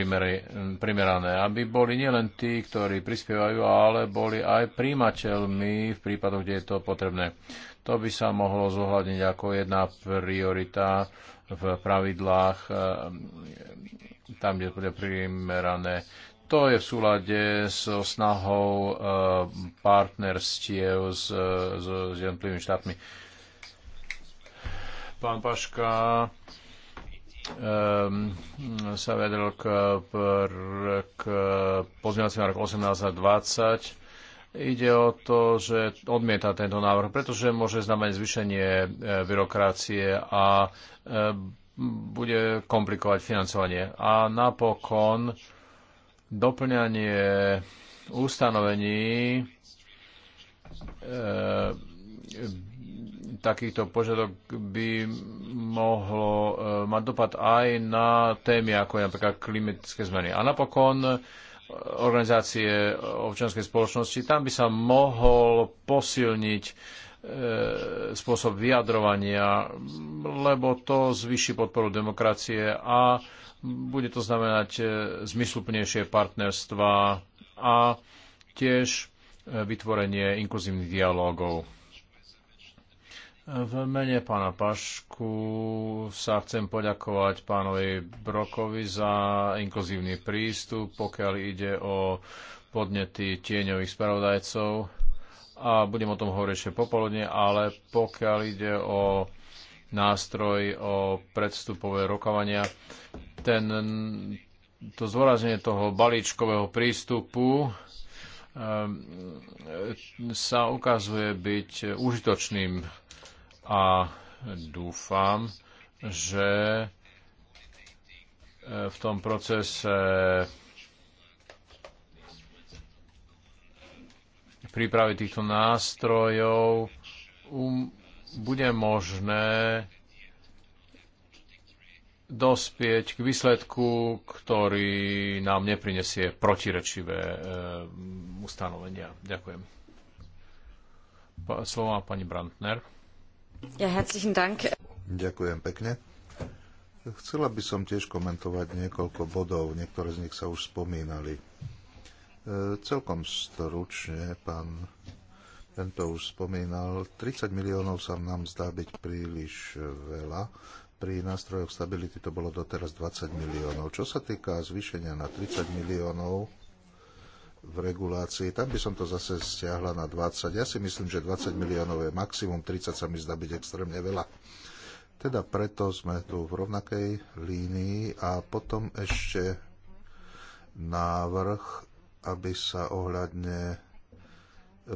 primerané. Aby boli nielen tí, ktorí prispievajú, ale boli aj príjimateľmi v prípadoch, kde je to potrebné. To by sa mohlo zohľadniť ako jedna priorita v pravidlách eh, tam, kde to je primerané. To je v súlade so snahou eh, partnerstiev s, s, s jednotlivými štátmi. Pán Paška, Ehm, sa vyjadril k, k pozmeňovacím návrhom 18 a 20 Ide o to, že odmieta tento návrh, pretože môže znamenať zvýšenie e, byrokracie a e, bude komplikovať financovanie. A napokon doplňanie ustanovení e, takýchto požiadok by mohlo eh, mať dopad aj na témy ako je napríklad klimatické zmeny. A napokon eh, organizácie občianskej spoločnosti, tam by sa mohol posilniť eh, spôsob vyjadrovania, lebo to zvyši podporu demokracie a bude to znamenať zmysluplnejšie partnerstva a tiež vytvorenie inkluzívnych dialógov. V mene pána Pašku sa chcem poďakovať pánovi Brokovi za inkluzívny prístup, pokiaľ ide o podnety tieňových spravodajcov. A budem o tom hovoriť ešte popoludne, ale pokiaľ ide o nástroj o predstupové rokovania, ten, to zvorazenie toho balíčkového prístupu ehm, sa ukazuje byť užitočným a dúfam, že e, v tom procese prípravy týchto nástrojov um, bude možné dospieť k výsledku, ktorý nám neprinesie protirečivé e, ustanovenia. Ďakujem. slovo má pani Brandner. Ďakujem pekne. Chcela by som tiež komentovať niekoľko bodov, niektoré z nich sa už spomínali. E, celkom stručne, pán tento už spomínal, 30 miliónov sa nám zdá byť príliš veľa. Pri nástrojoch stability to bolo doteraz 20 miliónov. Čo sa týka zvýšenia na 30 miliónov, v regulácii. Tam by som to zase stiahla na 20. Ja si myslím, že 20 miliónov je maximum, 30 sa mi zdá byť extrémne veľa. Teda preto sme tu v rovnakej línii a potom ešte návrh, aby sa ohľadne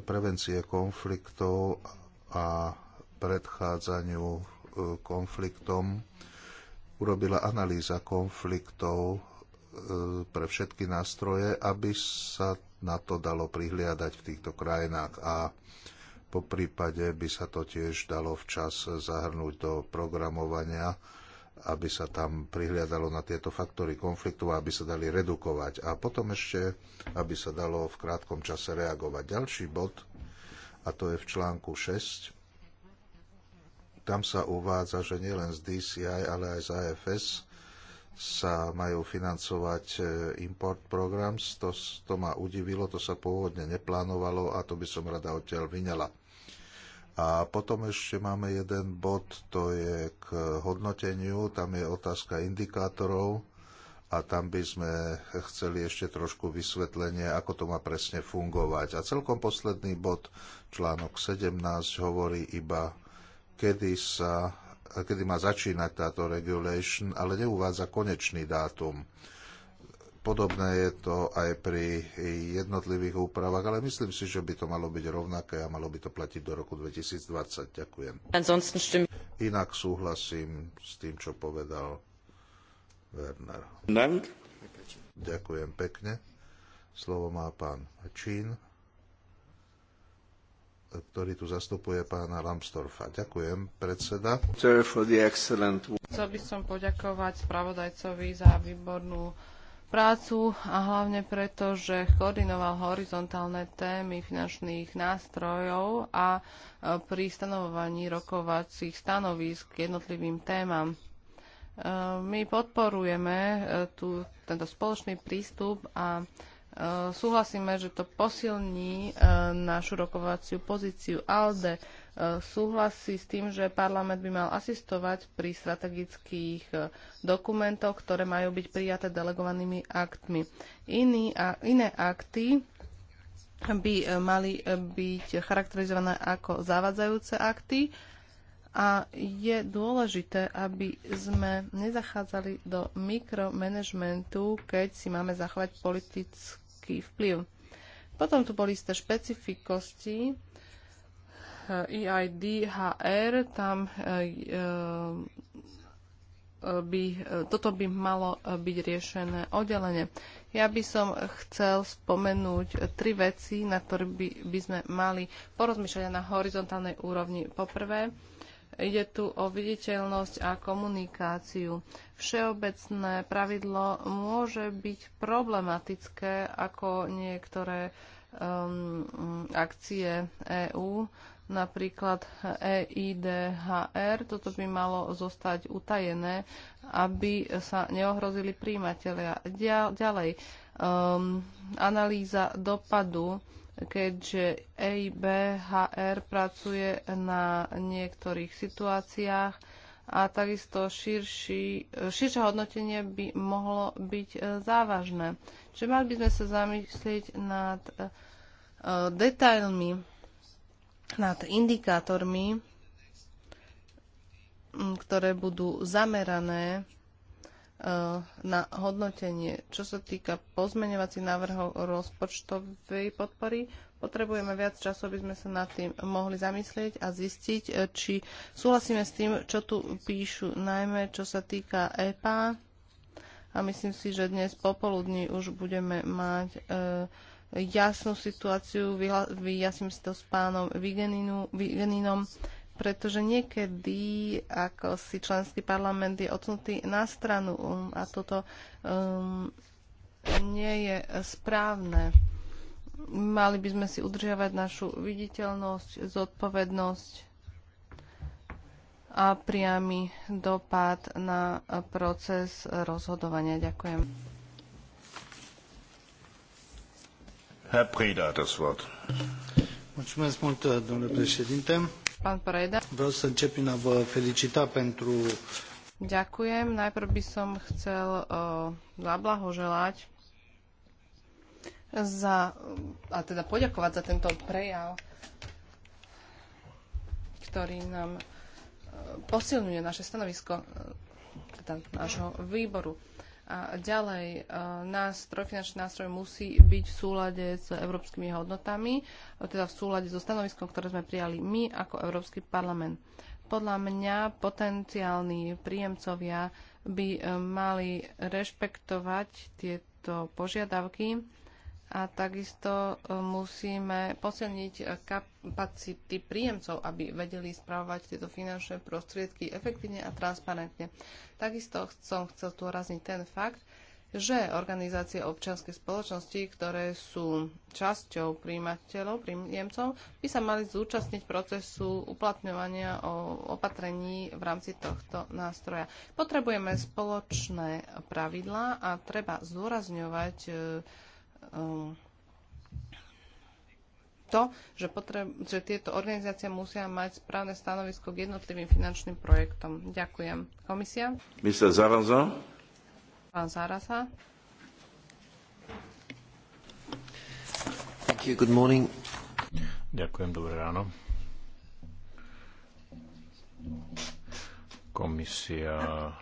prevencie konfliktov a predchádzaniu e, konfliktom urobila analýza konfliktov E, pre všetky nástroje, aby sa na to dalo prihliadať v týchto krajinách a po prípade by sa to tiež dalo včas zahrnúť do programovania, aby sa tam prihliadalo na tieto faktory konfliktu a aby sa dali redukovať. A potom ešte, aby sa dalo v krátkom čase reagovať. Ďalší bod, a to je v článku 6, tam sa uvádza, že nielen z DCI, ale aj z AFS sa majú financovať e, import programs. To, to ma udivilo, to sa pôvodne neplánovalo a to by som rada odtiaľ vyňala. A potom ešte máme jeden bod, to je k hodnoteniu, tam je otázka indikátorov a tam by sme chceli ešte trošku vysvetlenie, ako to má presne fungovať. A celkom posledný bod, článok 17, hovorí iba, kedy sa kedy má začínať táto regulation, ale neuvádza konečný dátum. Podobné je to aj pri jednotlivých úpravách, ale myslím si, že by to malo byť rovnaké a malo by to platiť do roku 2020. Ďakujem. Inak súhlasím s tým, čo povedal Werner. Ďakujem pekne. Slovo má pán Čín ktorý tu zastupuje pána Lambstorfa. Ďakujem, predseda. Chcel by som poďakovať spravodajcovi za výbornú prácu a hlavne preto, že koordinoval horizontálne témy finančných nástrojov a e, pri stanovovaní rokovacích stanovísk k jednotlivým témam. E, my podporujeme e, tu, tento spoločný prístup a E, súhlasíme, že to posilní e, našu rokovaciu pozíciu. ALDE e, súhlasí s tým, že parlament by mal asistovať pri strategických dokumentoch, ktoré majú byť prijaté delegovanými aktmi. Iný a, iné akty by mali byť charakterizované ako zavadzajúce akty a je dôležité, aby sme nezachádzali do mikromanagementu, keď si máme zachovať politickú obrovský vplyv. Potom tu boli isté špecifikosti. EIDHR, tam e, e, by, toto by malo byť riešené oddelenie. Ja by som chcel spomenúť tri veci, na ktoré by, by sme mali porozmýšľať na horizontálnej úrovni. Poprvé, Ide tu o viditeľnosť a komunikáciu. Všeobecné pravidlo môže byť problematické, ako niektoré um, akcie EÚ, napríklad EIDHR. Toto by malo zostať utajené, aby sa neohrozili príjmatelia. Ďalej, um, analýza dopadu keďže EIBHR pracuje na niektorých situáciách a takisto širší, širšie hodnotenie by mohlo byť e, závažné. Čiže mali by sme sa zamyslieť nad e, detailmi, nad indikátormi, ktoré budú zamerané Eh, na hodnotenie. Čo sa týka pozmeňovacích návrhov o rozpočtovej podpory, potrebujeme viac času, aby sme sa nad tým mohli zamyslieť a zistiť, eh, či súhlasíme s tým, čo tu píšu, najmä čo sa týka EPA. A myslím si, že dnes popoludní už budeme mať eh, jasnú situáciu. vyjasním si to s pánom Vigeninom pretože niekedy, ako si členský parlament je odsunutý na stranu um, a toto um, nie je správne. Mali by sme si udržiavať našu viditeľnosť, zodpovednosť a priamy dopad na proces rozhodovania. Ďakujem. Herr Preda, das Wort. Mulțumesc mult, domnule președinte Pán Preda. Vreau să încep prin a vă felicita pentru... Ďakujem. Najprv by som chcel uh, zablahoželať za, a teda poďakovať za tento prejav, ktorý nám uh, posilňuje naše stanovisko uh, teda nášho výboru. A ďalej, e, nástroj, finančný nástroj musí byť v súlade s európskymi hodnotami, e, teda v súlade so stanoviskom, ktoré sme prijali my ako Európsky parlament. Podľa mňa potenciálni príjemcovia by e, mali rešpektovať tieto požiadavky a takisto e, musíme posilniť e, kapacity príjemcov, aby vedeli spravovať tieto finančné prostriedky efektívne a transparentne. Takisto som chcel tu razniť ten fakt, že organizácie občianskej spoločnosti, ktoré sú časťou príjimateľov, príjemcov, by sa mali zúčastniť procesu uplatňovania o opatrení v rámci tohto nástroja. Potrebujeme spoločné pravidlá a treba zdôrazňovať e, um, to, že, potreb, že tieto organizácie musia mať správne stanovisko k jednotlivým finančným projektom. Ďakujem. Komisia? Mr. Zaranza? Pán Zarasa? Thank you. Good morning. Ďakujem, dobré ráno. Komisia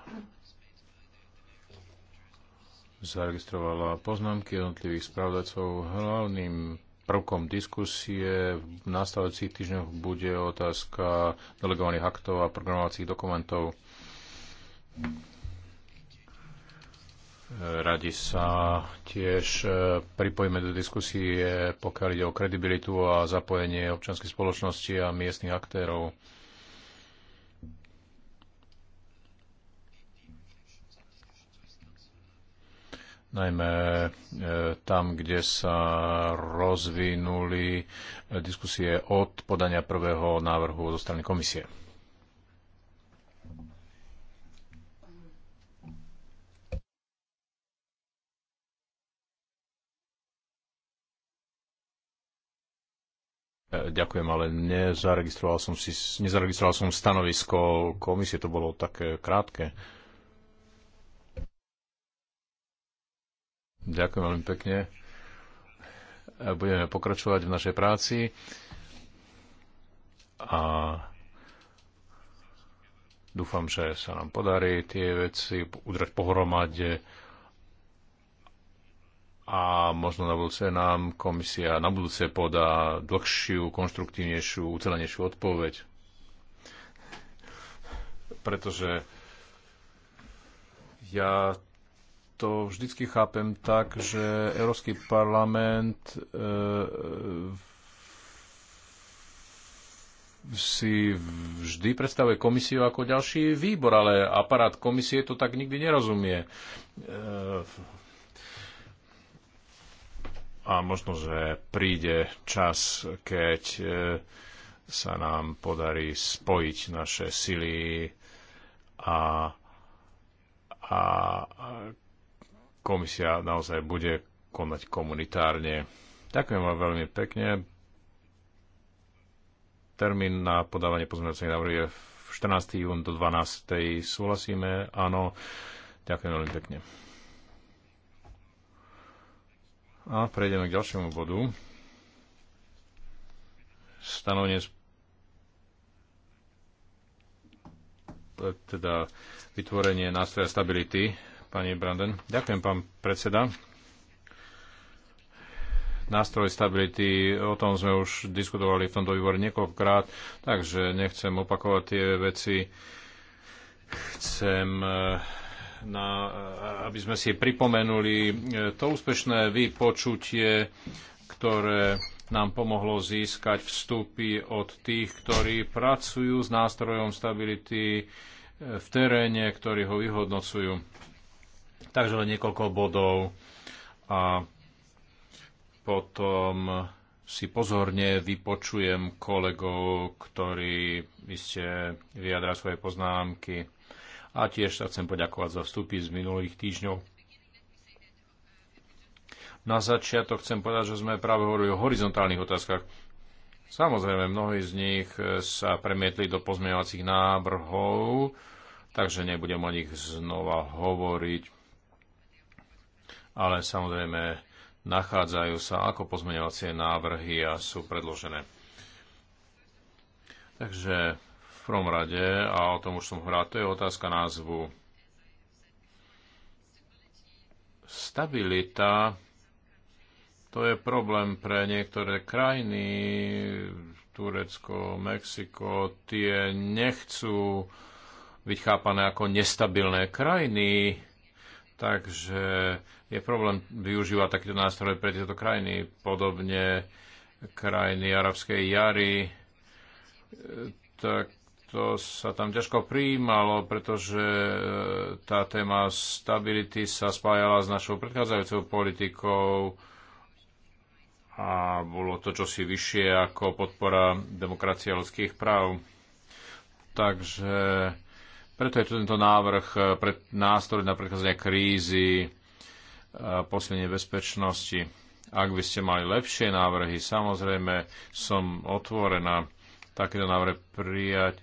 zaregistrovala poznámky jednotlivých spravodajcov. Hlavným prvkom diskusie v nastávajúcich týždňoch bude otázka delegovaných aktov a programovacích dokumentov. Radi sa tiež e, pripojíme do diskusie, pokiaľ ide o kredibilitu a zapojenie občanskej spoločnosti a miestnych aktérov. najmä e, tam, kde sa rozvinuli e, diskusie od podania prvého návrhu zo strany komisie. E, ďakujem, ale nezaregistroval som, si, nezaregistroval som stanovisko komisie, to bolo také krátke. Ďakujem veľmi pekne. Budeme pokračovať v našej práci. A dúfam, že sa nám podarí tie veci udrať pohromade a možno na budúce nám komisia na budúce podá dlhšiu, konštruktívnejšiu, ucelenejšiu odpoveď. Pretože ja to vždycky chápem tak, že Európsky parlament e, si vždy predstavuje komisiu ako ďalší výbor, ale aparát komisie to tak nikdy nerozumie. E, a možno, že príde čas, keď e, sa nám podarí spojiť naše sily a, a komisia naozaj bude konať komunitárne. Ďakujem vám veľmi pekne. Termín na podávanie pozmeňovacích návrhov je 14. jún do 12. Súhlasíme? Áno. Ďakujem veľmi pekne. A prejdeme k ďalšiemu bodu. Stanovenie teda vytvorenie nástroja stability pani Branden. Ďakujem, pán predseda. Nástroj stability, o tom sme už diskutovali v tomto výbore niekoľkokrát, takže nechcem opakovať tie veci. Chcem e, na, e, aby sme si pripomenuli e, to úspešné vypočutie, ktoré nám pomohlo získať vstupy od tých, ktorí pracujú s nástrojom stability v teréne, ktorí ho vyhodnocujú. Takže len niekoľko bodov a potom si pozorne vypočujem kolegov, ktorí iste vyjadra svoje poznámky. A tiež sa chcem poďakovať za vstupy z minulých týždňov. Na začiatok chcem povedať, že sme práve hovorili o horizontálnych otázkach. Samozrejme, mnohí z nich sa premietli do pozmeňovacích návrhov, takže nebudem o nich znova hovoriť ale samozrejme nachádzajú sa ako pozmeňovacie návrhy a sú predložené. Takže v prvom rade, a o tom už som hovoril, to je otázka názvu. Stabilita to je problém pre niektoré krajiny, Turecko, Mexiko, tie nechcú byť chápané ako nestabilné krajiny, Takže je problém využívať takýto nástroj pre tieto krajiny. Podobne krajiny arabskej jary, e, tak to sa tam ťažko prijímalo, pretože e, tá téma stability sa spájala s našou predchádzajúcou politikou a bolo to čosi vyššie ako podpora demokracie a ľudských práv. Takže preto je tu tento návrh eh, pre nástroj na predchádzanie krízy, eh, posilnenie bezpečnosti. Ak by ste mali lepšie návrhy, samozrejme som otvorená takéto návrhy prijať.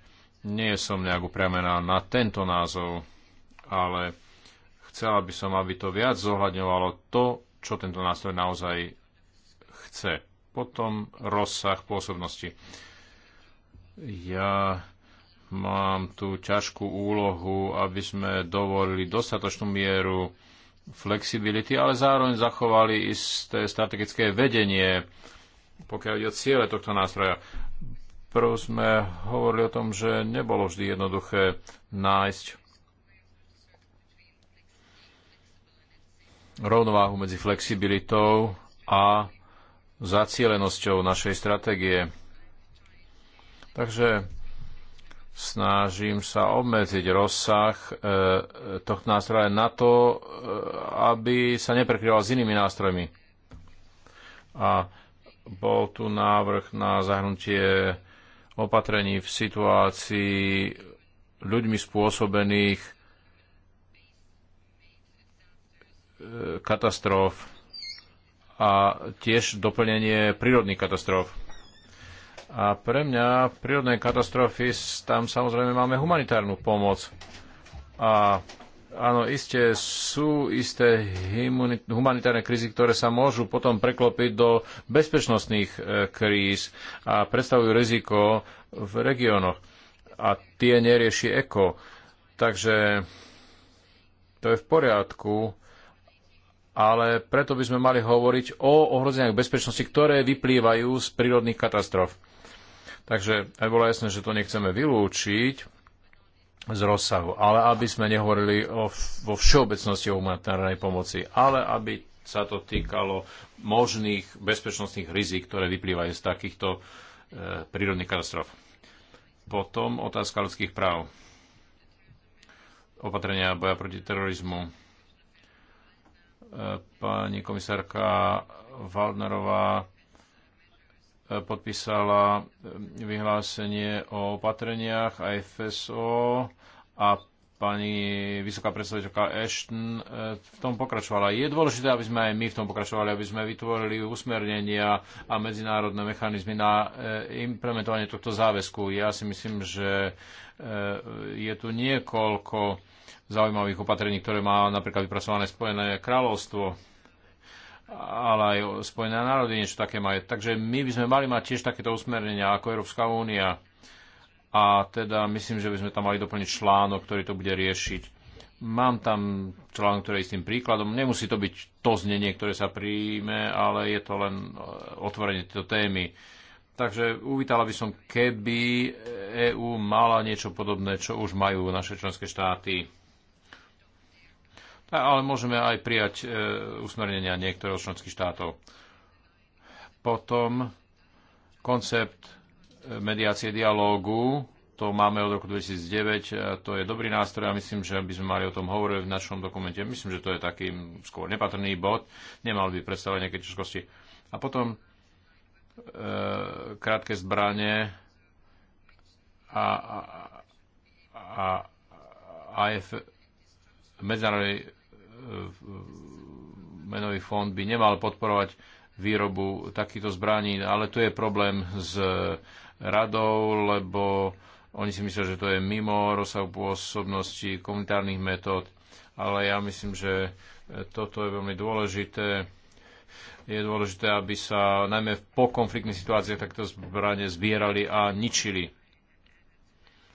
Nie som nejak upriamená na tento názov, ale chcela by som, aby to viac zohľadňovalo to, čo tento nástroj naozaj chce. Potom rozsah pôsobnosti. Ja Mám tu ťažkú úlohu, aby sme dovolili dostatočnú mieru flexibility, ale zároveň zachovali isté strategické vedenie, pokiaľ ide o ciele tohto nástroja. Prv sme hovorili o tom, že nebolo vždy jednoduché nájsť rovnováhu medzi flexibilitou a zacielenosťou našej stratégie. Takže snažím sa obmedziť rozsah e, tohto nástroja na to, e, aby sa neprekryval s inými nástrojmi. A bol tu návrh na zahrnutie opatrení v situácii ľuďmi spôsobených e, katastrof a tiež doplnenie prírodných katastrof. A pre mňa v prírodnej katastrofy tam samozrejme máme humanitárnu pomoc. A áno, iste sú isté humanitárne krízy, ktoré sa môžu potom preklopiť do bezpečnostných e, kríz a predstavujú riziko v regiónoch. A tie nerieši eko. Takže to je v poriadku, ale preto by sme mali hovoriť o ohrozeniach bezpečnosti, ktoré vyplývajú z prírodných katastrof. Takže aj bolo jasné, že to nechceme vylúčiť z rozsahu, ale aby sme nehovorili o, vo všeobecnosti o humanitárnej pomoci, ale aby sa to týkalo možných bezpečnostných rizik, ktoré vyplývajú z takýchto e, prírodných katastrof. Potom otázka ľudských práv. Opatrenia boja proti terorizmu. E, pani komisárka Waldnerová podpísala eh, vyhlásenie o opatreniach a FSO a pani vysoká predstaviteľka Ashton eh, v tom pokračovala. Je dôležité, aby sme aj my v tom pokračovali, aby sme vytvorili usmernenia a medzinárodné mechanizmy na eh, implementovanie tohto záväzku. Ja si myslím, že je tu niekoľko zaujímavých opatrení, ktoré má napríklad vypracované Spojené kráľovstvo ale aj Spojené národy niečo také majú. Takže my by sme mali mať tiež takéto usmernenia ako Európska únia. A teda myslím, že by sme tam mali doplniť článok, ktorý to bude riešiť. Mám tam článok, ktorý je istým príkladom. Nemusí to byť to znenie, ktoré sa príjme, ale je to len e, otvorenie tejto témy. Takže uvítala by som, keby EÚ mala niečo podobné, čo už majú naše členské štáty ale môžeme aj prijať usmernenia niektorých členských štátov. Potom koncept mediácie dialógu, to máme od roku 2009, a to je dobrý nástroj a myslím, že by sme mali o tom hovoriť v našom dokumente. Myslím, že to je taký skôr nepatrný bod, nemal by predstavať nejaké ťažkosti. A potom e, krátke zbranie a, a, a a medzinárodnej E, menový fond by nemal podporovať výrobu takýchto zbraní, ale tu je problém s radou, lebo oni si myslia, že to je mimo rozsahu pôsobnosti komunitárnych metód, ale ja myslím, že toto je veľmi dôležité. Je dôležité, aby sa najmä v pokonfliktných situáciách takto zbranie zbierali a ničili.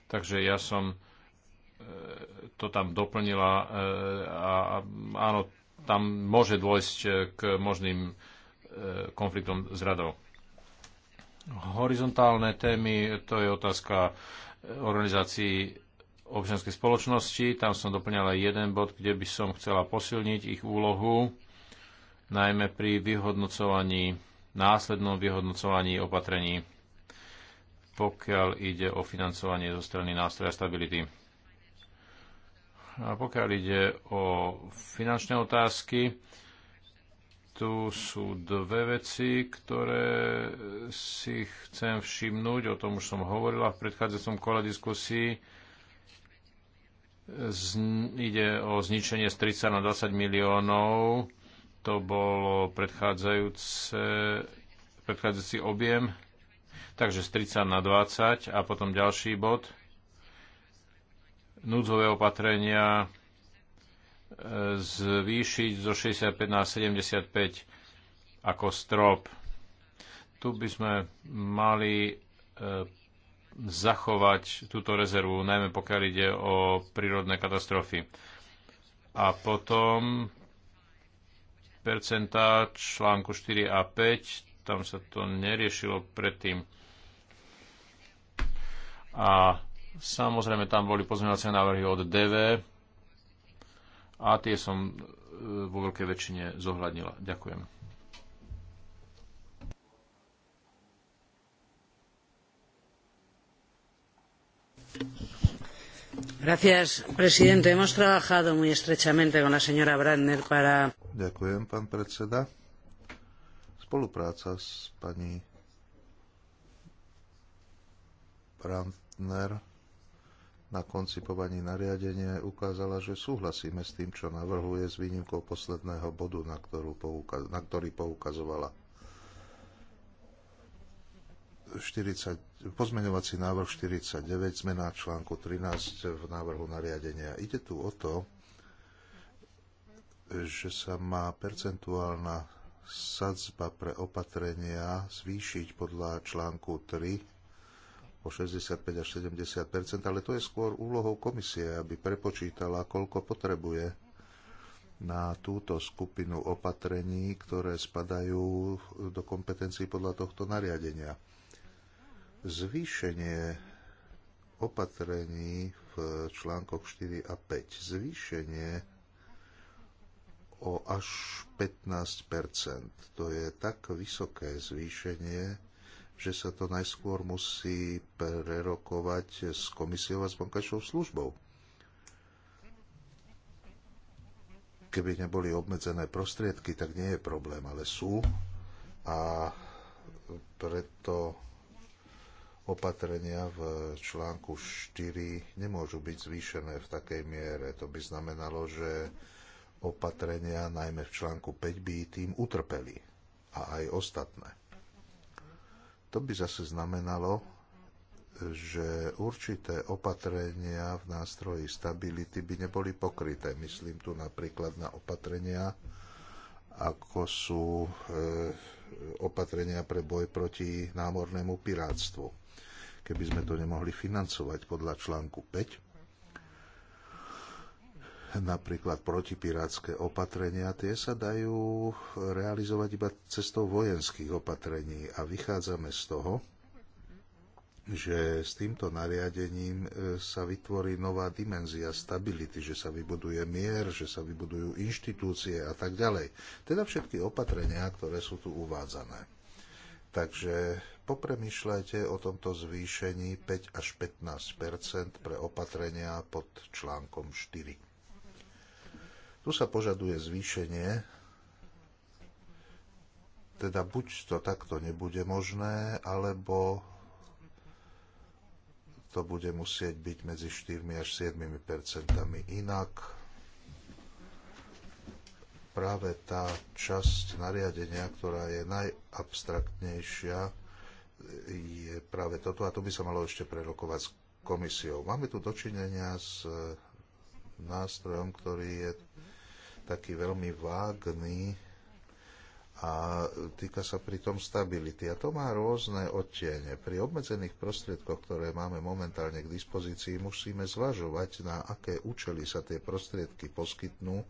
Takže ja som e, to tam doplnila e, a áno, tam môže dôjsť e, k možným e, konfliktom s radou. Horizontálne témy, to je otázka organizácií občianskej spoločnosti. Tam som doplňala jeden bod, kde by som chcela posilniť ich úlohu, najmä pri vyhodnocovaní, následnom vyhodnocovaní opatrení, pokiaľ ide o financovanie zo strany nástroja stability a pokiaľ ide o finančné otázky, tu sú dve veci, ktoré si chcem všimnúť. O tom už som hovorila v predchádzajúcom kole diskusii. ide o zničenie z 30 na 20 miliónov. To bol predchádzajúci objem. Takže z 30 na 20 a potom ďalší bod – núdzové opatrenia e, zvýšiť zo 65 na 75 ako strop. Tu by sme mali e, zachovať túto rezervu, najmä pokiaľ ide o prírodné katastrofy. A potom percentá článku 4 a 5, tam sa to neriešilo predtým. A Samozrejme, tam boli pozmeňovacie návrhy od DV a tie som e, vo veľkej väčšine zohľadnila. Ďakujem. Gracias, presidente. Hemos trabajado muy estrechamente con la señora Brandner para. Ďakujem, pán predseda. Spolupráca s pani Brandner na koncipovaní nariadenia ukázala, že súhlasíme s tým, čo navrhuje s výnimkou posledného bodu, na, poukaz, na ktorý poukazovala. 40, pozmeňovací návrh 49, zmena článku 13 v návrhu nariadenia. Ide tu o to, že sa má percentuálna sadzba pre opatrenia zvýšiť podľa článku 3 o 65 až 70 ale to je skôr úlohou komisie, aby prepočítala, koľko potrebuje na túto skupinu opatrení, ktoré spadajú do kompetencií podľa tohto nariadenia. Zvýšenie opatrení v článkoch 4 a 5. Zvýšenie o až 15 To je tak vysoké zvýšenie, že sa to najskôr musí prerokovať s komisiou a s bankačnou službou. Keby neboli obmedzené prostriedky, tak nie je problém, ale sú a preto opatrenia v článku 4 nemôžu byť zvýšené v takej miere. To by znamenalo, že opatrenia najmä v článku 5 by tým utrpeli a aj ostatné. To by zase znamenalo, že určité opatrenia v nástroji stability by neboli pokryté. Myslím tu napríklad na opatrenia, ako sú e, opatrenia pre boj proti námornému pirátstvu. Keby sme to nemohli financovať podľa článku 5, napríklad protipirátske opatrenia, tie sa dajú realizovať iba cestou vojenských opatrení a vychádzame z toho, že s týmto nariadením e, sa vytvorí nová dimenzia stability, že sa vybuduje mier, že sa vybudujú inštitúcie a tak ďalej. Teda všetky opatrenia, ktoré sú tu uvádzané. Takže popremýšľajte o tomto zvýšení 5 až 15 pre opatrenia pod článkom 4. Tu sa požaduje zvýšenie, teda buď to takto nebude možné, alebo to bude musieť byť medzi 4 až 7 percentami. Inak práve tá časť nariadenia, ktorá je najabstraktnejšia, je práve toto a to by sa malo ešte prerokovať s komisiou. Máme tu dočinenia s nástrojom, ktorý je taký veľmi vágný a týka sa tom stability. A to má rôzne odtiene. Pri obmedzených prostriedkoch, ktoré máme momentálne k dispozícii, musíme zvažovať, na aké účely sa tie prostriedky poskytnú,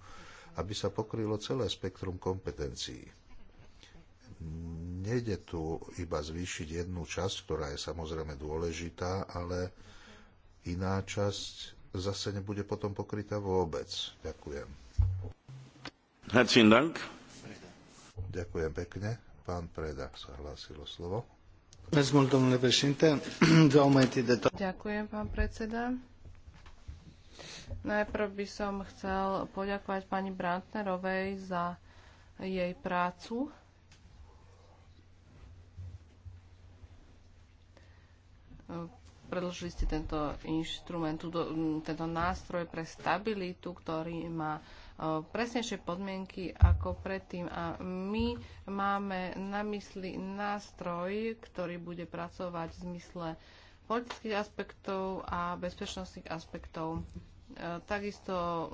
aby sa pokrylo celé spektrum kompetencií. Nejde tu iba zvýšiť jednu časť, ktorá je samozrejme dôležitá, ale iná časť zase nebude potom pokrytá vôbec. Ďakujem. Dank. Ďakujem pekne. Pán Preda sa hlásilo slovo. Ďakujem, pán predseda. Najprv by som chcel poďakovať pani Brantnerovej za jej prácu predlžili ste tento inštrument, tento nástroj pre stabilitu, ktorý má presnejšie podmienky ako predtým. A my máme na mysli nástroj, ktorý bude pracovať v zmysle politických aspektov a bezpečnostných aspektov. E, takisto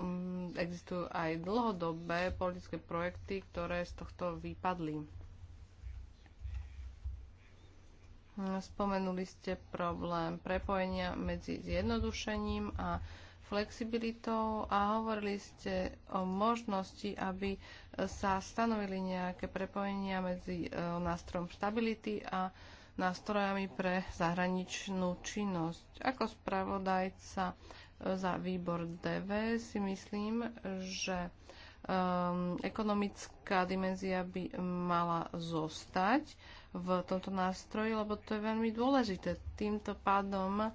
existujú aj dlhodobé politické projekty, ktoré z tohto vypadli. Spomenuli ste problém prepojenia medzi zjednodušením a flexibilitou a hovorili ste o možnosti, aby sa stanovili nejaké prepojenia medzi e, nástrojom stability a nástrojami pre zahraničnú činnosť. Ako spravodajca e, za výbor DV si myslím, že Um, ekonomická dimenzia by mala zostať v tomto nástroji, lebo to je veľmi dôležité. Týmto pádom uh,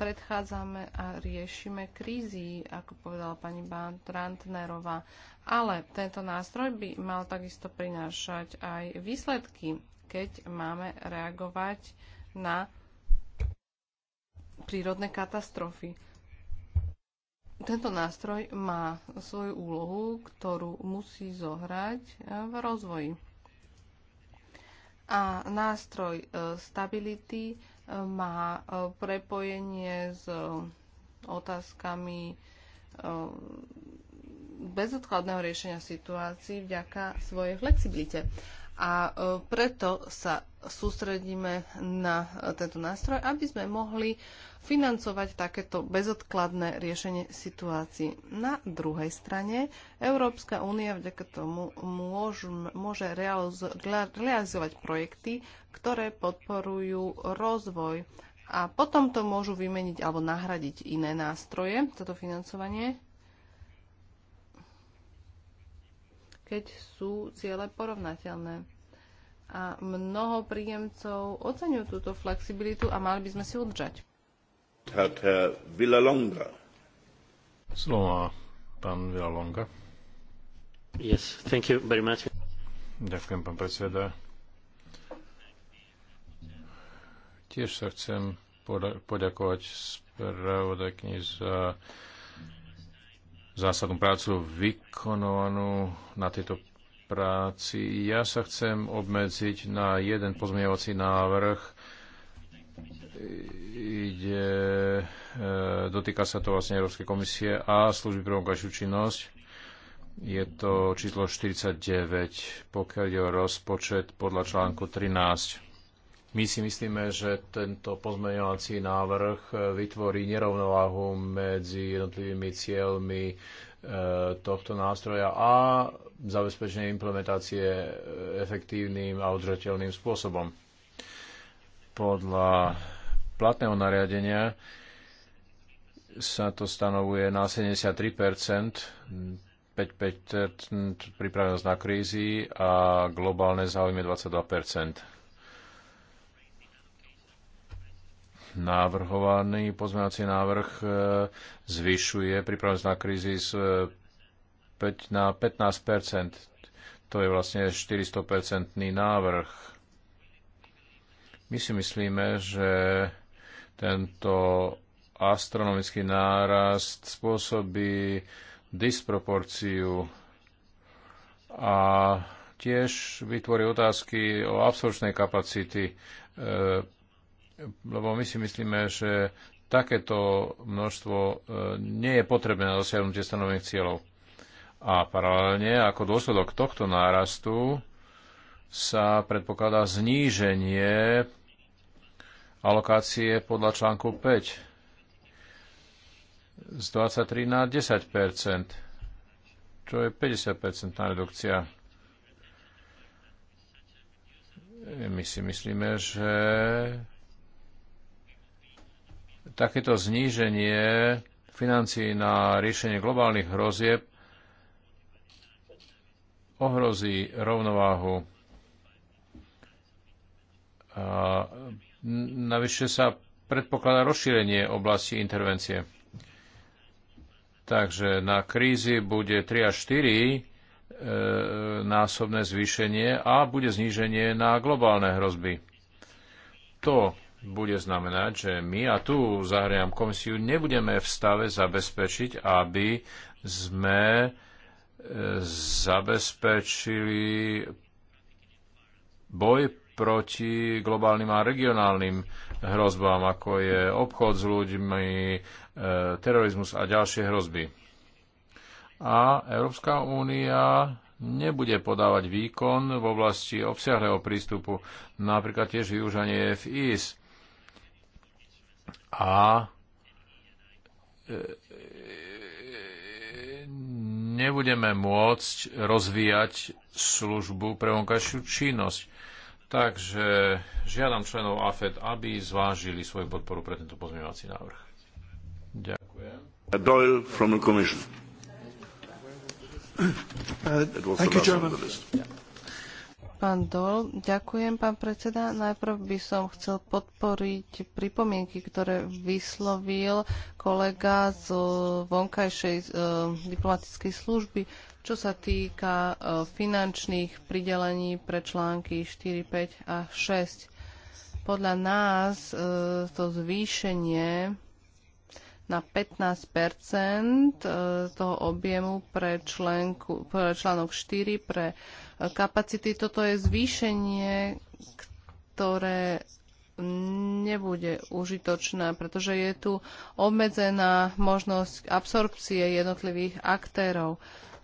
predchádzame a riešime krízy, ako povedala pani Trantnerová. Ale tento nástroj by mal takisto prinášať aj výsledky, keď máme reagovať na prírodné katastrofy. Tento nástroj má svoju úlohu, ktorú musí zohrať eh, v rozvoji. A nástroj eh, stability eh, má prepojenie s otázkami bezodkladného riešenia situácií vďaka svojej flexibilite. A e, preto sa sústredíme na e, tento nástroj, aby sme mohli financovať takéto bezodkladné riešenie situácií. Na druhej strane Európska únia vďaka tomu môž, môže realizovať projekty, ktoré podporujú rozvoj a potom to môžu vymeniť alebo nahradiť iné nástroje, toto financovanie, keď sú ciele porovnateľné. A mnoho príjemcov oceňujú túto flexibilitu a mali by sme si udržať. Slovo má pán Villalonga. Yes, thank you very much. Ďakujem, pán predseda. Tiež sa chcem poďakovať spravodajkni za zásadnú prácu vykonovanú na tejto práci. Ja sa chcem obmedziť na jeden pozmeňovací návrh. Ide, e, dotýka sa to vlastne Európskej komisie a služby pre vonkajšiu činnosť. Je to číslo 49, pokiaľ je o rozpočet podľa článku 13. My si myslíme, že tento pozmeňovací návrh e, vytvorí nerovnováhu medzi jednotlivými cieľmi e, tohto nástroja a zabezpečenie implementácie e, efektívnym a udržateľným spôsobom. Podľa platného nariadenia sa to stanovuje na 73 5% pripravenosť na krízy a globálne záujmy 22 Návrhovaný pozmeňovací návrh e, zvyšuje pripravenosť na krízy z e, 5 na 15 To je vlastne 400 návrh. My si myslíme, že tento astronomický nárast spôsobí disproporciu a tiež vytvorí otázky o absolučnej kapacity e, lebo my si myslíme, že takéto množstvo e, nie je potrebné na dosiahnutie stanovených cieľov. A paralelne, ako dôsledok tohto nárastu, sa predpokladá zníženie alokácie podľa článku 5 z 23 na 10 čo je 50 redukcia. My si myslíme, že takéto zníženie financií na riešenie globálnych hrozieb ohrozí rovnováhu. A navyše sa predpokladá rozšírenie oblasti intervencie. Takže na krízi bude 3 až 4 e, násobné zvýšenie a bude zníženie na globálne hrozby. To bude znamenať, že my, a tu zahriam komisiu, nebudeme v stave zabezpečiť, aby sme e, zabezpečili boj proti globálnym a regionálnym hrozbám, ako je obchod s ľuďmi, e, terorizmus a ďalšie hrozby. A Európska únia nebude podávať výkon v oblasti obsiahleho prístupu, napríklad tiež využanie FIS a e, nebudeme môcť rozvíjať službu pre vonkajšiu činnosť. Takže žiadam členov AFED, aby zvážili svoju podporu pre tento pozmeňovací návrh. Ďakujem. Doyle from the Commission. Uh, thank you, Chairman. Pán Dol, ďakujem, pán predseda. Najprv by som chcel podporiť pripomienky, ktoré vyslovil kolega z vonkajšej e, diplomatickej služby, čo sa týka e, finančných pridelení pre články 4, 5 a 6. Podľa nás e, to zvýšenie na 15 e, toho objemu pre, členku, pre článok 4 pre kapacity. Toto je zvýšenie, ktoré nebude užitočná, pretože je tu obmedzená možnosť absorpcie jednotlivých aktérov.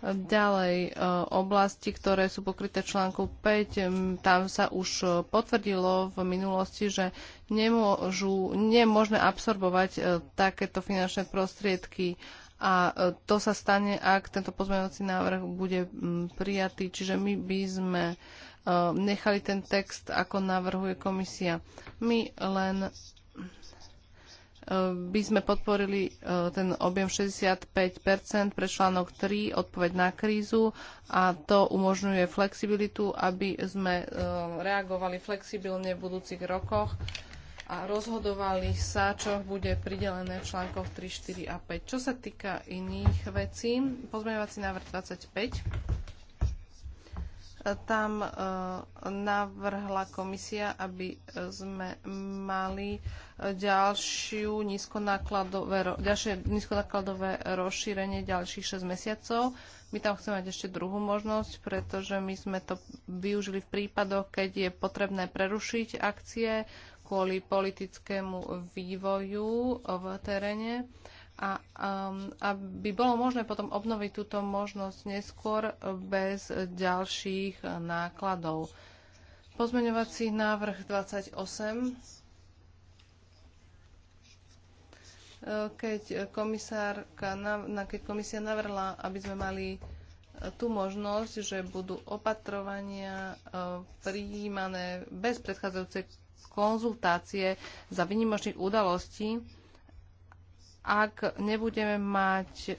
Ďalej, e, oblasti, ktoré sú pokryté článku 5, tam sa už potvrdilo v minulosti, že nemôžu, nie je možné absorbovať e, takéto finančné prostriedky a e, to sa stane, ak tento pozmeňovací návrh bude mm, prijatý. Čiže my by sme e, nechali ten text, ako navrhuje komisia. My len e, by sme podporili ten objem 65 pre článok 3, odpoveď na krízu a to umožňuje flexibilitu, aby sme reagovali flexibilne v budúcich rokoch a rozhodovali sa, čo bude pridelené v článkoch 3, 4 a 5. Čo sa týka iných vecí, pozmeňovací návrh 25 tam e, navrhla komisia, aby sme mali ďalšiu nízkonákladové, ďalšie nízkonákladové rozšírenie ďalších 6 mesiacov. My tam chceme mať ešte druhú možnosť, pretože my sme to využili v prípadoch, keď je potrebné prerušiť akcie, kvôli politickému vývoju v teréne a um, aby bolo možné potom obnoviť túto možnosť neskôr bez ďalších nákladov. Pozmeňovací návrh 28. Keď, komisárka, keď komisia navrhla, aby sme mali e, tú možnosť, že budú opatrovania e, prijímané bez predchádzajúcej konzultácie za vynimočných udalostí, ak nebudeme mať e,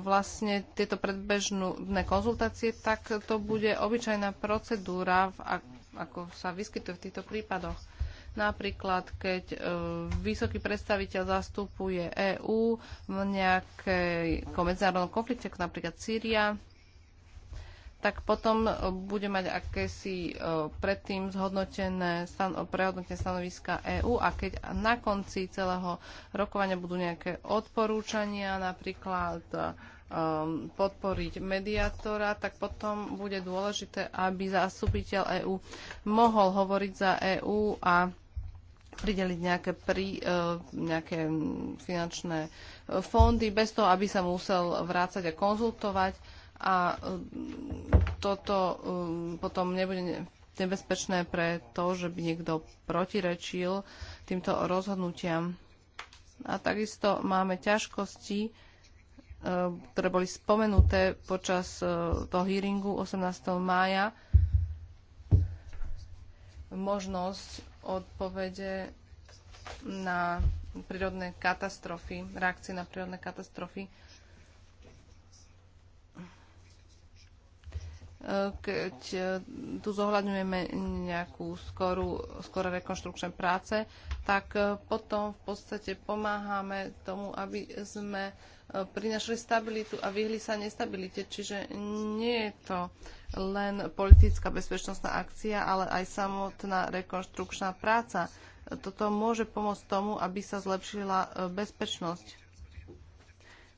vlastne tieto predbežné konzultácie, tak to bude obyčajná procedúra, ako sa vyskytuje v týchto prípadoch. Napríklad, keď e, vysoký predstaviteľ zastupuje EÚ v nejakom medzinárodnom konflikte, ako napríklad Sýria, tak potom e, bude mať akési e, predtým zhodnotené stan- prehodnotené stanoviska EÚ a keď na konci celého rokovania budú nejaké odporúčania, napríklad um, podporiť mediátora, tak potom bude dôležité, aby zástupiteľ EÚ mohol hovoriť za EÚ a prideliť nejaké, pri, nejaké finančné fondy bez toho, aby sa musel vrácať a konzultovať a e, toto e, potom nebude nebezpečné pre to, že by niekto protirečil týmto rozhodnutiam. A takisto máme ťažkosti, e, ktoré boli spomenuté počas toho hearingu 18. mája. Možnosť odpovede na prírodné katastrofy, reakcie na prírodné katastrofy keď e, tu zohľadňujeme nejakú skorú, skoré rekonštrukčné práce, tak e, potom v podstate pomáhame tomu, aby sme e, prinašli stabilitu a vyhli sa nestabilite. Čiže nie je to len politická bezpečnostná akcia, ale aj samotná rekonštrukčná práca. Toto môže pomôcť tomu, aby sa zlepšila bezpečnosť.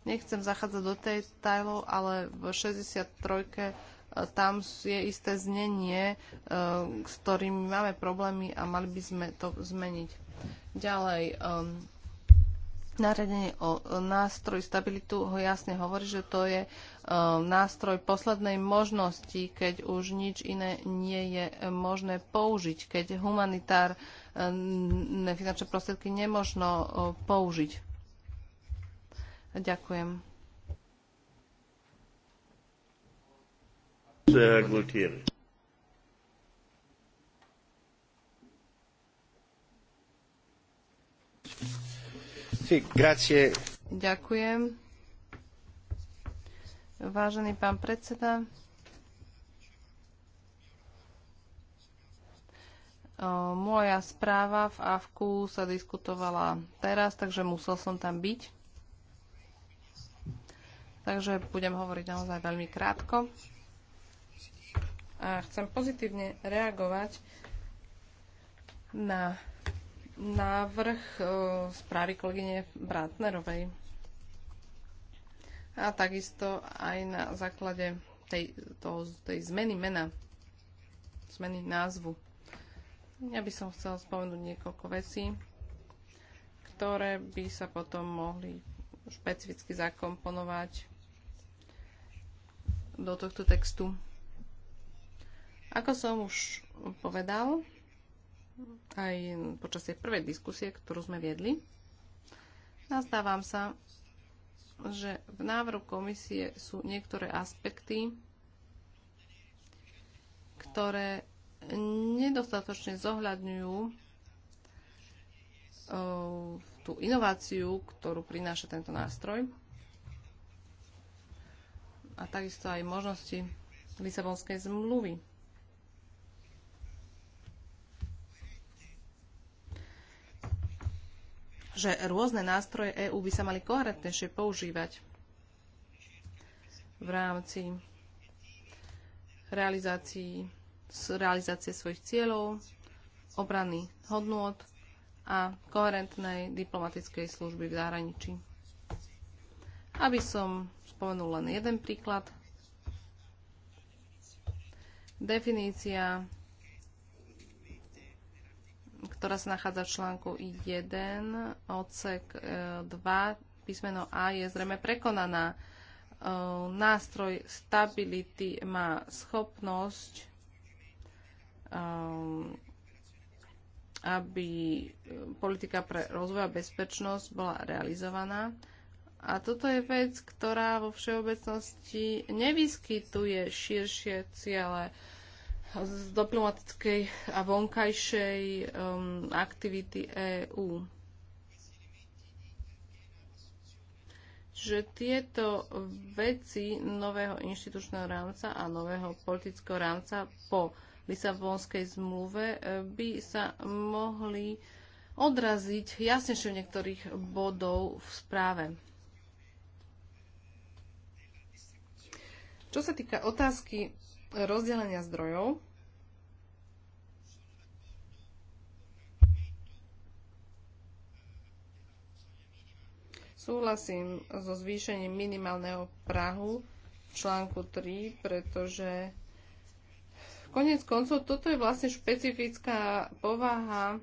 Nechcem zachádzať do detailov, ale v 63 tam je isté znenie, e, s ktorým máme problémy a mali by sme to zmeniť. Ďalej, nariadenie o nástroj stabilitu ho jasne hovorí, že to je nástroj poslednej možnosti, keď už nič iné nie je možné použiť, keď humanitárne finančné prostriedky nemožno použiť. Ďakujem. Ďakujem. Vážený pán predseda, moja správa v AFKU sa diskutovala teraz, takže musel som tam byť. Takže budem hovoriť naozaj veľmi krátko a chcem pozitívne reagovať na návrh e, správy kolegyne Bratnerovej. A takisto aj na základe tej, toho, tej zmeny mena, zmeny názvu. Ja by som chcela spomenúť niekoľko vecí, ktoré by sa potom mohli špecificky zakomponovať do tohto textu. Ako som už povedal, aj počas tej prvej diskusie, ktorú sme viedli, nazdávam sa, že v návrhu komisie sú niektoré aspekty, ktoré nedostatočne zohľadňujú e, tú inováciu, ktorú prináša tento nástroj a takisto aj možnosti Lisabonskej zmluvy že rôzne nástroje EÚ by sa mali koherentnejšie používať v rámci realizácií, realizácie svojich cieľov, obrany hodnôt a koherentnej diplomatickej služby v zahraničí. Aby som spomenul len jeden príklad, definícia ktorá sa nachádza v článku 1, odsek 2, e, písmeno A je zrejme prekonaná. E, nástroj stability má schopnosť, e, aby politika pre rozvoj a bezpečnosť bola realizovaná. A toto je vec, ktorá vo všeobecnosti nevyskytuje širšie ciele z diplomatickej a vonkajšej um, aktivity EÚ. Že tieto veci nového inštitučného rámca a nového politického rámca po Lisabonskej zmluve eh, by sa mohli odraziť jasnejšie v niektorých bodov v správe. Čo sa týka otázky rozdelenia zdrojov. Súhlasím so zvýšením minimálneho prahu v článku 3, pretože konec koncov toto je vlastne špecifická povaha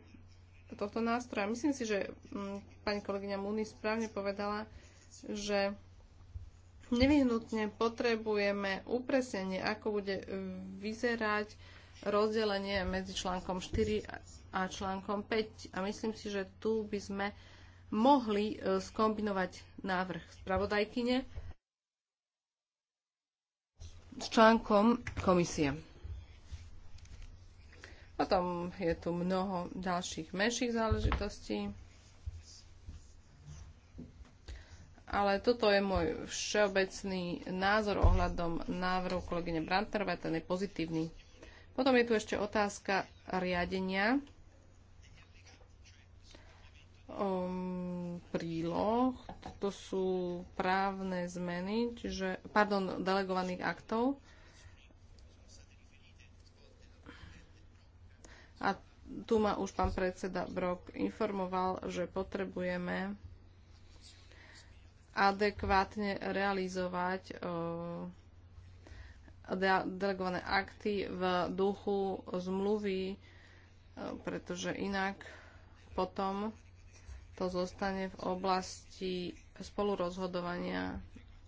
tohto nástroja. Myslím si, že m, mm, pani kolegyňa Muni správne povedala, že nevyhnutne potrebujeme upresnenie, ako bude e, vyzerať rozdelenie medzi článkom 4 a článkom 5. A myslím si, že tu by sme mohli e, skombinovať návrh spravodajkyne s článkom komisie. Potom je tu mnoho ďalších menších záležitostí. ale toto je môj všeobecný názor ohľadom návrhu kolegyne Brantnerovej, ten je pozitívny. Potom je tu ešte otázka riadenia um, príloh. To sú právne zmeny, čiže, pardon, delegovaných aktov. A tu ma už pán predseda Brok informoval, že potrebujeme adekvátne realizovať eh, delegované akty v duchu zmluvy, eh, pretože inak potom to zostane v oblasti spolurozhodovania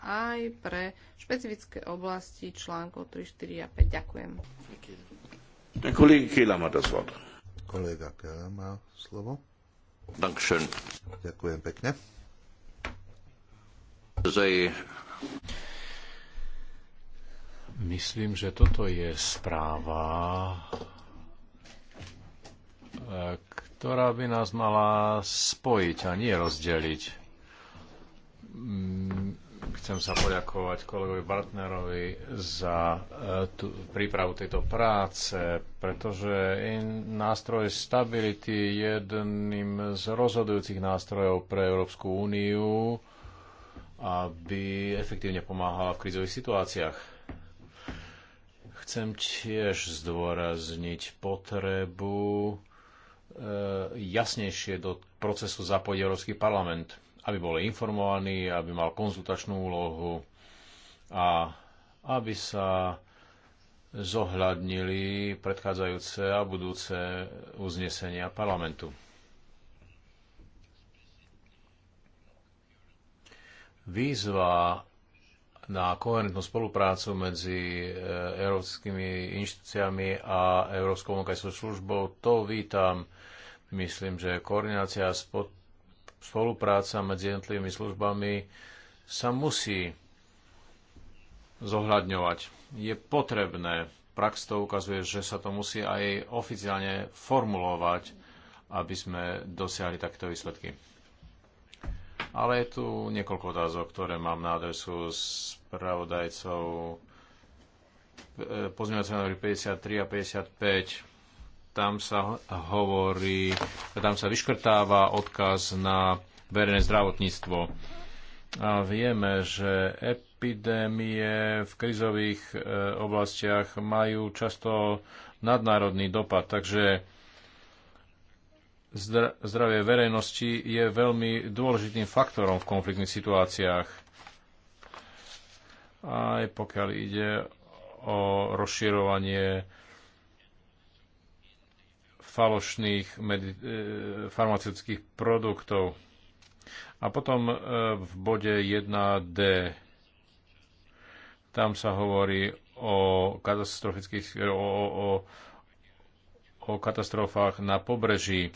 aj pre špecifické oblasti článkov 3, 4 a 5. Ďakujem. Kolega Kela má slovo. Kolega Kela má slovo. Ďakujem pekne. Myslím, že toto je správa, eh, ktorá by nás mala spojiť a nie rozdeliť. Mm, chcem sa poďakovať kolegovi Bartnerovi za eh, tú, prípravu tejto práce, pretože nástroj stability je jedným z rozhodujúcich nástrojov pre Európsku úniu aby efektívne pomáhala v krizových situáciách. Chcem tiež zdôrazniť potrebu e, jasnejšie do procesu zapojiť Európsky parlament, aby bol informovaný, aby mal konzultačnú úlohu a aby sa zohľadnili predchádzajúce a budúce uznesenia parlamentu. výzva na koherentnú spoluprácu medzi eh, európskymi inštitúciami a Európskou komunikáčnou službou. To vítam. Myslím, že koordinácia a spolupráca medzi jednotlivými službami sa musí zohľadňovať. Je potrebné, prax to ukazuje, že sa to musí aj oficiálne formulovať, aby sme dosiahli takéto výsledky. Ale je tu niekoľko otázok, ktoré mám na adresu spravodajcov e, pozmeňovacie návrhy 53 a 55. Tam sa hovorí, tam sa vyškrtáva odkaz na verejné zdravotníctvo. A vieme, že epidémie v krizových e, oblastiach majú často nadnárodný dopad, takže zdravie verejnosti je veľmi dôležitým faktorom v konfliktných situáciách. Aj pokiaľ ide o rozširovanie falošných medi- e, farmaceutických produktov. A potom e, v bode 1D tam sa hovorí o katastrofických o, o, o katastrofách na pobreží.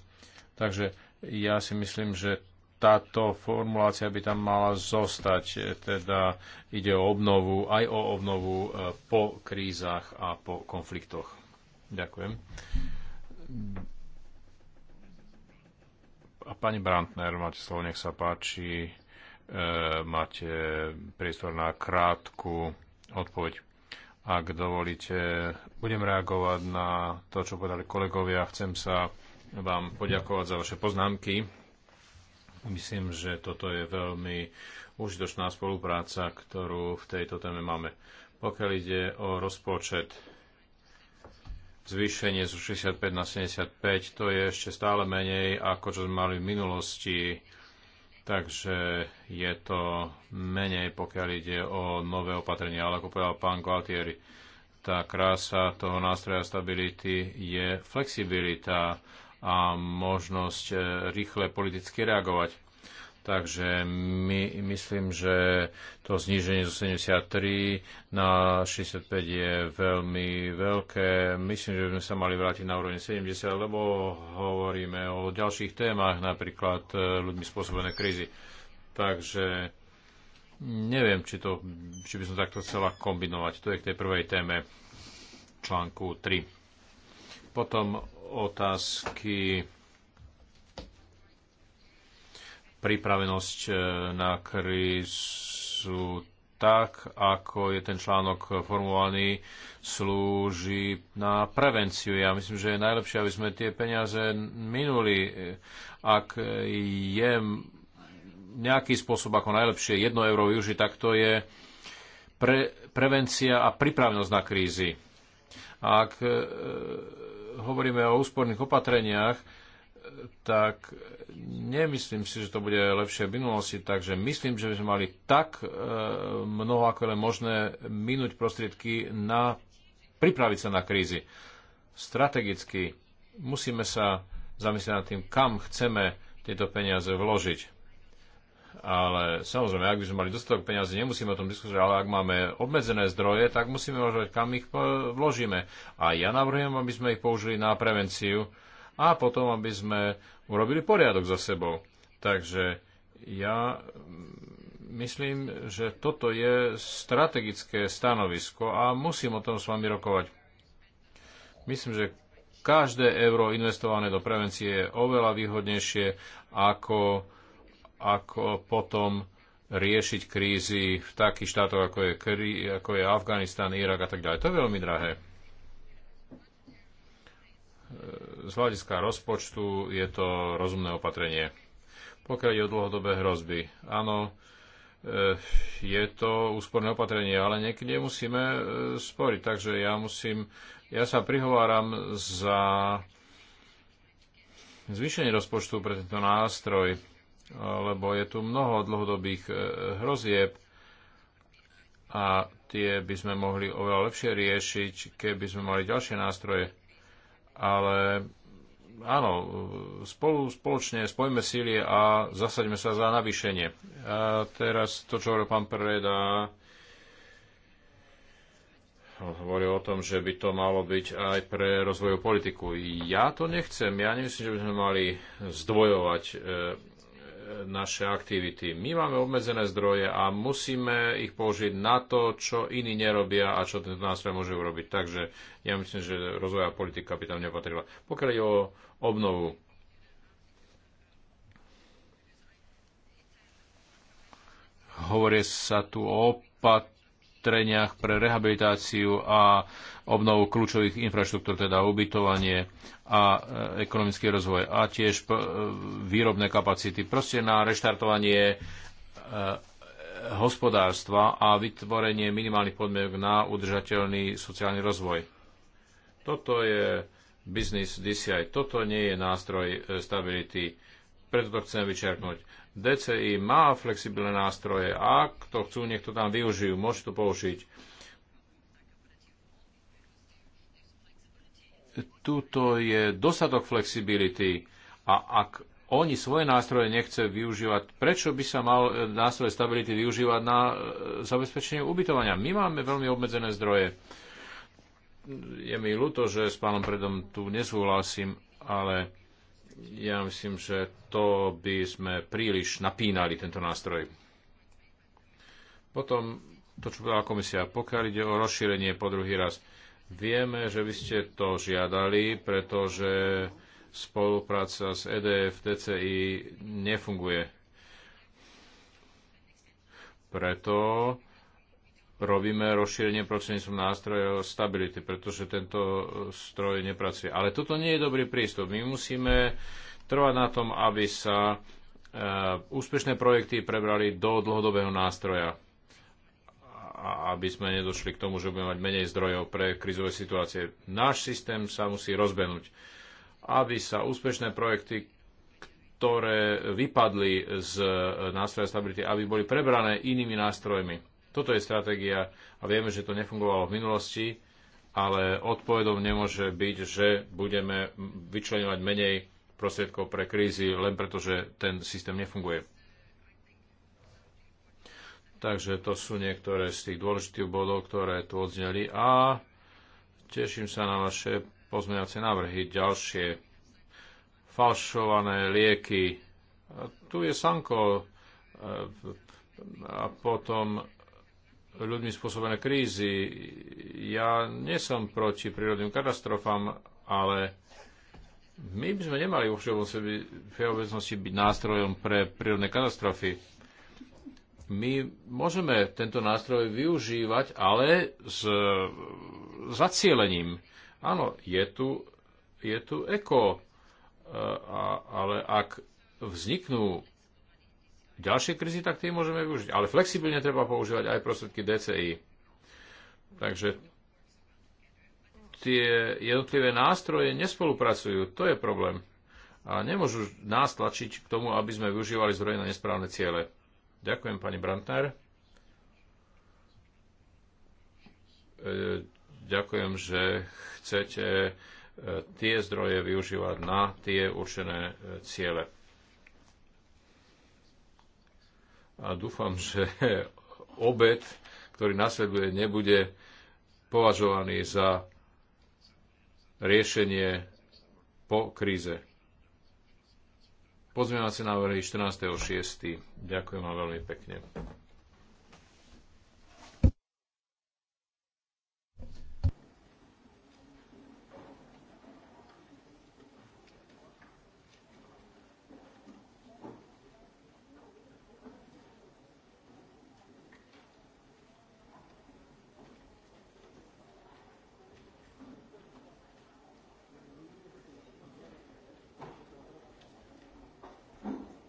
Takže ja si myslím, že táto formulácia by tam mala zostať, teda ide o obnovu, aj o obnovu e, po krízach a po konfliktoch. Ďakujem. A pani Brantner, máte slovo, nech sa páči. E, máte priestor na krátku odpoveď. Ak dovolíte, budem reagovať na to, čo povedali kolegovia. Chcem sa vám poďakovať za vaše poznámky. Myslím, že toto je veľmi užitočná spolupráca, ktorú v tejto téme máme. Pokiaľ ide o rozpočet, zvýšenie zo 65 na 75, to je ešte stále menej ako čo sme mali v minulosti, takže je to menej, pokiaľ ide o nové opatrenia. Ale ako povedal pán Gualtieri, tá krása toho nástroja stability je flexibilita a možnosť e, rýchle politicky reagovať. Takže my, myslím, že to zníženie zo 73 na 65 je veľmi veľké. Myslím, že by sme sa mali vrátiť na úroveň 70, lebo hovoríme o ďalších témach, napríklad e, ľuďmi spôsobené krízy. Takže neviem, či, to, či by som takto chcela kombinovať. To je k tej prvej téme článku 3. Potom otázky pripravenosť e, na krízu tak, ako je ten článok formovaný, slúži na prevenciu. Ja myslím, že je najlepšie, aby sme tie peniaze minuli. Ak je nejaký spôsob, ako najlepšie jedno euro využiť, tak to je pre, prevencia a pripravenosť na krízy. Ak e, hovoríme o úsporných opatreniach, tak nemyslím si, že to bude lepšie v minulosti, takže myslím, že by sme mali tak e, mnoho, ako je možné, minúť prostriedky na pripraviť sa na krízy. Strategicky musíme sa zamyslieť nad tým, kam chceme tieto peniaze vložiť ale samozrejme, ak by sme mali dostatok peniazy, nemusíme o tom diskutovať, ale ak máme obmedzené zdroje, tak musíme uvažovať, kam ich vložíme. A ja navrhujem, aby sme ich použili na prevenciu a potom, aby sme urobili poriadok za sebou. Takže ja mm, myslím, že toto je strategické stanovisko a musím o tom s vami rokovať. Myslím, že každé euro investované do prevencie je oveľa výhodnejšie ako ako potom riešiť krízy v takých štátoch, ako je, ako je Afganistan, Irak a tak ďalej. To je veľmi drahé. Z hľadiska rozpočtu je to rozumné opatrenie. Pokiaľ je o dlhodobé hrozby, áno, eh, je to úsporné opatrenie, ale niekde musíme eh, sporiť. Takže ja musím, ja sa prihováram za zvýšenie rozpočtu pre tento nástroj lebo je tu mnoho dlhodobých e, hrozieb a tie by sme mohli oveľa lepšie riešiť, keby sme mali ďalšie nástroje. Ale áno, spolu, spoločne spojme sílie a zasaďme sa za navýšenie. A teraz to, čo hovoril pán Preda, hovoril o tom, že by to malo byť aj pre rozvojovú politiku. Ja to nechcem. Ja nemyslím, že by sme mali zdvojovať e, naše aktivity. My máme obmedzené zdroje a musíme ich použiť na to, čo iní nerobia a čo tento nástroj môže urobiť. Takže ja myslím, že rozvoja politika by tam nepatrila. Pokiaľ je o obnovu, hovorí sa tu o opat opatreniach pre rehabilitáciu a obnovu kľúčových infraštruktúr, teda ubytovanie a e, ekonomický rozvoj a tiež e, výrobné kapacity. Proste na reštartovanie e, hospodárstva a vytvorenie minimálnych podmienok na udržateľný sociálny rozvoj. Toto je business DCI. Toto nie je nástroj stability. Preto to chcem vyčerknúť DCI má flexibilné nástroje. A ak to chcú, nech to tam využijú. Môžu to použiť. Tuto je dostatok flexibility a ak oni svoje nástroje nechce využívať, prečo by sa mal e, nástroje stability využívať na e, zabezpečenie ubytovania? My máme veľmi obmedzené zdroje. Je mi ľúto, že s pánom predom tu nesúhlasím, ale ja myslím, že to by sme príliš napínali tento nástroj. Potom to, čo povedala komisia, pokiaľ ide o rozšírenie po druhý raz, vieme, že vy ste to žiadali, pretože spolupráca s EDF, DCI nefunguje. Preto robíme rozšírenie prostredníctvom nástrojov stability, pretože tento eh, stroj nepracuje. Ale toto nie je dobrý prístup. My musíme trvať na tom, aby sa eh, úspešné projekty prebrali do dlhodobého nástroja a aby sme nedošli k tomu, že budeme mať menej zdrojov pre krizové situácie. Náš systém sa musí rozbenúť, aby sa úspešné projekty, ktoré vypadli z eh, nástroja stability, aby boli prebrané inými nástrojmi toto je stratégia a vieme, že to nefungovalo v minulosti, ale odpovedom nemôže byť, že budeme vyčlenovať menej prostriedkov pre krízy len preto, že ten systém nefunguje. Takže to sú niektoré z tých dôležitých bodov, ktoré tu odzneli a teším sa na vaše pozmeňovacie návrhy. Ďalšie falšované lieky. Tu je Sanko e, a potom ľuďmi spôsobené krízy. Ja nie som proti prírodným katastrofám, ale my by sme nemali vo všeobecnosti byť nástrojom pre prírodné katastrofy. My môžeme tento nástroj využívať, ale s zacielením. Áno, je tu, je tu eko, e, ale ak vzniknú ďalšie krizi tak tie môžeme využiť. Ale flexibilne treba používať aj prostriedky DCI. Takže tie jednotlivé nástroje nespolupracujú. To je problém. A nemôžu nás tlačiť k tomu, aby sme využívali zdroje na nesprávne ciele. Ďakujem, pani Brantner. E, ďakujem, že chcete e, tie zdroje využívať na tie určené e, ciele. a dúfam, že obed, ktorý nasleduje, nebude považovaný za riešenie po kríze. Pozmeňovacie návrhy 14.6. Ďakujem vám veľmi pekne.